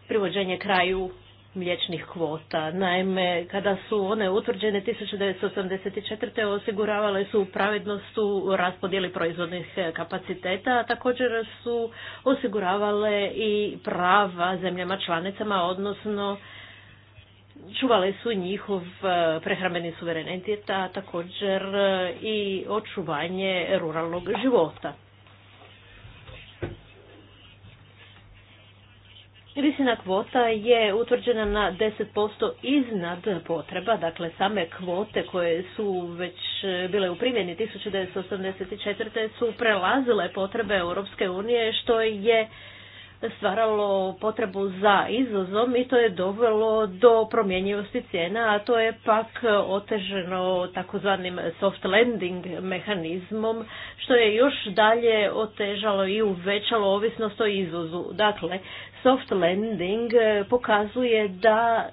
privođenje kraju mliječnih kvota. Naime, kada su one utvrđene 1984. osiguravale su pravednost u raspodjeli proizvodnih kapaciteta, a također su osiguravale i prava zemljama članicama, odnosno čuvale su njihov e, prehrambeni suverenitet, a također e, i očuvanje ruralnog života. Visina kvota je utvrđena na 10% iznad potreba, dakle same kvote koje su već e, bile u primjeni 1984. su prelazile potrebe Europske unije, što je stvaralo potrebu za izvozom i to je dovelo do promjenjivosti cijena, a to je pak oteženo takozvanim soft landing mehanizmom, što je još dalje otežalo i uvećalo ovisnost o izvozu. Dakle, soft landing pokazuje da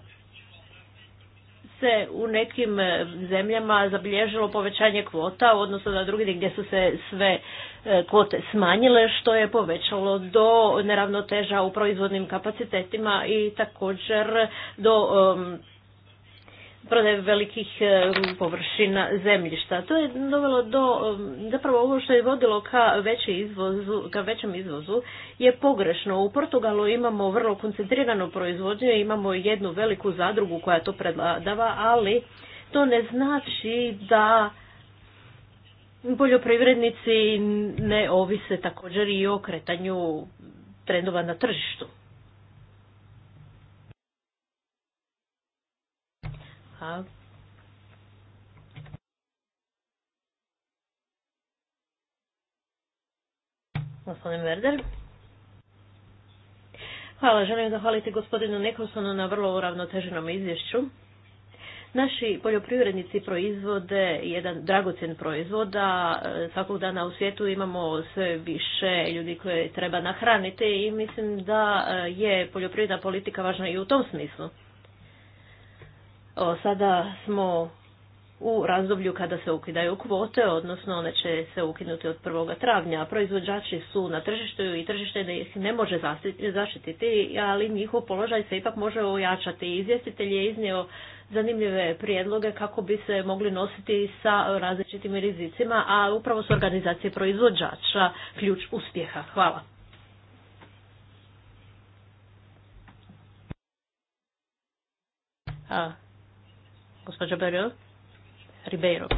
se u nekim e, zemljama zabilježilo povećanje kvota, odnosno na drugi gdje su se sve e, kvote smanjile, što je povećalo do neravnoteža u proizvodnim kapacitetima i također do prodaje velikih e, površina zemljišta. To je dovelo do, e, zapravo ovo što je vodilo ka, veći izvozu, ka većem izvozu je pogrešno. U Portugalu imamo vrlo koncentrirano proizvodnju, imamo jednu veliku zadrugu koja to predladava, ali to ne znači da poljoprivrednici ne ovise također i o kretanju trendova na tržištu. A Verder. Hvala, želim zahvaliti gospodinu Nikolsonu na vrlo uravnoteženom izvješću. Naši poljoprivrednici proizvode jedan dragocjen proizvoda. E, svakog dana u svijetu imamo sve više ljudi koje treba nahraniti i mislim da e, je poljoprivredna politika važna i u tom smislu sada smo u razdoblju kada se ukidaju kvote, odnosno one će se ukinuti od 1. travnja. Proizvođači su na tržištu i tržište da ne može zaštititi, ali njihov položaj se ipak može ojačati. Izvjestitelj je iznio zanimljive prijedloge kako bi se mogli nositi sa različitim rizicima, a upravo su organizacije proizvođača ključ uspjeha. Hvala. A, Gospođa Berio, Ribeiro.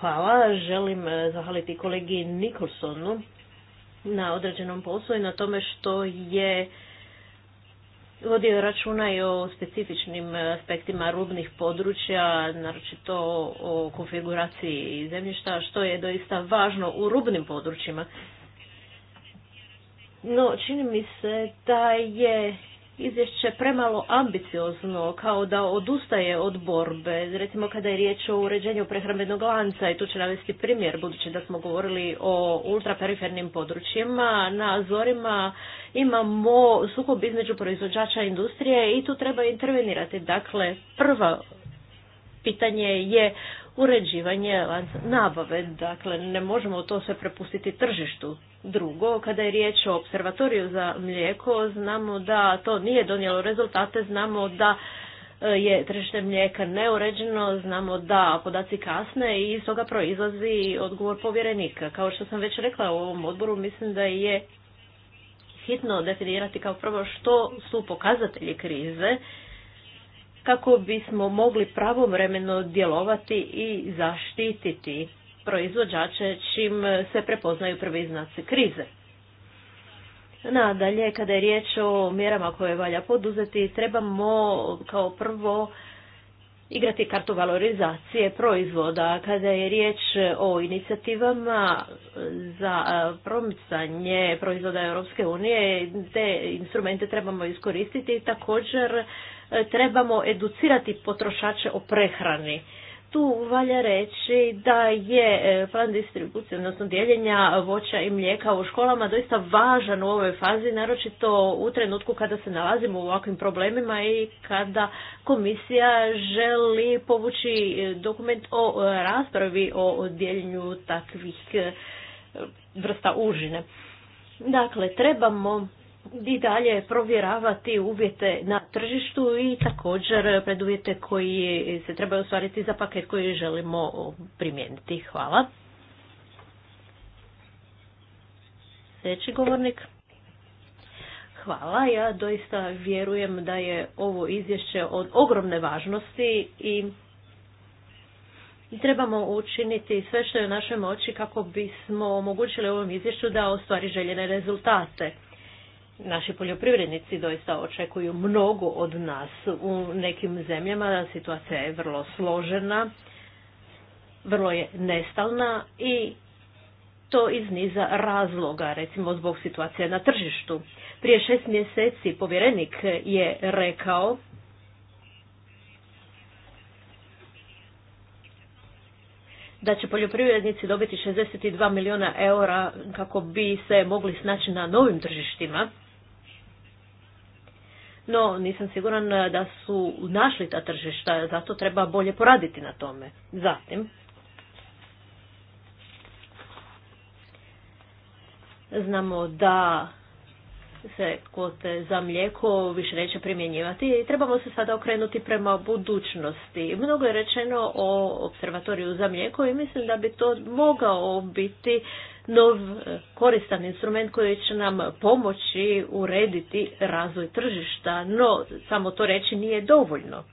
Hvala. Želim e, zahvaliti kolegi Nikolsonu na određenom poslu i na tome što je vodio računa i o specifičnim aspektima rubnih područja, naročito o konfiguraciji zemljišta, što je doista važno u rubnim područjima. No, čini mi se da je izvješće premalo ambiciozno, kao da odustaje od borbe. Recimo kada je riječ o uređenju prehrambenog lanca i tu će navesti primjer, budući da smo govorili o ultraperifernim područjima, na Azorima imamo sukob između proizvođača industrije i tu treba intervenirati. Dakle, prvo pitanje je uređivanje nabave. Dakle, ne možemo to sve prepustiti tržištu. Drugo, kada je riječ o observatoriju za mlijeko, znamo da to nije donijelo rezultate, znamo da e, je tržište mlijeka neuređeno, znamo da podaci kasne i iz toga proizlazi odgovor povjerenika. Kao što sam već rekla u ovom odboru, mislim da je hitno definirati kao prvo što su pokazatelji krize, kako bismo mogli pravovremeno djelovati i zaštititi proizvođače čim se prepoznaju prvi znaci krize. Nadalje, kada je riječ o mjerama koje valja poduzeti, trebamo kao prvo igrati kartu valorizacije proizvoda. Kada je riječ o inicijativama za promicanje proizvoda Europske unije, te instrumente trebamo iskoristiti. Također E, trebamo educirati potrošače o prehrani. Tu valja reći da je plan e, distribucije, odnosno dijeljenja voća i mlijeka u školama doista važan u ovoj fazi, naročito u trenutku kada se nalazimo u ovakvim problemima i kada komisija želi povući e, dokument o raspravi o dijeljenju takvih vrsta užine. Dakle, trebamo i dalje provjeravati uvjete na tržištu i također preduvjete koji se trebaju ostvariti za paket koji želimo primijeniti. Hvala. Sljedeći govornik. Hvala, ja doista vjerujem da je ovo izvješće od ogromne važnosti i trebamo učiniti sve što je u našoj moći kako bismo omogućili ovom izvješću da ostvari željene rezultate naši poljoprivrednici doista očekuju mnogo od nas. U nekim zemljama situacija je vrlo složena, vrlo je nestalna i to iz niza razloga, recimo zbog situacije na tržištu. Prije šest mjeseci povjerenik je rekao da će poljoprivrednici dobiti 62 milijuna eura kako bi se mogli snaći na novim tržištima no nisam siguran eh, da su našli ta tržišta, zato treba bolje poraditi na tome. Zatim, znamo da se kvote za mlijeko više neće primjenjivati i trebamo se sada okrenuti prema budućnosti. Mnogo je rečeno o observatoriju za mlijeko i mislim da bi to mogao biti nov e, koristan instrument koji će nam pomoći urediti razvoj tržišta, no samo to reći nije dovoljno.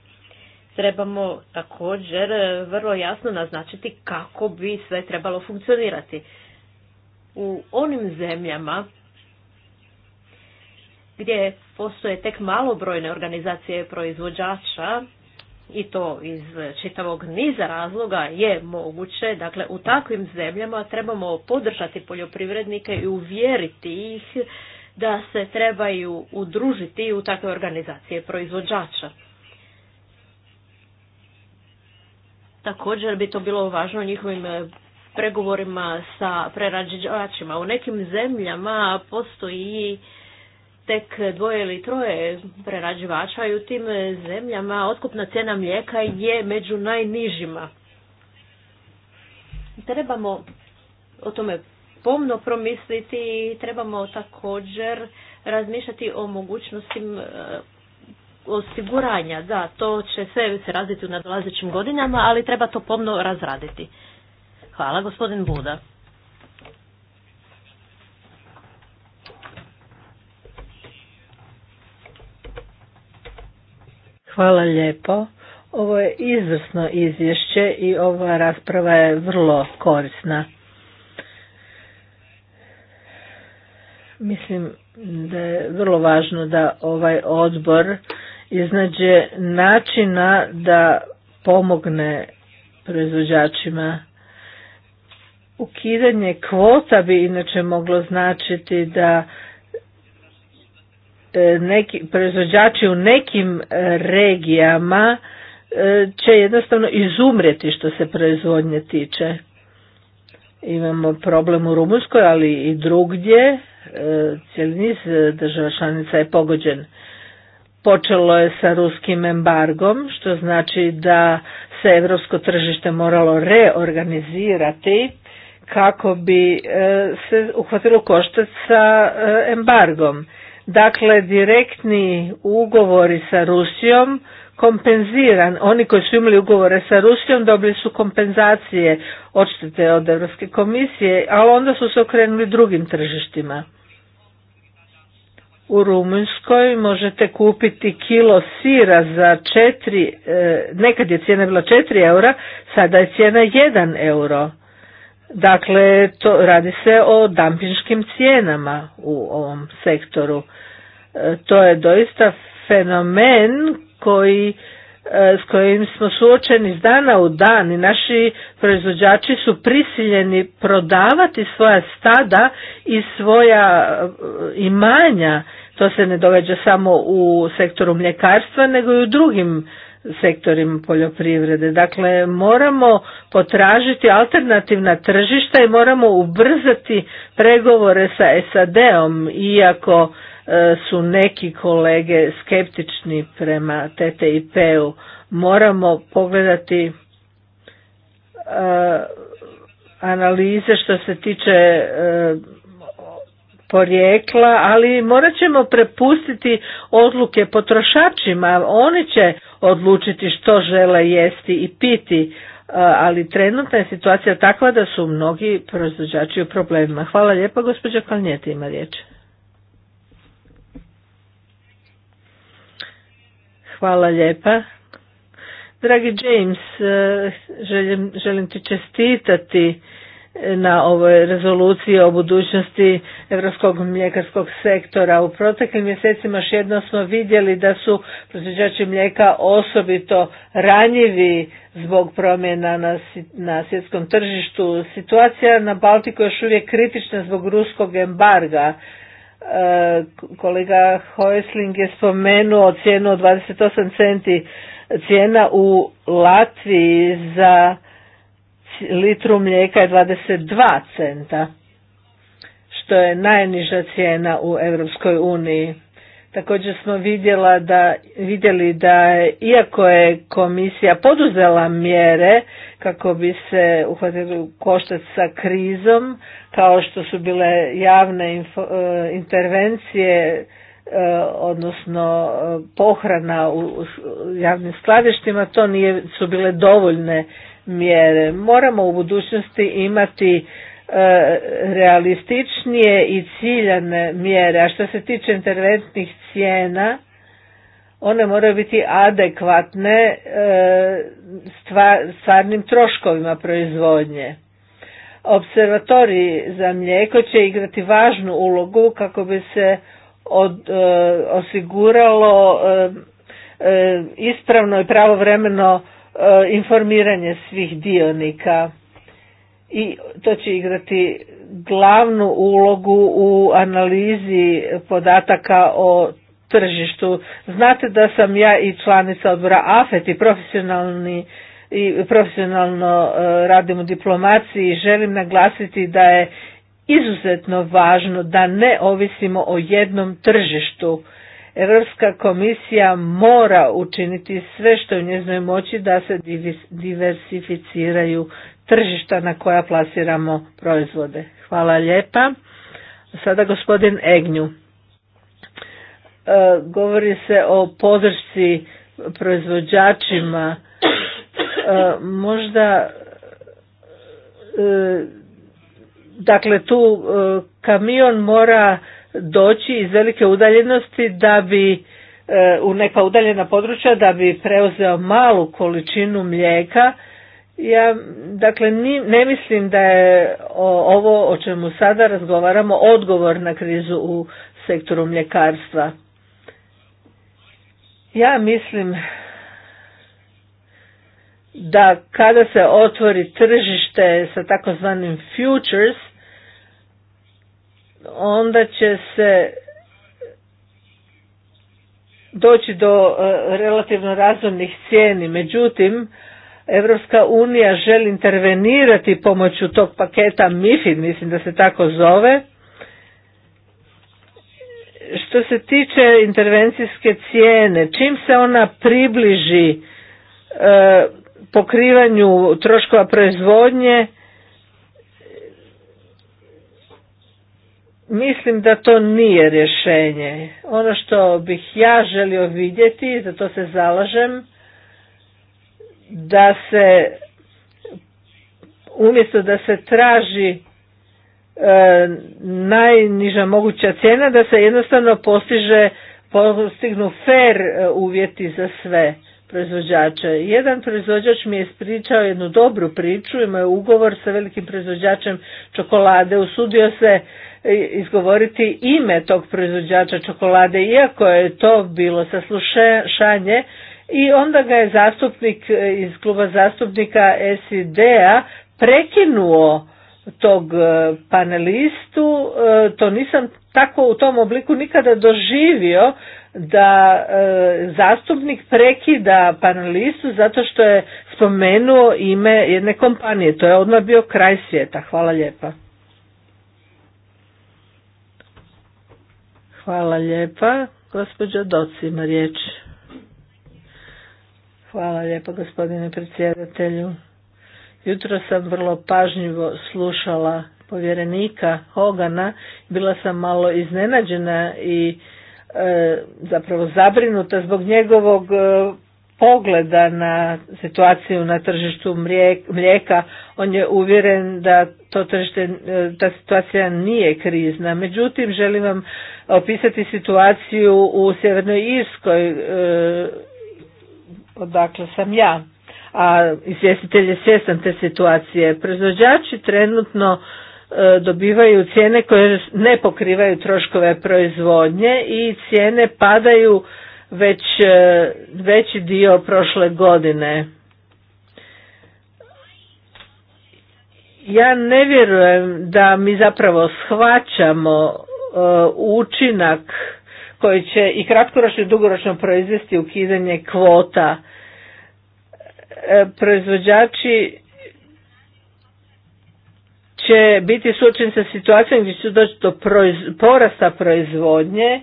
Trebamo također e, vrlo jasno naznačiti kako bi sve trebalo funkcionirati. U onim zemljama gdje postoje tek malobrojne organizacije proizvođača, i to iz čitavog niza razloga je moguće. Dakle, u takvim zemljama trebamo podržati poljoprivrednike i uvjeriti ih da se trebaju udružiti u takve organizacije proizvođača. Također bi to bilo važno njihovim pregovorima sa prerađivačima. U nekim zemljama postoji tek dvoje ili troje prerađivača i u tim zemljama otkupna cijena mlijeka je među najnižima. Trebamo o tome pomno promisliti i trebamo također razmišljati o mogućnostima e, osiguranja. Da, to će sve se razviti u nadolazećim godinama, ali treba to pomno razraditi. Hvala, gospodin Buda. Hvala lijepo. Ovo je izvrsno izvješće i ova rasprava je vrlo korisna. Mislim da je vrlo važno da ovaj odbor iznađe načina da pomogne proizvođačima. Ukidanje kvota bi inače moglo značiti da E, neki proizvođači u nekim e, regijama e, će jednostavno izumreti što se proizvodnje tiče. Imamo problem u Rumunjskoj, ali i drugdje. Cijeli niz država članica je pogođen. Počelo je sa ruskim embargom, što znači da se evropsko tržište moralo reorganizirati kako bi se uhvatilo koštac sa embargom. Dakle, direktni ugovori sa Rusijom kompenziran. Oni koji su imali ugovore sa Rusijom dobili su kompenzacije odštete od Europske komisije, ali onda su se okrenuli drugim tržištima. U Rumunjskoj možete kupiti kilo sira za 4, e, nekad je cijena bila četiri eura, sada je cijena jedan euro. Dakle, to radi se o dampinškim cijenama u ovom sektoru. E, to je doista fenomen koji e, s kojim smo suočeni iz dana u dan i naši proizvođači su prisiljeni prodavati svoja stada i svoja e, imanja. To se ne događa samo u sektoru mljekarstva nego i u drugim sektorima poljoprivrede. Dakle, moramo potražiti alternativna tržišta i moramo ubrzati pregovore sa SAD-om, iako E, su neki kolege skeptični prema TTIP-u. Moramo pogledati e, analize što se tiče e, porijekla, ali morat ćemo prepustiti odluke potrošačima. Oni će odlučiti što žele jesti i piti, ali trenutna je situacija takva da su mnogi proizvođači u problemima. Hvala lijepa, gospođa Kalnjeti ima riječ. Hvala lijepa. Dragi James, eh, želim, želim ti čestitati eh, na ovoj rezoluciji o budućnosti europskog mljekarskog sektora. U proteklim mjesecima još jedno smo vidjeli da su proizvođači mlijeka osobito ranjivi zbog promjena na, na svjetskom tržištu. Situacija na Baltiku je još uvijek kritična zbog ruskog embarga. E, kolega Hoesling je spomenuo cijenu od 28 centi cijena u Latviji za litru mlijeka je 22 centa što je najniža cijena u Europskoj uniji. Također smo vidjela da, vidjeli da iako je komisija poduzela mjere kako bi se uhvatili koštac sa krizom, kao što su bile javne e, intervencije, e, odnosno e, pohrana u javnim skladištima, to nije, su bile dovoljne mjere. Moramo u budućnosti imati realističnije i ciljane mjere. A što se tiče interventnih cijena, one moraju biti adekvatne e, stvarnim troškovima proizvodnje. Observatoriji za mlijeko će igrati važnu ulogu kako bi se e, osiguralo e, ispravno i pravovremeno informiranje svih dionika i to će igrati glavnu ulogu u analizi podataka o tržištu. Znate da sam ja i članica odbora AFET i profesionalni i profesionalno e, radim u diplomaciji i želim naglasiti da je izuzetno važno da ne ovisimo o jednom tržištu. Europska komisija mora učiniti sve što je u njeznoj moći da se diversificiraju tržišta na koja plasiramo proizvode. Hvala lijepa. Sada gospodin Egnju. E, govori se o podršci proizvođačima e, možda e, dakle tu kamion mora doći iz velike udaljenosti da bi u neka udaljena područja da bi preuzeo malu količinu mlijeka ja dakle ne mislim da je ovo o čemu sada razgovaramo odgovor na krizu u sektoru mljekarstva ja mislim da kada se otvori tržište sa takozvanim futures, onda će se doći do e, relativno razumnih cijeni. Međutim, Evropska unija želi intervenirati pomoću tog paketa MIFID, mislim da se tako zove, što se tiče intervencijske cijene, čim se ona približi e, pokrivanju troškova proizvodnje, mislim da to nije rješenje. Ono što bih ja želio vidjeti, za to se zalažem, da se umjesto da se traži E, najniža moguća cijena da se jednostavno postiže postignu fer e, uvjeti za sve proizvođače. Jedan proizvođač mi je ispričao jednu dobru priču, imao je ugovor sa velikim proizvođačem čokolade, usudio se e, izgovoriti ime tog proizvođača čokolade, iako je to bilo saslušanje, i onda ga je zastupnik iz kluba zastupnika SID-a prekinuo tog e, panelistu, e, to nisam tako u tom obliku nikada doživio da e, zastupnik prekida panelistu zato što je spomenuo ime jedne kompanije. To je odmah bio kraj svijeta. Hvala lijepa. Hvala lijepa. Gospođa Doci ima riječ. Hvala lijepa gospodine predsjedatelju. Jutro sam vrlo pažljivo slušala povjerenika Hogana, bila sam malo iznenađena i e, zapravo zabrinuta zbog njegovog e, pogleda na situaciju na tržištu mlijeka. On je uvjeren da to tržište, e, ta situacija nije krizna. Međutim, želim vam opisati situaciju u Sjevernoj Irskoj, odakle sam ja a izvjestitelj je svjestan te situacije. Proizvođači trenutno e, dobivaju cijene koje ne pokrivaju troškove proizvodnje i cijene padaju već e, veći dio prošle godine. Ja ne vjerujem da mi zapravo shvaćamo e, učinak koji će i kratkoročno i dugoročno proizvesti ukidanje kvota E, proizvođači će biti suočeni sa situacijom gdje će doći do proiz porasta proizvodnje,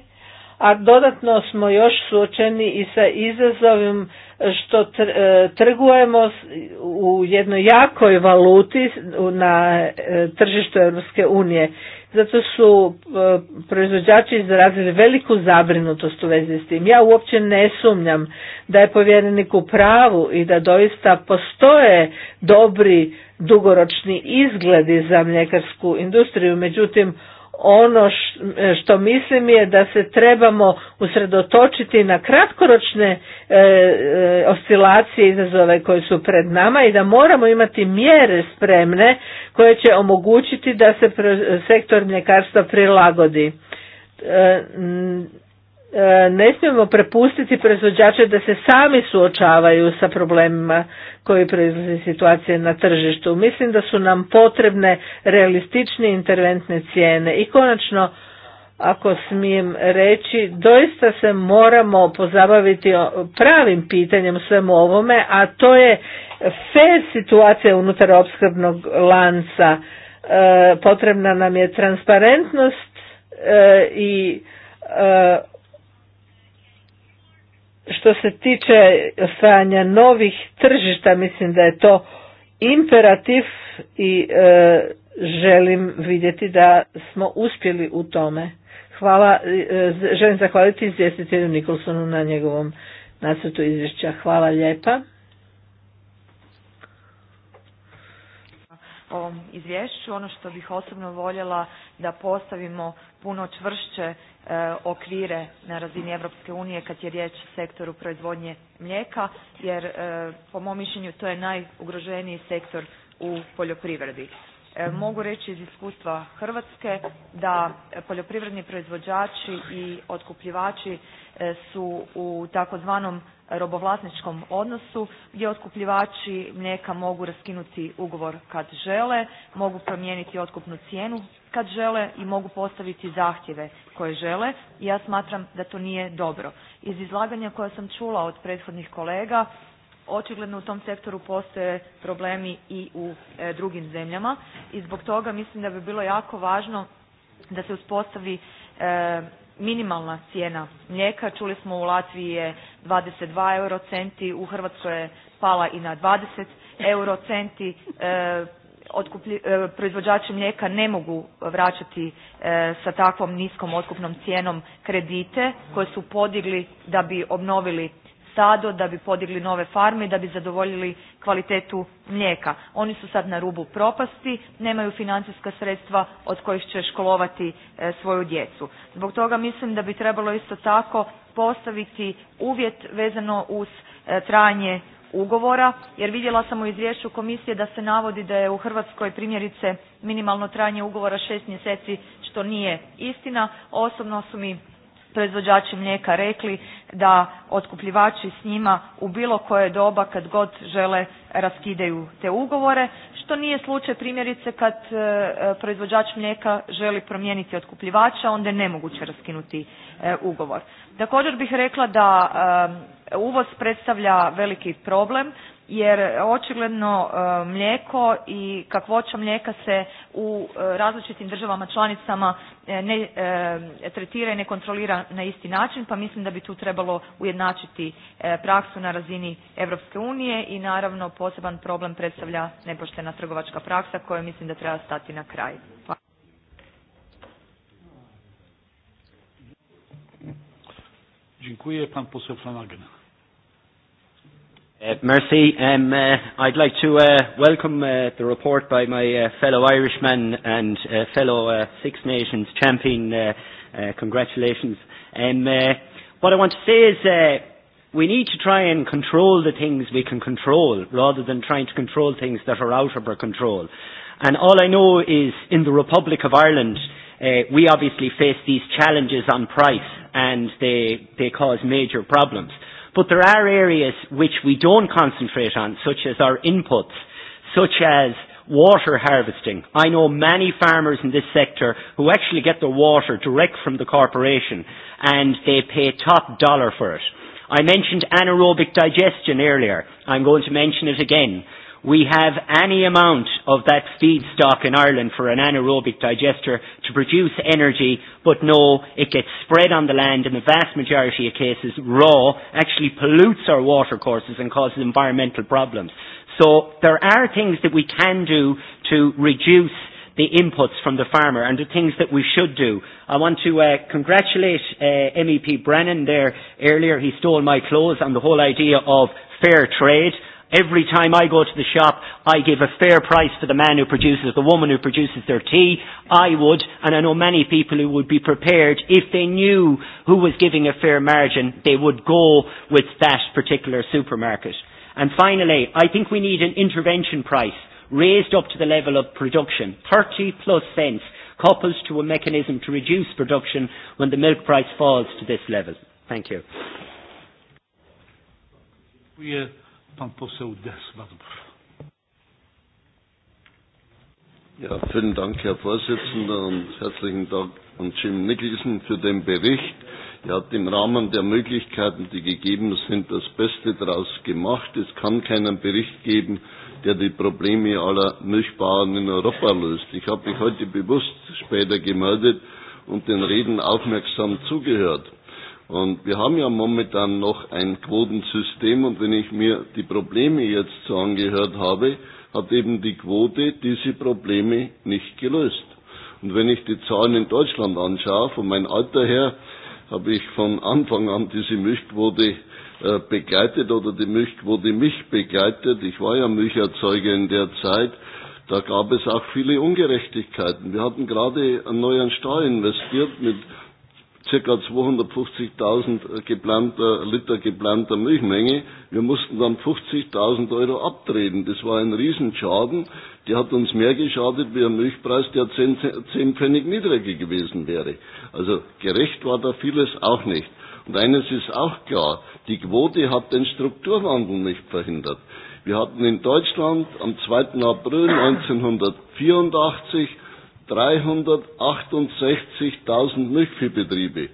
a dodatno smo još suočeni i sa izazovom što e, trgujemo u jednoj jakoj valuti na e, tržištu Europske unije. Zato su e, proizvođači izrazili veliku zabrinutost u vezi s tim. Ja uopće ne sumnjam da je povjerenik u pravu i da doista postoje dobri dugoročni izgledi za mljekarsku industriju, međutim ono što mislim je da se trebamo usredotočiti na kratkoročne e, e oscilacije izazove koje su pred nama i da moramo imati mjere spremne koje će omogućiti da se sektor mljekarstva prilagodi. E, E, ne smijemo prepustiti proizvođače da se sami suočavaju sa problemima koji proizlaze situacije na tržištu. Mislim da su nam potrebne realistične interventne cijene i konačno ako smijem reći, doista se moramo pozabaviti pravim pitanjem svemu ovome, a to je fair situacija unutar opskrbnog lanca. E, potrebna nam je transparentnost e, i što se tiče osvajanja novih tržišta, mislim da je to imperativ i e, želim vidjeti da smo uspjeli u tome. Hvala, e, želim zahvaliti izvjestitelju Nikolsonu na njegovom nacrtu izvješća. Hvala lijepa. ovom izvješću. Ono što bih osobno voljela da postavimo puno čvršće e, okvire na razini Europske unije kad je riječ o sektoru proizvodnje mlijeka jer e, po mom mišljenju to je najugroženiji sektor u poljoprivredi. E, mogu reći iz iskustva Hrvatske da poljoprivredni proizvođači i otkupljivači su u takozvanom robovlasničkom odnosu gdje otkupljivači mlijeka mogu raskinuti ugovor kad žele, mogu promijeniti otkupnu cijenu kad žele i mogu postaviti zahtjeve koje žele i ja smatram da to nije dobro. Iz izlaganja koja sam čula od prethodnih kolega očigledno u tom sektoru postoje problemi i u e, drugim zemljama i zbog toga mislim da bi bilo jako važno da se uspostavi e, minimalna cijena mlijeka. Čuli smo u Latviji je 22 centi u Hrvatskoj je pala i na 20 eurocenti. centi e, proizvođači mlijeka ne mogu vraćati e, sa takvom niskom otkupnom cijenom kredite koje su podigli da bi obnovili stado da bi podigli nove farme i da bi zadovoljili kvalitetu mlijeka. Oni su sad na rubu propasti, nemaju financijska sredstva od kojih će školovati e, svoju djecu. Zbog toga mislim da bi trebalo isto tako postaviti uvjet vezano uz e, trajanje ugovora jer vidjela sam u izvješću komisije da se navodi da je u Hrvatskoj primjerice minimalno trajanje ugovora šest mjeseci što nije istina. Osobno su mi proizvođači mlijeka rekli da otkupljivači s njima u bilo koje doba kad god žele raskidaju te ugovore što nije slučaj primjerice kad e, proizvođač mlijeka želi promijeniti otkupljivača onda je nemoguće raskinuti e, ugovor. Također bih rekla da e, uvoz predstavlja veliki problem jer očigledno e, mlijeko i kakvoća mlijeka se u e, različitim državama članicama e, ne tretira i ne kontrolira na isti način pa mislim da bi tu trebalo ujednačiti praksu na razini Europske unije i naravno poseban problem predstavlja nepoštena trgovačka praksa kojoj mislim da treba stati na kraj. Dziękuję. Pan Uh, merci. Um, uh, I'd like to uh, welcome uh, the report by my uh, fellow Irishman and uh, fellow uh, Six Nations champion. Uh, uh, congratulations. Um, uh, what I want to say is uh, we need to try and control the things we can control rather than trying to control things that are out of our control. And all I know is in the Republic of Ireland, uh, we obviously face these challenges on price and they, they cause major problems. But there are areas which we don't concentrate on, such as our inputs, such as water harvesting. I know many farmers in this sector who actually get their water direct from the corporation and they pay top dollar for it. I mentioned anaerobic digestion earlier. I'm going to mention it again we have any amount of that feedstock in Ireland for an anaerobic digester to produce energy, but no, it gets spread on the land in the vast majority of cases raw, actually pollutes our water courses and causes environmental problems. So there are things that we can do to reduce the inputs from the farmer and the things that we should do. I want to uh, congratulate uh, MEP Brennan there earlier. He stole my clothes on the whole idea of fair trade. Every time I go to the shop, I give a fair price to the man who produces, the woman who produces their tea. I would, and I know many people who would be prepared, if they knew who was giving a fair margin, they would go with that particular supermarket. And finally, I think we need an intervention price raised up to the level of production, 30 plus cents, coupled to a mechanism to reduce production when the milk price falls to this level. Thank you. Uh, Pan poseł Des, bardzo Ja, vielen Dank, Herr Vorsitzender, und herzlichen Dank an Jim Nicholson für den Bericht. Er hat im Rahmen der Möglichkeiten, die gegeben sind, das Beste daraus gemacht. Es kann keinen Bericht geben, der die Probleme aller Milchbauern in Europa löst. Ich habe mich heute bewusst später gemeldet und den Reden aufmerksam zugehört. Und wir haben ja momentan noch ein Quotensystem und wenn ich mir die Probleme jetzt so angehört habe, hat eben die Quote diese Probleme nicht gelöst. Und wenn ich die Zahlen in Deutschland anschaue, von meinem Alter her, habe ich von Anfang an diese Milchquote äh, begleitet oder die Milchquote mich begleitet. Ich war ja Milcherzeuger in der Zeit. Da gab es auch viele Ungerechtigkeiten. Wir hatten gerade einen neuen Stall investiert mit ca. 250.000 geplanter, Liter geplanter Milchmenge. Wir mussten dann 50.000 Euro abtreten. Das war ein Riesenschaden. Die hat uns mehr geschadet wie ein Milchpreis, der 10, 10 Pfennig niedriger gewesen wäre. Also gerecht war da vieles auch nicht. Und eines ist auch klar, die Quote hat den Strukturwandel nicht verhindert. Wir hatten in Deutschland am 2. April 1984 368.000 Milchviehbetriebe.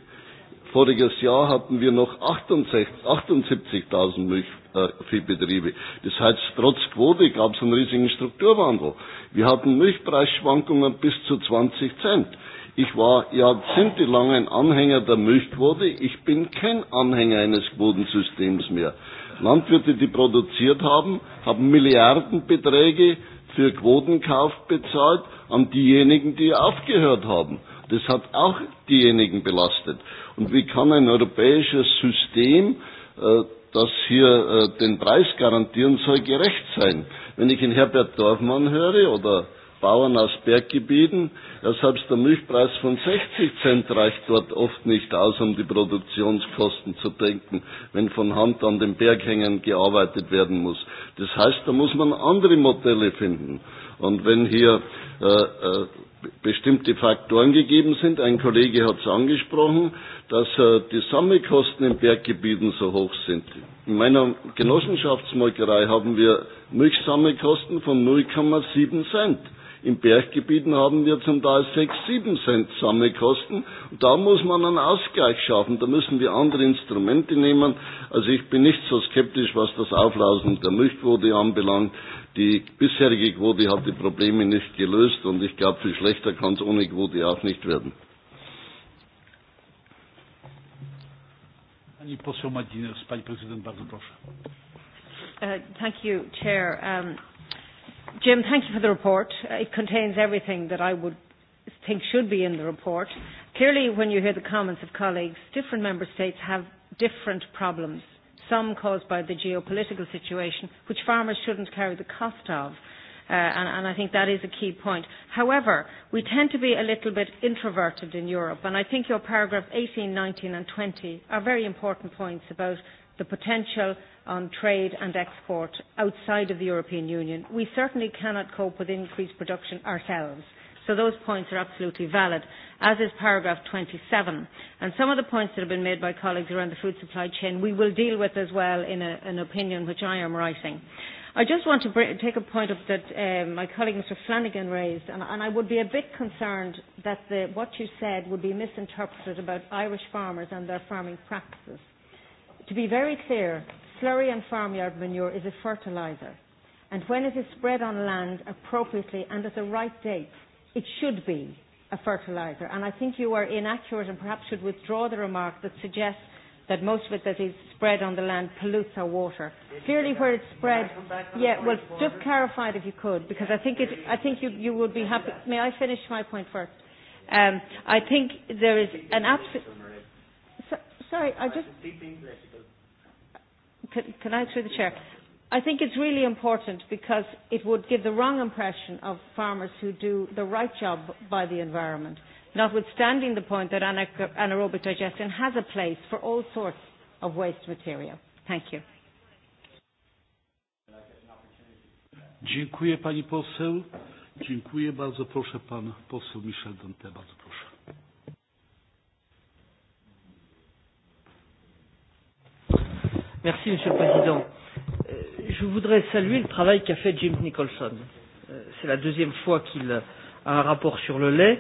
Voriges Jahr hatten wir noch 78.000 Milchviehbetriebe. Das heißt, trotz Quote gab es einen riesigen Strukturwandel. Wir hatten Milchpreisschwankungen bis zu 20 Cent. Ich war jahrzehntelang ein Anhänger der Milchquote. Ich bin kein Anhänger eines Quotensystems mehr. Landwirte, die produziert haben, haben Milliardenbeträge für Quotenkauf bezahlt an diejenigen, die aufgehört haben. Das hat auch diejenigen belastet. Und wie kann ein europäisches System, äh, das hier äh, den Preis garantieren soll, gerecht sein? Wenn ich in Herbert Dorfmann höre oder Bauern aus Berggebieten. Ja, selbst der Milchpreis von 60 Cent reicht dort oft nicht aus, um die Produktionskosten zu denken, wenn von Hand an den Berghängen gearbeitet werden muss. Das heißt, da muss man andere Modelle finden. Und wenn hier äh, äh, bestimmte Faktoren gegeben sind. Ein Kollege hat es angesprochen, dass äh, die Sammelkosten in Berggebieten so hoch sind. In meiner Genossenschaftsmolkerei haben wir Milchsammelkosten von 0,7 Cent. In Berggebieten haben wir zum Teil 6, 7 Cent Sammelkosten. Und da muss man einen Ausgleich schaffen. Da müssen wir andere Instrumente nehmen. Also ich bin nicht so skeptisch, was das Auflausen der Milchquote anbelangt. Die bisherige Quote hat die Probleme nicht gelöst und ich glaube, viel schlechter kann es ohne Quote auch nicht werden. Uh, thank you, Chair. Um, Jim, thank you for the report. Uh, it contains everything that I would think should be in the report. Clearly, when you hear the comments of colleagues, different member states have different problems, some caused by the geopolitical situation, which farmers shouldn't carry the cost of. Uh, and, and I think that is a key point. However, we tend to be a little bit introverted in Europe, and I think your paragraphs 18, 19 and 20 are very important points about the potential on trade and export outside of the European Union, we certainly cannot cope with increased production ourselves. So those points are absolutely valid, as is paragraph 27. And some of the points that have been made by colleagues around the food supply chain, we will deal with as well in a, an opinion which I am writing. I just want to br take a point up that um, my colleague Mr Flanagan raised, and, and I would be a bit concerned that the, what you said would be misinterpreted about Irish farmers and their farming practices. To be very clear, slurry and farmyard manure is a fertilizer and when it is spread on land appropriately and at the right date, it should be a fertilizer. And I think you are inaccurate and perhaps should withdraw the remark that suggests that most of it that is spread on the land pollutes our water. Did Clearly, where it's spread, yeah. Well, just clarify it if you could, because I think it. I think you you would be happy. May I finish my point first? Um, I think there is an absolute. So, sorry, I just can, I, through the chair, I think it's really important because it would give the wrong impression of farmers who do the right job by the environment, notwithstanding the point that anaerobic digestion has a place for all sorts of waste material. Thank you. Dziękuję pani poseł. Dziękuję. Bardzo proszę pan poseł Michel Dante. Bardzo proszę. Merci, Monsieur le Président. Euh, je voudrais saluer le travail qu'a fait James Nicholson. Euh, c'est la deuxième fois qu'il a un rapport sur le lait.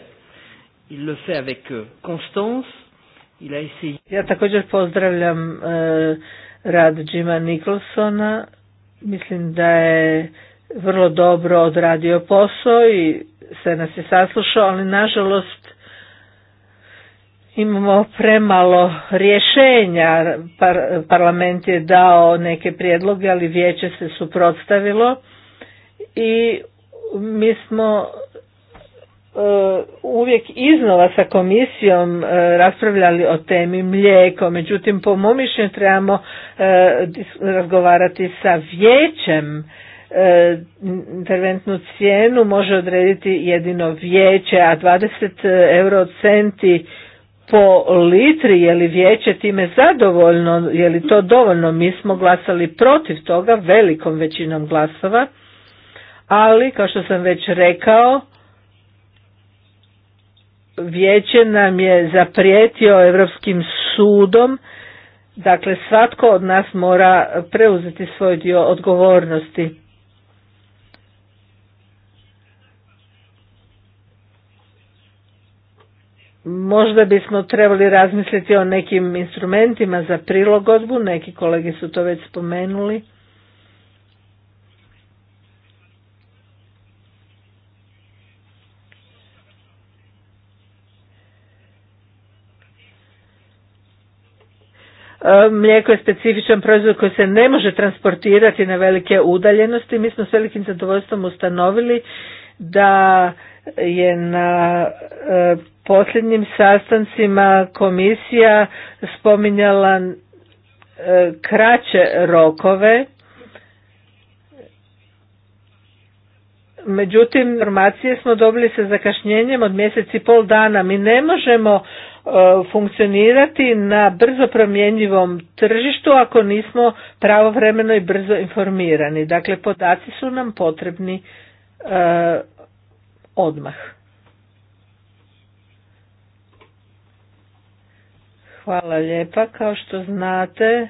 Il le fait avec euh, constance. Il a essayé... Ja također pozdravljam e, rad Jima Nicholsona. Mislim da je vrlo dobro odradio posao i se nas je saslušao, ali nažalost imamo premalo rješenja. parlament je dao neke prijedloge, ali vijeće se suprotstavilo i mi smo e, uvijek iznova sa komisijom e, raspravljali o temi mlijeko, međutim po mom mišljenju trebamo e, razgovarati sa vijećem interventnu cijenu može odrediti jedino vijeće, a 20 euro centi po litri, je li vijeće time zadovoljno, je li to dovoljno, mi smo glasali protiv toga velikom većinom glasova, ali kao što sam već rekao, vijeće nam je zaprijetio Europskim sudom, dakle svatko od nas mora preuzeti svoj dio odgovornosti. Možda bismo trebali razmisliti o nekim instrumentima za prilagodbu, neki kolege su to već spomenuli. E, mlijeko je specifičan proizvod koji se ne može transportirati na velike udaljenosti. Mi smo s velikim zadovoljstvom ustanovili da je na e, posljednjim sastancima komisija spominjala e, kraće rokove međutim informacije smo dobili sa zakašnjenjem od mjeseci i pol dana mi ne možemo e, funkcionirati na brzo promjenjivom tržištu ako nismo pravovremeno i brzo informirani dakle podaci su nam potrebni odmah. Hvala lijepa. Kao što znate,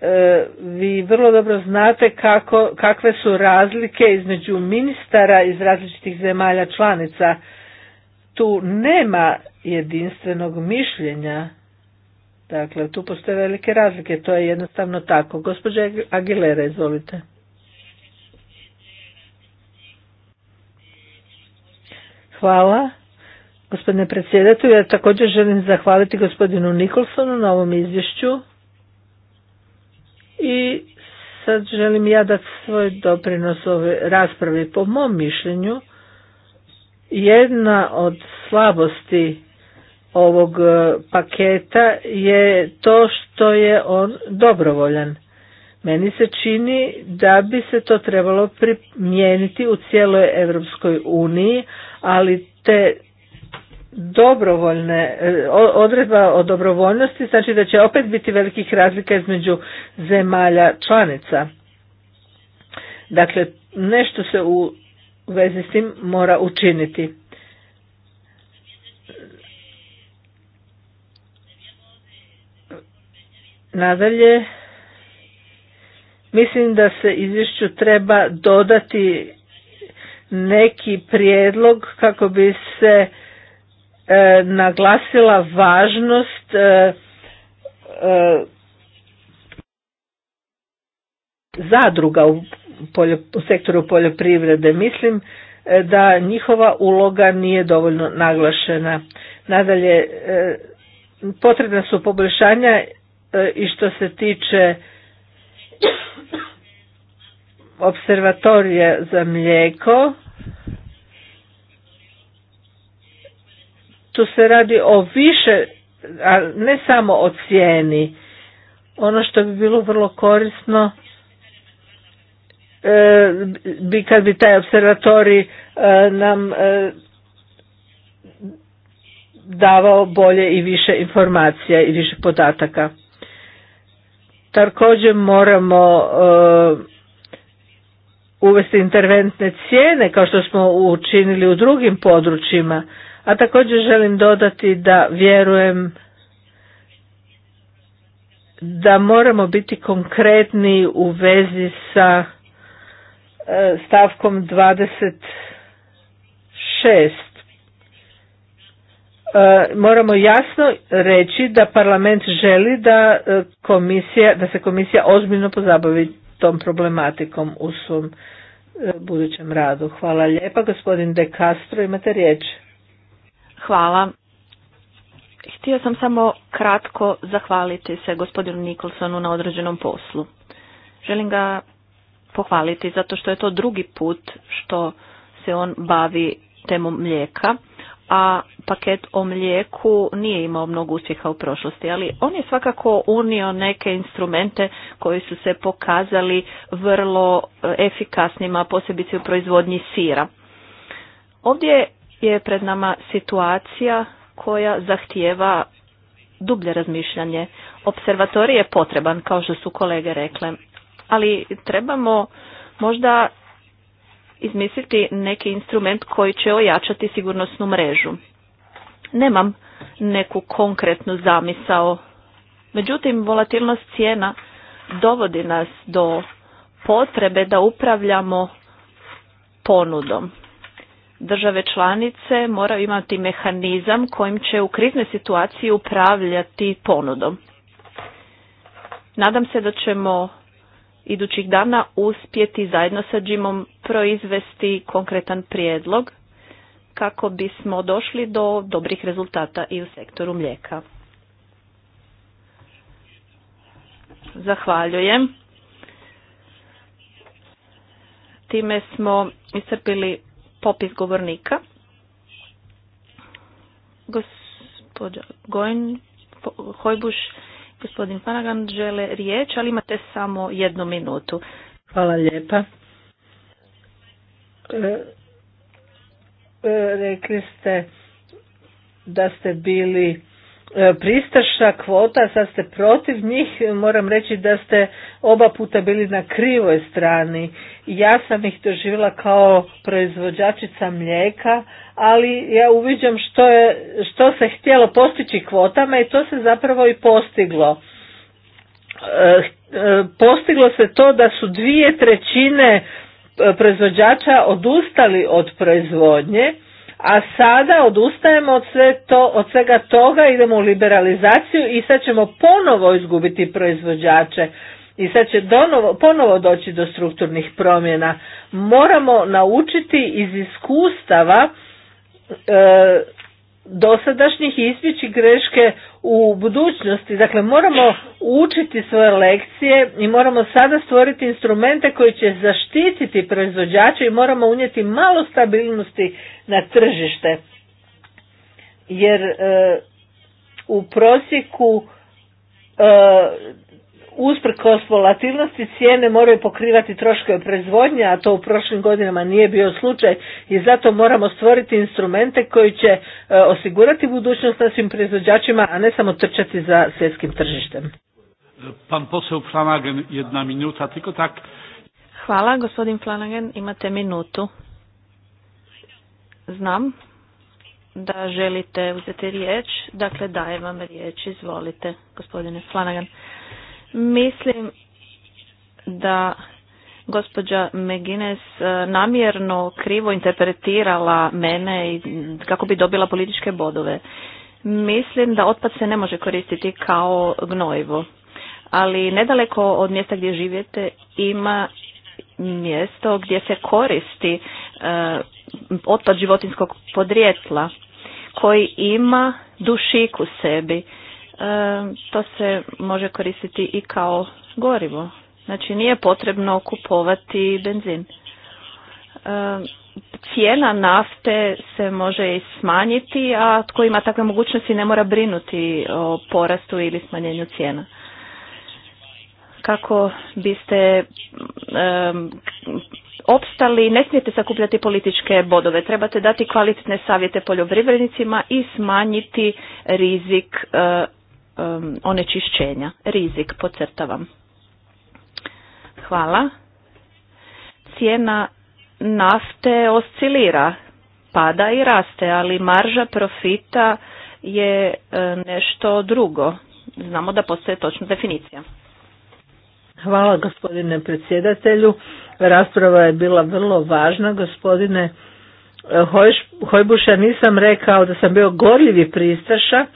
e, vi vrlo dobro znate kako, kakve su razlike između ministara iz različitih zemalja članica. Tu nema jedinstvenog mišljenja. Dakle, tu postoje velike razlike. To je jednostavno tako. Gospođa Aguilera, izvolite. Hvala. Gospodine predsjedatelju, ja također želim zahvaliti gospodinu Nikolsonu na ovom izvješću. I sad želim ja dati svoj doprinos ove rasprave. Po mom mišljenju, jedna od slabosti ovog e, paketa je to što je on dobrovoljan. Meni se čini da bi se to trebalo primijeniti u cijeloj Europskoj uniji, ali te dobrovoljne, e, odredba o dobrovoljnosti znači da će opet biti velikih razlika između zemalja članica. Dakle, nešto se u vezi s tim mora učiniti. Nadalje, mislim da se izvješću treba dodati neki prijedlog kako bi se e, naglasila važnost e, e, zadruga u, u sektoru poljoprivrede. Mislim e, da njihova uloga nije dovoljno naglašena. Nadalje, e, potrebna su poboljšanja i što se tiče observatorija za mlijeko. Tu se radi o više, a ne samo o cijeni. Ono što bi bilo vrlo korisno e, bi kad bi taj observatorij e, nam e, davao bolje i više informacija i više podataka. Također moramo uvesti interventne cijene kao što smo učinili u drugim područjima, a također želim dodati da vjerujem da moramo biti konkretni u vezi sa e, stavkom 26. E, moramo jasno reći da parlament želi da, e, komisija, da se komisija ozbiljno pozabavi tom problematikom u svom e, budućem radu. Hvala lijepa. Gospodin De Castro, imate riječ. Hvala. Htio sam samo kratko zahvaliti se gospodinu Nikolsonu na određenom poslu. Želim ga pohvaliti zato što je to drugi put što se on bavi temom mlijeka a paket o mlijeku nije imao mnogo uspjeha u prošlosti, ali on je svakako unio neke instrumente koji su se pokazali vrlo eh, efikasnima, posebice u proizvodnji sira. Ovdje je pred nama situacija koja zahtijeva dublje razmišljanje. Observatorij je potreban, kao što su kolege rekle, ali trebamo možda izmisliti neki instrument koji će ojačati sigurnosnu mrežu. Nemam neku konkretnu zamisao. Međutim, volatilnost cijena dovodi nas do potrebe da upravljamo ponudom. Države članice moraju imati mehanizam kojim će u kriznoj situaciji upravljati ponudom. Nadam se da ćemo idućih dana uspjeti zajedno sa Jimom proizvesti konkretan prijedlog kako bismo došli do dobrih rezultata i u sektoru mlijeka. Zahvaljujem. Time smo iscrpili popis govornika. Gospodin Gojn, Hojbuš, gospodin Panagan žele riječ, ali imate samo jednu minutu. Hvala lijepa. E, e, rekli ste da ste bili e, pristaša kvota, sad ste protiv njih, moram reći da ste oba puta bili na krivoj strani. Ja sam ih doživjela kao proizvođačica mlijeka, ali ja uviđam što, je, što se htjelo postići kvotama i to se zapravo i postiglo. Postiglo se to da su dvije trećine proizvođača odustali od proizvodnje, a sada odustajemo od, sve to, od svega toga, idemo u liberalizaciju i sad ćemo ponovo izgubiti proizvođače i sad će donovo, ponovo doći do strukturnih promjena. Moramo naučiti iz iskustava e, dosadašnjih i greške u budućnosti. Dakle, moramo učiti svoje lekcije i moramo sada stvoriti instrumente koji će zaštititi proizvođače i moramo unijeti malo stabilnosti na tržište. Jer e, u prosjeku e, usprkos volatilnosti cijene moraju pokrivati troškove proizvodnje, a to u prošlim godinama nije bio slučaj i zato moramo stvoriti instrumente koji će e, osigurati budućnost našim proizvođačima, a ne samo trčati za svjetskim tržištem. Pan posao Flanagen, jedna minuta, tiko tak. Hvala, gospodin Flanagan, imate minutu. Znam da želite uzeti riječ, dakle dajem vam riječ, izvolite, gospodine Flanagan. Mislim da gospođa Megines e, namjerno krivo interpretirala mene kako bi dobila političke bodove. Mislim da otpad se ne može koristiti kao gnojivo, ali nedaleko od mjesta gdje živjete ima mjesto gdje se koristi e, otpad životinskog podrijetla koji ima dušiku sebi to se može koristiti i kao gorivo. Znači nije potrebno kupovati benzin. Cijena nafte se može i smanjiti, a tko ima takve mogućnosti ne mora brinuti o porastu ili smanjenju cijena kako biste opstali, ne smijete sakupljati političke bodove, trebate dati kvalitetne savjete poljoprivrednicima i smanjiti rizik e, um, onečišćenja. Rizik, podcrtavam. Hvala. Cijena nafte oscilira, pada i raste, ali marža profita je e, nešto drugo. Znamo da postoje točna definicija. Hvala gospodine predsjedatelju. Rasprava je bila vrlo važna. Gospodine e, Hojbuša nisam rekao da sam bio gorljivi pristaša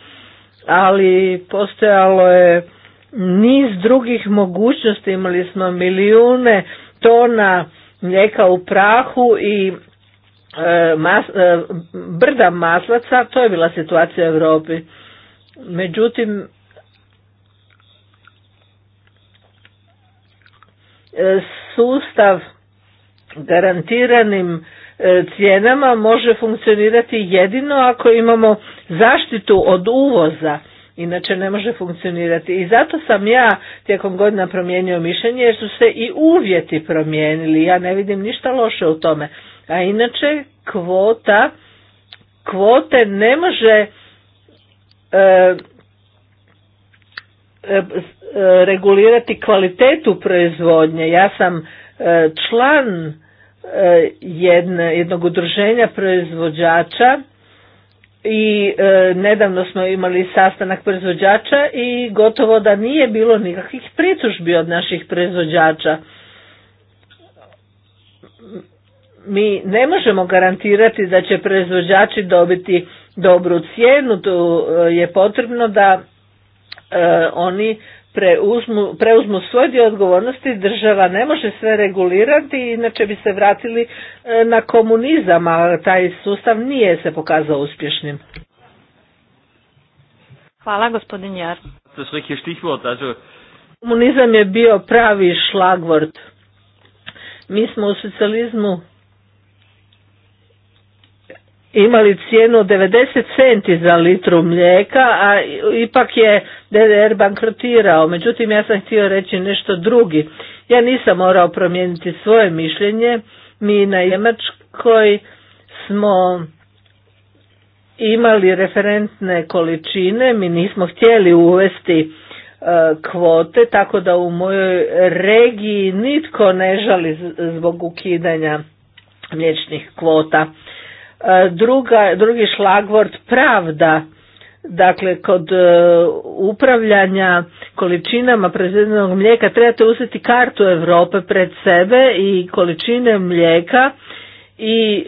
ali postojalo je niz drugih mogućnosti, imali smo milijune tona mlijeka u prahu i e, mas, e, brda maslaca, to je bila situacija u Europi. Međutim, e, sustav garantiranim E, cijenama može funkcionirati jedino ako imamo zaštitu od uvoza inače ne može funkcionirati. I zato sam ja tijekom godina promijenio mišljenje jer su se i uvjeti promijenili. Ja ne vidim ništa loše u tome. A inače kvota, kvote ne može e, e, e regulirati kvalitetu proizvodnje. Ja sam član jedne, jednog udruženja proizvođača i e, nedavno smo imali sastanak proizvođača i gotovo da nije bilo nikakvih pritužbi od naših proizvođača. Mi ne možemo garantirati da će proizvođači dobiti dobru cijenu, tu e, je potrebno da e, oni preuzmu, preuzmu svoj dio odgovornosti, država ne može sve regulirati, inače bi se vratili e, na komunizam, a taj sustav nije se pokazao uspješnim. Hvala gospodin Jar. Komunizam je bio pravi šlagvort. Mi smo u socijalizmu imali cijenu 90 centi za litru mlijeka, a ipak je DDR bankrotirao. Međutim, ja sam htio reći nešto drugi. Ja nisam morao promijeniti svoje mišljenje. Mi na Njemačkoj smo imali referentne količine, mi nismo htjeli uvesti e, kvote, tako da u mojoj regiji nitko ne žali zbog ukidanja mliječnih kvota. E, druga, drugi šlagvord pravda, dakle kod e, upravljanja količinama proizvedenog mlijeka trebate uzeti kartu Europe pred sebe i količine mlijeka i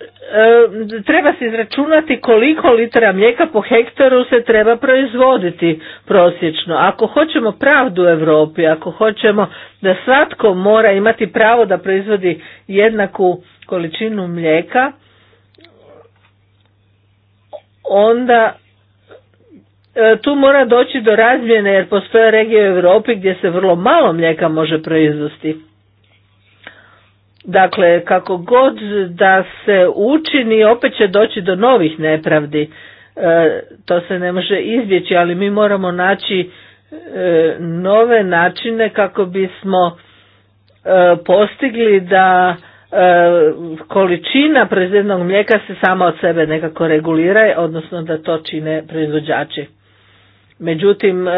e, treba se izračunati koliko litra mlijeka po hektaru se treba proizvoditi prosječno. Ako hoćemo pravdu u Europi, ako hoćemo da svatko mora imati pravo da proizvodi jednaku količinu mlijeka, onda e, tu mora doći do razmjene jer postoje regije u Europi gdje se vrlo malo mlijeka može proizvesti. Dakle, kako god da se učini, opet će doći do novih nepravdi. E, to se ne može izbjeći, ali mi moramo naći e, nove načine kako bismo postigli da E, količina proizvednog mlijeka se sama od sebe nekako regulira, odnosno da to čine proizvođači. Međutim, e,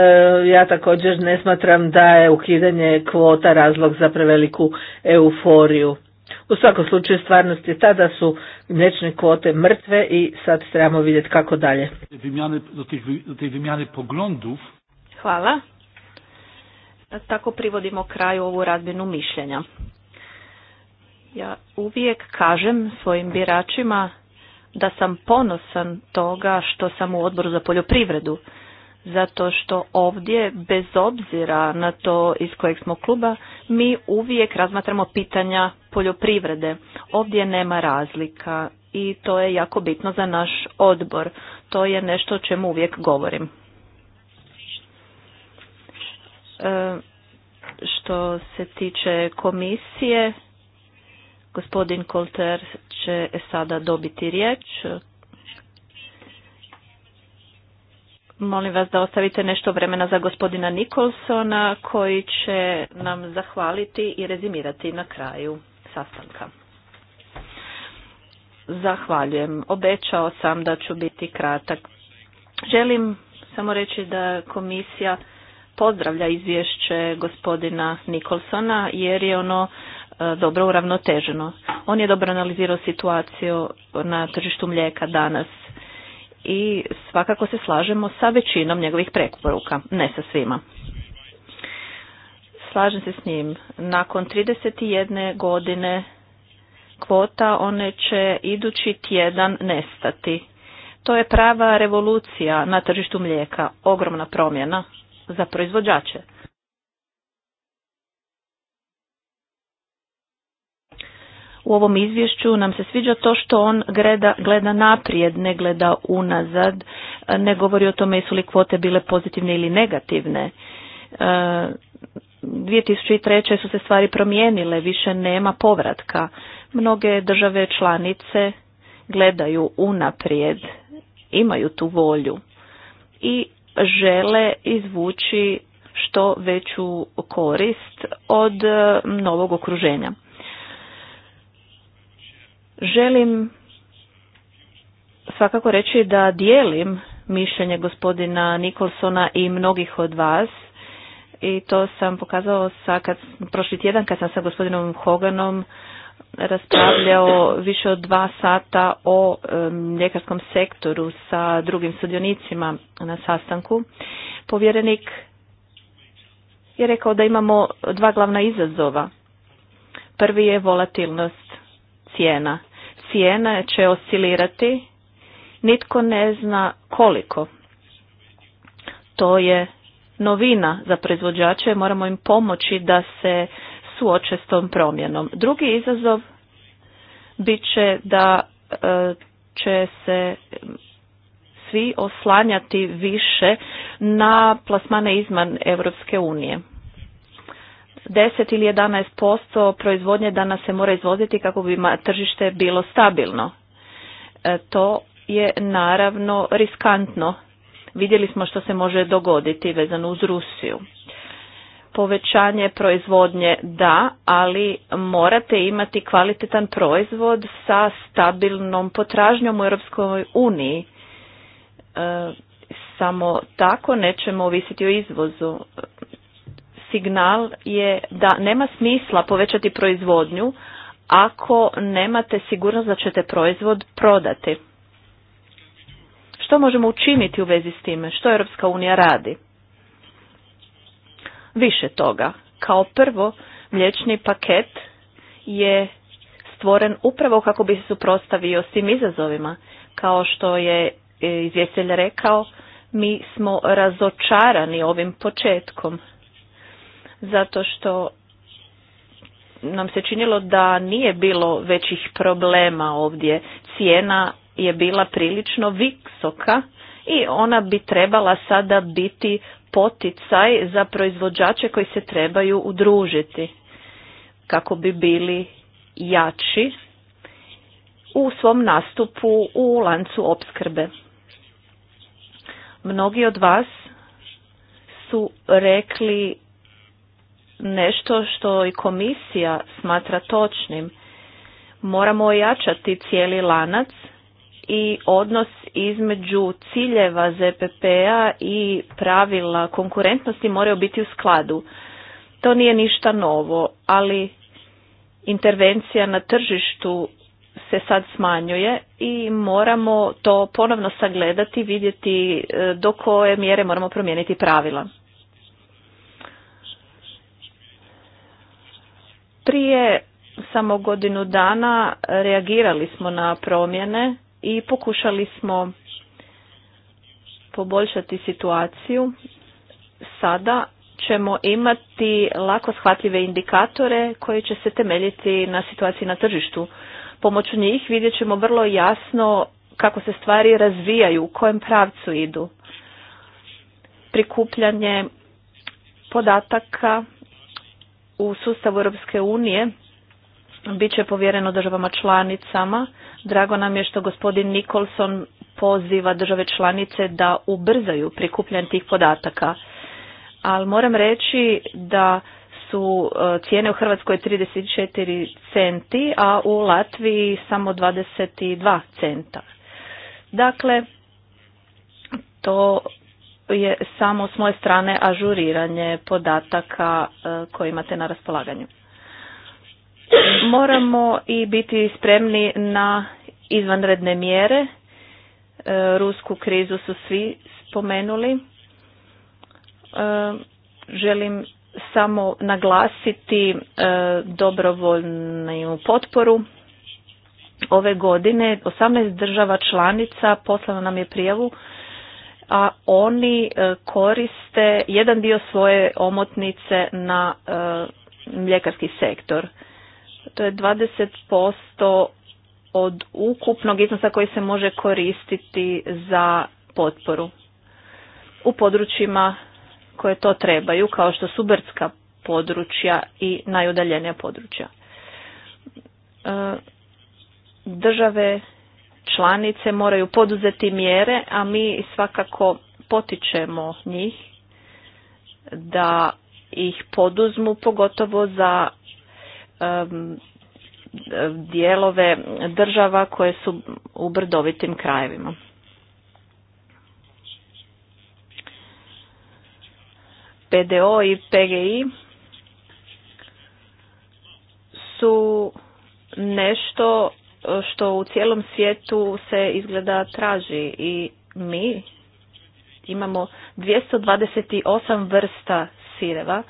ja također ne smatram da je ukidanje kvota razlog za preveliku euforiju. U svakom slučaju stvarnost je ta da su mliječne kvote mrtve i sad trebamo vidjeti kako dalje. Do vimjane Hvala. Tako privodimo kraju ovu razmjenu mišljenja. Ja uvijek kažem svojim biračima da sam ponosan toga što sam u odboru za poljoprivredu, zato što ovdje, bez obzira na to iz kojeg smo kluba, mi uvijek razmatramo pitanja poljoprivrede. Ovdje nema razlika i to je jako bitno za naš odbor. To je nešto o čemu uvijek govorim. E, što se tiče komisije, Gospodin Kolter će sada dobiti riječ. Molim vas da ostavite nešto vremena za gospodina Nikolsona koji će nam zahvaliti i rezimirati na kraju sastanka. Zahvaljujem. Obećao sam da ću biti kratak. Želim samo reći da komisija pozdravlja izvješće gospodina Nikolsona jer je ono E, dobro uravnoteženo. On je dobro analizirao situaciju na tržištu mlijeka danas i svakako se slažemo sa većinom njegovih preporuka, ne sa svima. Slažem se s njim. Nakon 31 godine kvota one će idući tjedan nestati. To je prava revolucija na tržištu mlijeka, ogromna promjena za proizvođače. u ovom izvješću nam se sviđa to što on gleda, gleda naprijed, ne gleda unazad, e, ne govori o tome jesu li kvote bile pozitivne ili negativne. 2003. E, su se stvari promijenile, više nema povratka. Mnoge države članice gledaju unaprijed, imaju tu volju i žele izvući što veću korist od e, novog okruženja. Želim svakako reći da dijelim mišljenje gospodina Nikolsona i mnogih od vas i to sam pokazao sa kad, prošli tjedan kad sam sa gospodinom Hoganom raspravljao više od dva sata o ljekarskom sektoru sa drugim sudionicima na sastanku. Povjerenik je rekao da imamo dva glavna izazova. Prvi je volatilnost cijena cijena će oscilirati. Nitko ne zna koliko. To je novina za proizvođače, moramo im pomoći da se suoče s tom promjenom. Drugi izazov bit će da e, će se svi oslanjati više na plasmane izman Europske unije. 10 ili 11% proizvodnje danas se mora izvoziti kako bi tržište bilo stabilno. E, to je naravno riskantno. Vidjeli smo što se može dogoditi vezano uz Rusiju. Povećanje proizvodnje da, ali morate imati kvalitetan proizvod sa stabilnom potražnjom u Europskoj uniji. E, samo tako nećemo ovisiti o izvozu signal je da nema smisla povećati proizvodnju ako nemate sigurnost da ćete proizvod prodati. Što možemo učiniti u vezi s time? Što Europska unija radi? Više toga. Kao prvo, mliječni paket je stvoren upravo kako bi se suprotstavio s tim izazovima. Kao što je e, izvjestitelj rekao, mi smo razočarani ovim početkom zato što nam se činilo da nije bilo većih problema ovdje. Cijena je bila prilično visoka i ona bi trebala sada biti poticaj za proizvođače koji se trebaju udružiti kako bi bili jači u svom nastupu u lancu opskrbe. Mnogi od vas su rekli nešto što i komisija smatra točnim. Moramo ojačati cijeli lanac i odnos između ciljeva ZPP-a i pravila konkurentnosti moraju biti u skladu. To nije ništa novo, ali intervencija na tržištu se sad smanjuje i moramo to ponovno sagledati, vidjeti e, do koje mjere moramo promijeniti pravila. Prije samo godinu dana reagirali smo na promjene i pokušali smo poboljšati situaciju. Sada ćemo imati lako shvatljive indikatore koji će se temeljiti na situaciji na tržištu. Pomoću njih vidjet ćemo vrlo jasno kako se stvari razvijaju, u kojem pravcu idu. Prikupljanje podataka u sustavu Europske unije bit će povjereno državama članicama. Drago nam je što gospodin Nikolson poziva države članice da ubrzaju prikupljanje tih podataka. Ali moram reći da su e, cijene u Hrvatskoj 34 centi, a u Latviji samo 22 centa. Dakle, to je samo s moje strane ažuriranje podataka e, koje imate na raspolaganju. Moramo i biti spremni na izvanredne mjere. E, rusku krizu su svi spomenuli. E, želim samo naglasiti dobrovoljnu potporu. Ove godine 18 država članica poslala nam je prijavu a oni e, koriste jedan dio svoje omotnice na e, mljekarski sektor. To je 20% od ukupnog iznosa koji se može koristiti za potporu u područjima koje to trebaju, kao što su brdska područja i najudaljenija područja. E, države članice moraju poduzeti mjere, a mi svakako potičemo njih da ih poduzmu pogotovo za dijelove država koje su u brdovitim krajevima. PDO i PGI su nešto što u cijelom svijetu se izgleda traži i mi imamo 228 vrsta sireva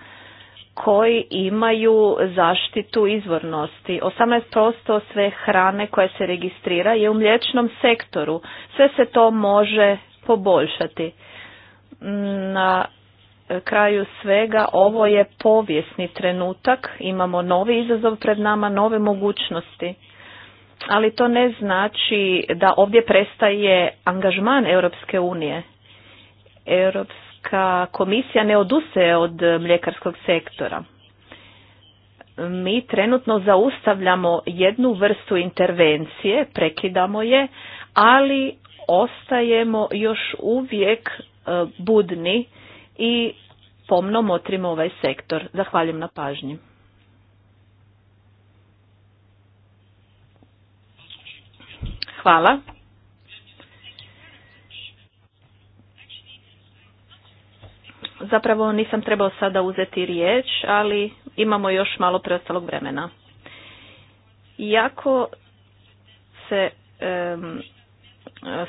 koji imaju zaštitu izvornosti. 18% sve hrane koja se registrira je u mliječnom sektoru. Sve se to može poboljšati. Na kraju svega ovo je povijesni trenutak, imamo novi izazov pred nama, nove mogućnosti ali to ne znači da ovdje prestaje angažman Europske unije. Europska komisija ne odustaje od mljekarskog sektora. Mi trenutno zaustavljamo jednu vrstu intervencije, prekidamo je, ali ostajemo još uvijek e, budni i pomno motrimo ovaj sektor. Zahvaljujem na pažnji. Hvala. Zapravo nisam trebao sada uzeti riječ, ali imamo još malo preostalog vremena. Iako se um,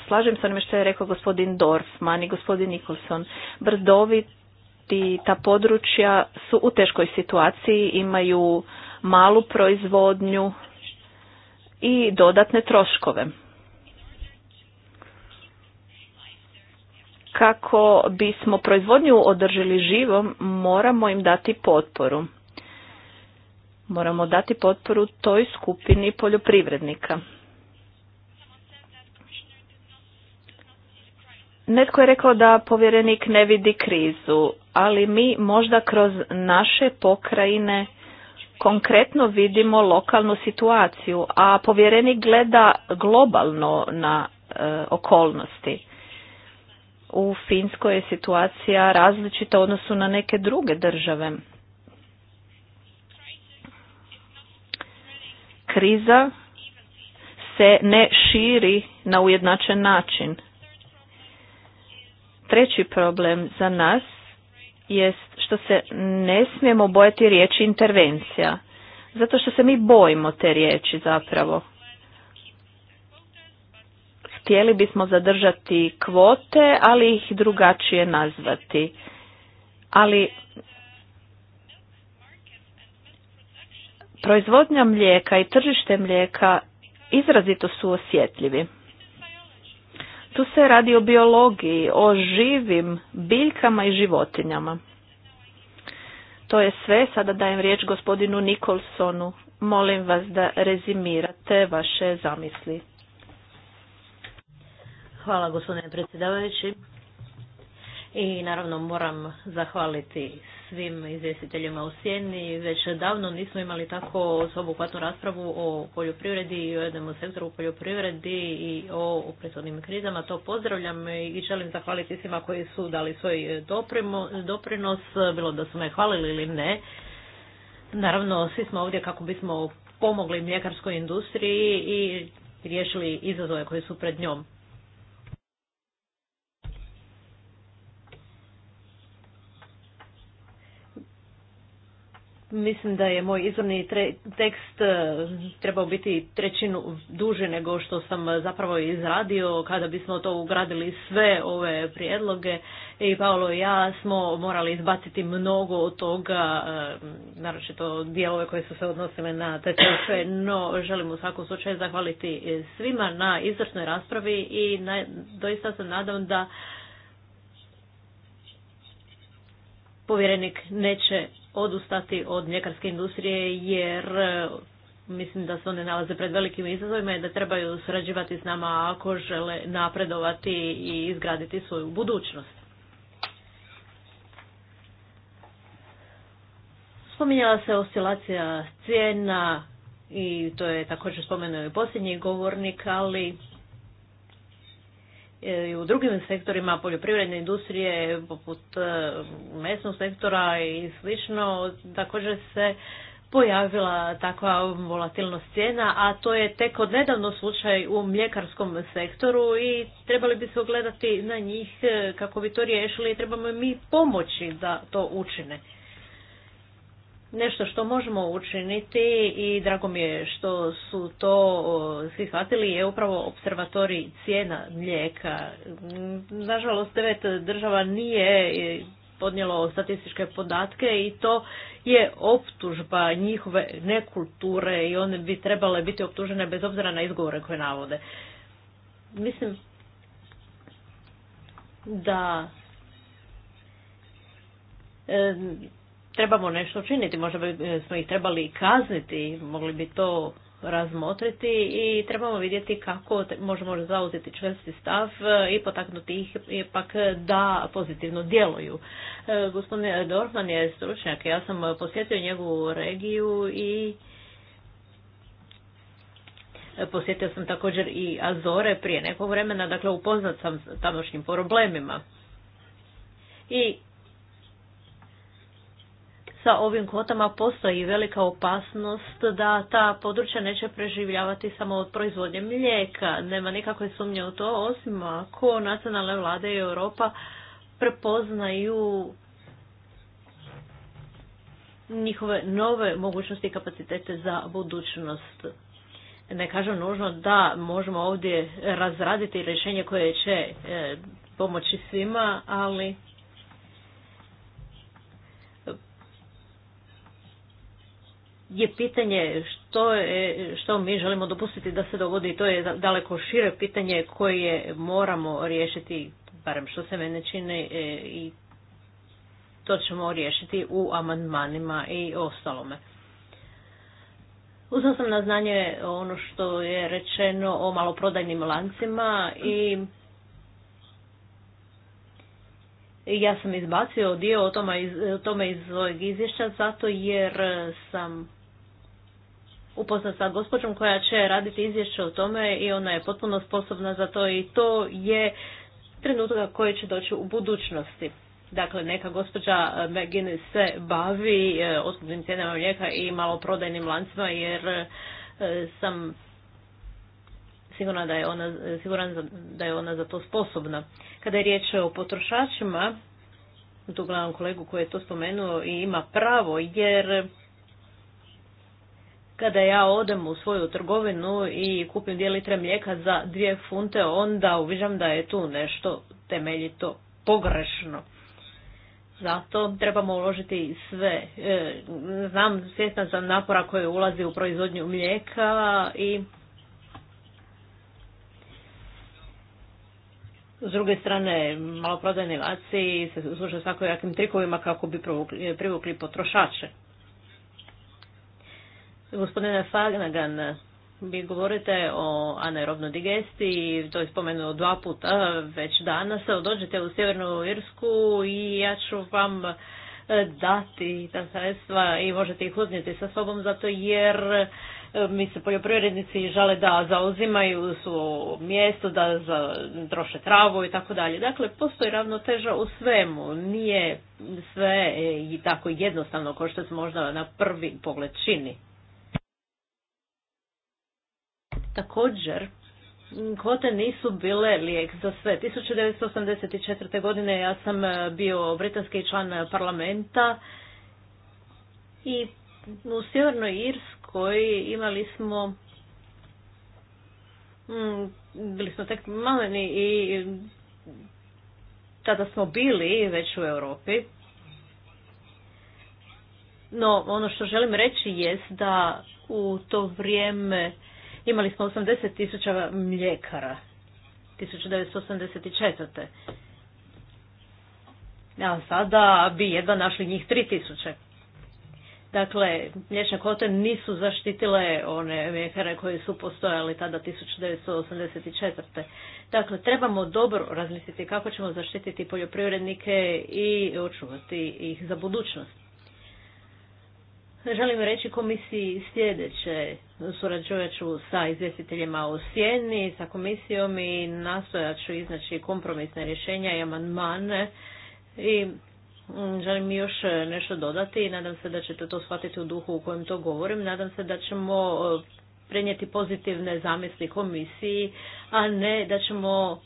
slažem sa onime što je rekao gospodin Dorfman i gospodin Nikolson, brdoviti ta područja su u teškoj situaciji, imaju malu proizvodnju i dodatne troškove. Kako bismo proizvodnju održili živom, moramo im dati potporu. Moramo dati potporu toj skupini poljoprivrednika. Netko je rekao da povjerenik ne vidi krizu, ali mi možda kroz naše pokrajine konkretno vidimo lokalnu situaciju, a povjerenik gleda globalno na e, okolnosti u Finskoj je situacija različita u odnosu na neke druge države. Kriza se ne širi na ujednačen način. Treći problem za nas jest što se ne smijemo bojati riječi intervencija, zato što se mi bojimo te riječi zapravo. Htjeli bismo zadržati kvote, ali ih drugačije nazvati. Ali proizvodnja mlijeka i tržište mlijeka izrazito su osjetljivi. Tu se radi o biologiji, o živim biljkama i životinjama. To je sve. Sada dajem riječ gospodinu Nikolsonu. Molim vas da rezimirate vaše zamisli. Hvala gospodine predsjedavajući. I naravno moram zahvaliti svim izvjestiteljima u Sjeni. Već davno nismo imali tako sveobuhvatnu raspravu o poljoprivredi i o jednom sektoru u poljoprivredi i o prethodnim krizama. To pozdravljam i želim zahvaliti svima koji su dali svoj doprinos, bilo da su me hvalili ili ne. Naravno, svi smo ovdje kako bismo pomogli mljekarskoj industriji i riješili izazove koji su pred njom. Mislim da je moj izvorni tekst e, trebao biti trećinu duže nego što sam zapravo izradio kada bismo to ugradili sve ove prijedloge i Paolo i ja smo morali izbaciti mnogo od toga, e, naročito dijelove koje su se odnosile na te no želim u svakom slučaju zahvaliti svima na izvrsnoj raspravi i doista se nadam da povjerenik neće odustati od mljekarske industrije jer e, mislim da se one nalaze pred velikim izazovima i da trebaju surađivati s nama ako žele napredovati i izgraditi svoju budućnost. Spominjala se oscilacija cijena i to je također spomenuo i posljednji govornik, ali i u drugim sektorima poljoprivredne industrije poput e, mesnog sektora i slično također se pojavila takva volatilnost cijena, a to je tek nedavno slučaj u mljekarskom sektoru i trebali bi se ogledati na njih e, kako bi to riješili i trebamo mi pomoći da to učine nešto što možemo učiniti i drago mi je što su to svi shvatili je upravo observatori cijena mlijeka. Mm, nažalost, devet država nije e, podnijelo statističke podatke i to je optužba njihove nekulture i one bi trebale biti optužene bez obzira na izgovore koje navode. Mislim da e, trebamo nešto činiti. Možda bi e, smo ih trebali kazniti, mogli bi to razmotriti i trebamo vidjeti kako možemo zauzeti čvrsti stav e, i potaknuti ih ipak da pozitivno djeluju. E, Gospodin Dorfman je stručnjak, ja sam posjetio njegovu regiju i posjetio sam također i Azore prije nekog vremena, dakle upoznat sam s tamošnjim problemima. I sa ovim kvotama postoji velika opasnost da ta područja neće preživljavati samo od proizvodnje mlijeka. Nema nikakve sumnje u to, osim ako nacionalne vlade i Europa prepoznaju njihove nove mogućnosti i kapacitete za budućnost. Ne kažem nužno da možemo ovdje razraditi rješenje koje će eh, pomoći svima, ali je pitanje što, je, što mi želimo dopustiti da se dogodi i to je daleko šire pitanje koje moramo riješiti, barem što se mene čini e, i to ćemo riješiti u amandmanima i ostalome. Uzao sam na znanje ono što je rečeno o maloprodajnim lancima i ja sam izbacio dio o tome iz, tome iz ovog izvješća zato jer sam upoznat sa gospođom koja će raditi izvješće o tome i ona je potpuno sposobna za to i to je trenutak koji će doći u budućnosti. Dakle, neka gospođa McGinnis se bavi e, otkupnim cijenama mlijeka i maloprodajnim lancima jer e, sam sigurna da je ona, siguran da je ona za to sposobna. Kada je riječ o potrošačima, tu gledam kolegu koji je to spomenuo i ima pravo jer kada ja odem u svoju trgovinu i kupim dvije litre mlijeka za dvije funte, onda uviđam da je tu nešto temeljito pogrešno. Zato trebamo uložiti sve. E, znam, svjesna sam napora koji ulazi u proizvodnju mlijeka i S druge strane, maloprodajni laci se služe svakojakim trikovima kako bi privukli potrošače. Gospodine Fagnagan, vi govorite o anaerobnoj digestiji, to je spomenuo dva puta već danas. Dođete u Sjevernu Irsku i ja ću vam e, dati ta sredstva i možete ih uzniti sa sobom zato jer e, mi se poljoprivrednici žale da zauzimaju su mjesto, da za, troše travu i tako dalje. Dakle, postoji ravnoteža u svemu. Nije sve tako jednostavno kao što se možda na prvi pogled čini. Također, kvote nisu bile lijek za sve. 1984. godine ja sam e, bio britanski član parlamenta i u Sjevernoj Irskoj imali smo mm, bili smo tek maleni i tada smo bili već u Europi. No, ono što želim reći jest da u to vrijeme Imali smo 80 tisuća mljekara 1984. A sada bi jedva našli njih tisuće. Dakle, mlječne kote nisu zaštitile one mljekare koje su postojali tada 1984. Dakle, trebamo dobro razmisliti kako ćemo zaštititi poljoprivrednike i očuvati ih za budućnost. Želim reći komisiji sljedeće. surađujeću ću sa izvjestiteljima u Sjeni, sa komisijom i nastojat ću iznaći kompromisne rješenja i amandmane. I mm, želim još nešto dodati i nadam se da ćete to shvatiti u duhu u kojem to govorim. Nadam se da ćemo e, prenijeti pozitivne zamisli komisiji, a ne da ćemo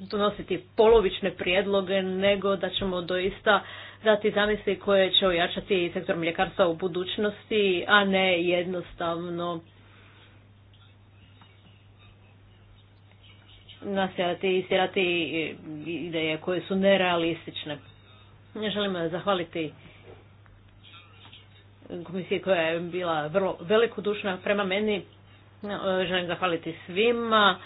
donositi polovične prijedloge, nego da ćemo doista dati zamisli koje će ojačati sektor mljekarstva u budućnosti, a ne jednostavno nasjerati i istjerati ideje koje su nerealistične. Želim zahvaliti komisiji koja je bila vrlo velikodušna prema meni. Želim zahvaliti svima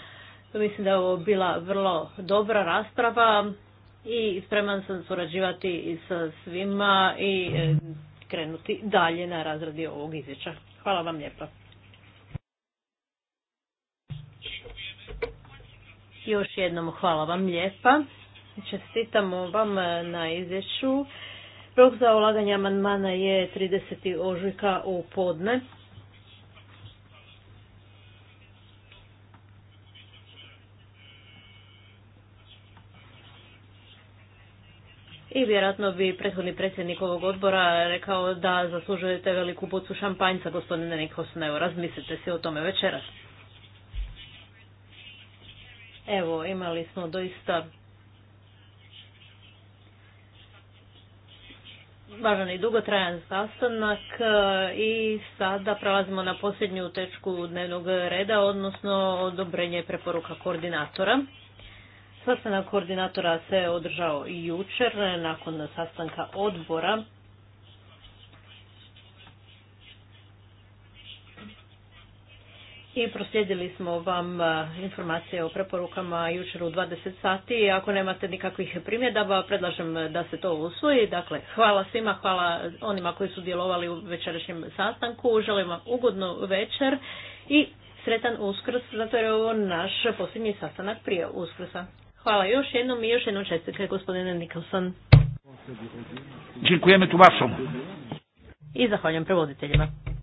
Mislim da je ovo bila vrlo dobra rasprava i spreman sam surađivati i sa svima i e, krenuti dalje na razradi ovog izvješća. Hvala vam lijepa. Još jednom hvala vam lijepa. Čestitamo vam e, na izvješću. Rok za ulaganje amandmana je 30. ožujka u podne. i vjerojatno bi prethodni predsjednik ovog odbora rekao da zaslužujete veliku bocu šampanjca, gospodine Nikosna. Evo, razmislite si o tome večeras. Evo, imali smo doista važan i dugotrajan sastanak eh, i sada prelazimo na posljednju tečku dnevnog reda, odnosno odobrenje preporuka koordinatora. Sastanak koordinatora se održao i jučer nakon sastanka odbora. I proslijedili smo vam e, informacije o preporukama jučer u 20 sati. Ako nemate nikakvih primjedaba, predlažem da se to usvoji. Dakle, hvala svima, hvala onima koji su djelovali u večerašnjem sastanku. Želim vam ugodnu večer i sretan uskrs, zato je ovo naš posljednji sastanak prije uskrsa. Hvala još jednom i još jednom čestitke gospodine Nikolson. Dziękujemy tłumaczom. I zahvaljujem prevoditeljima.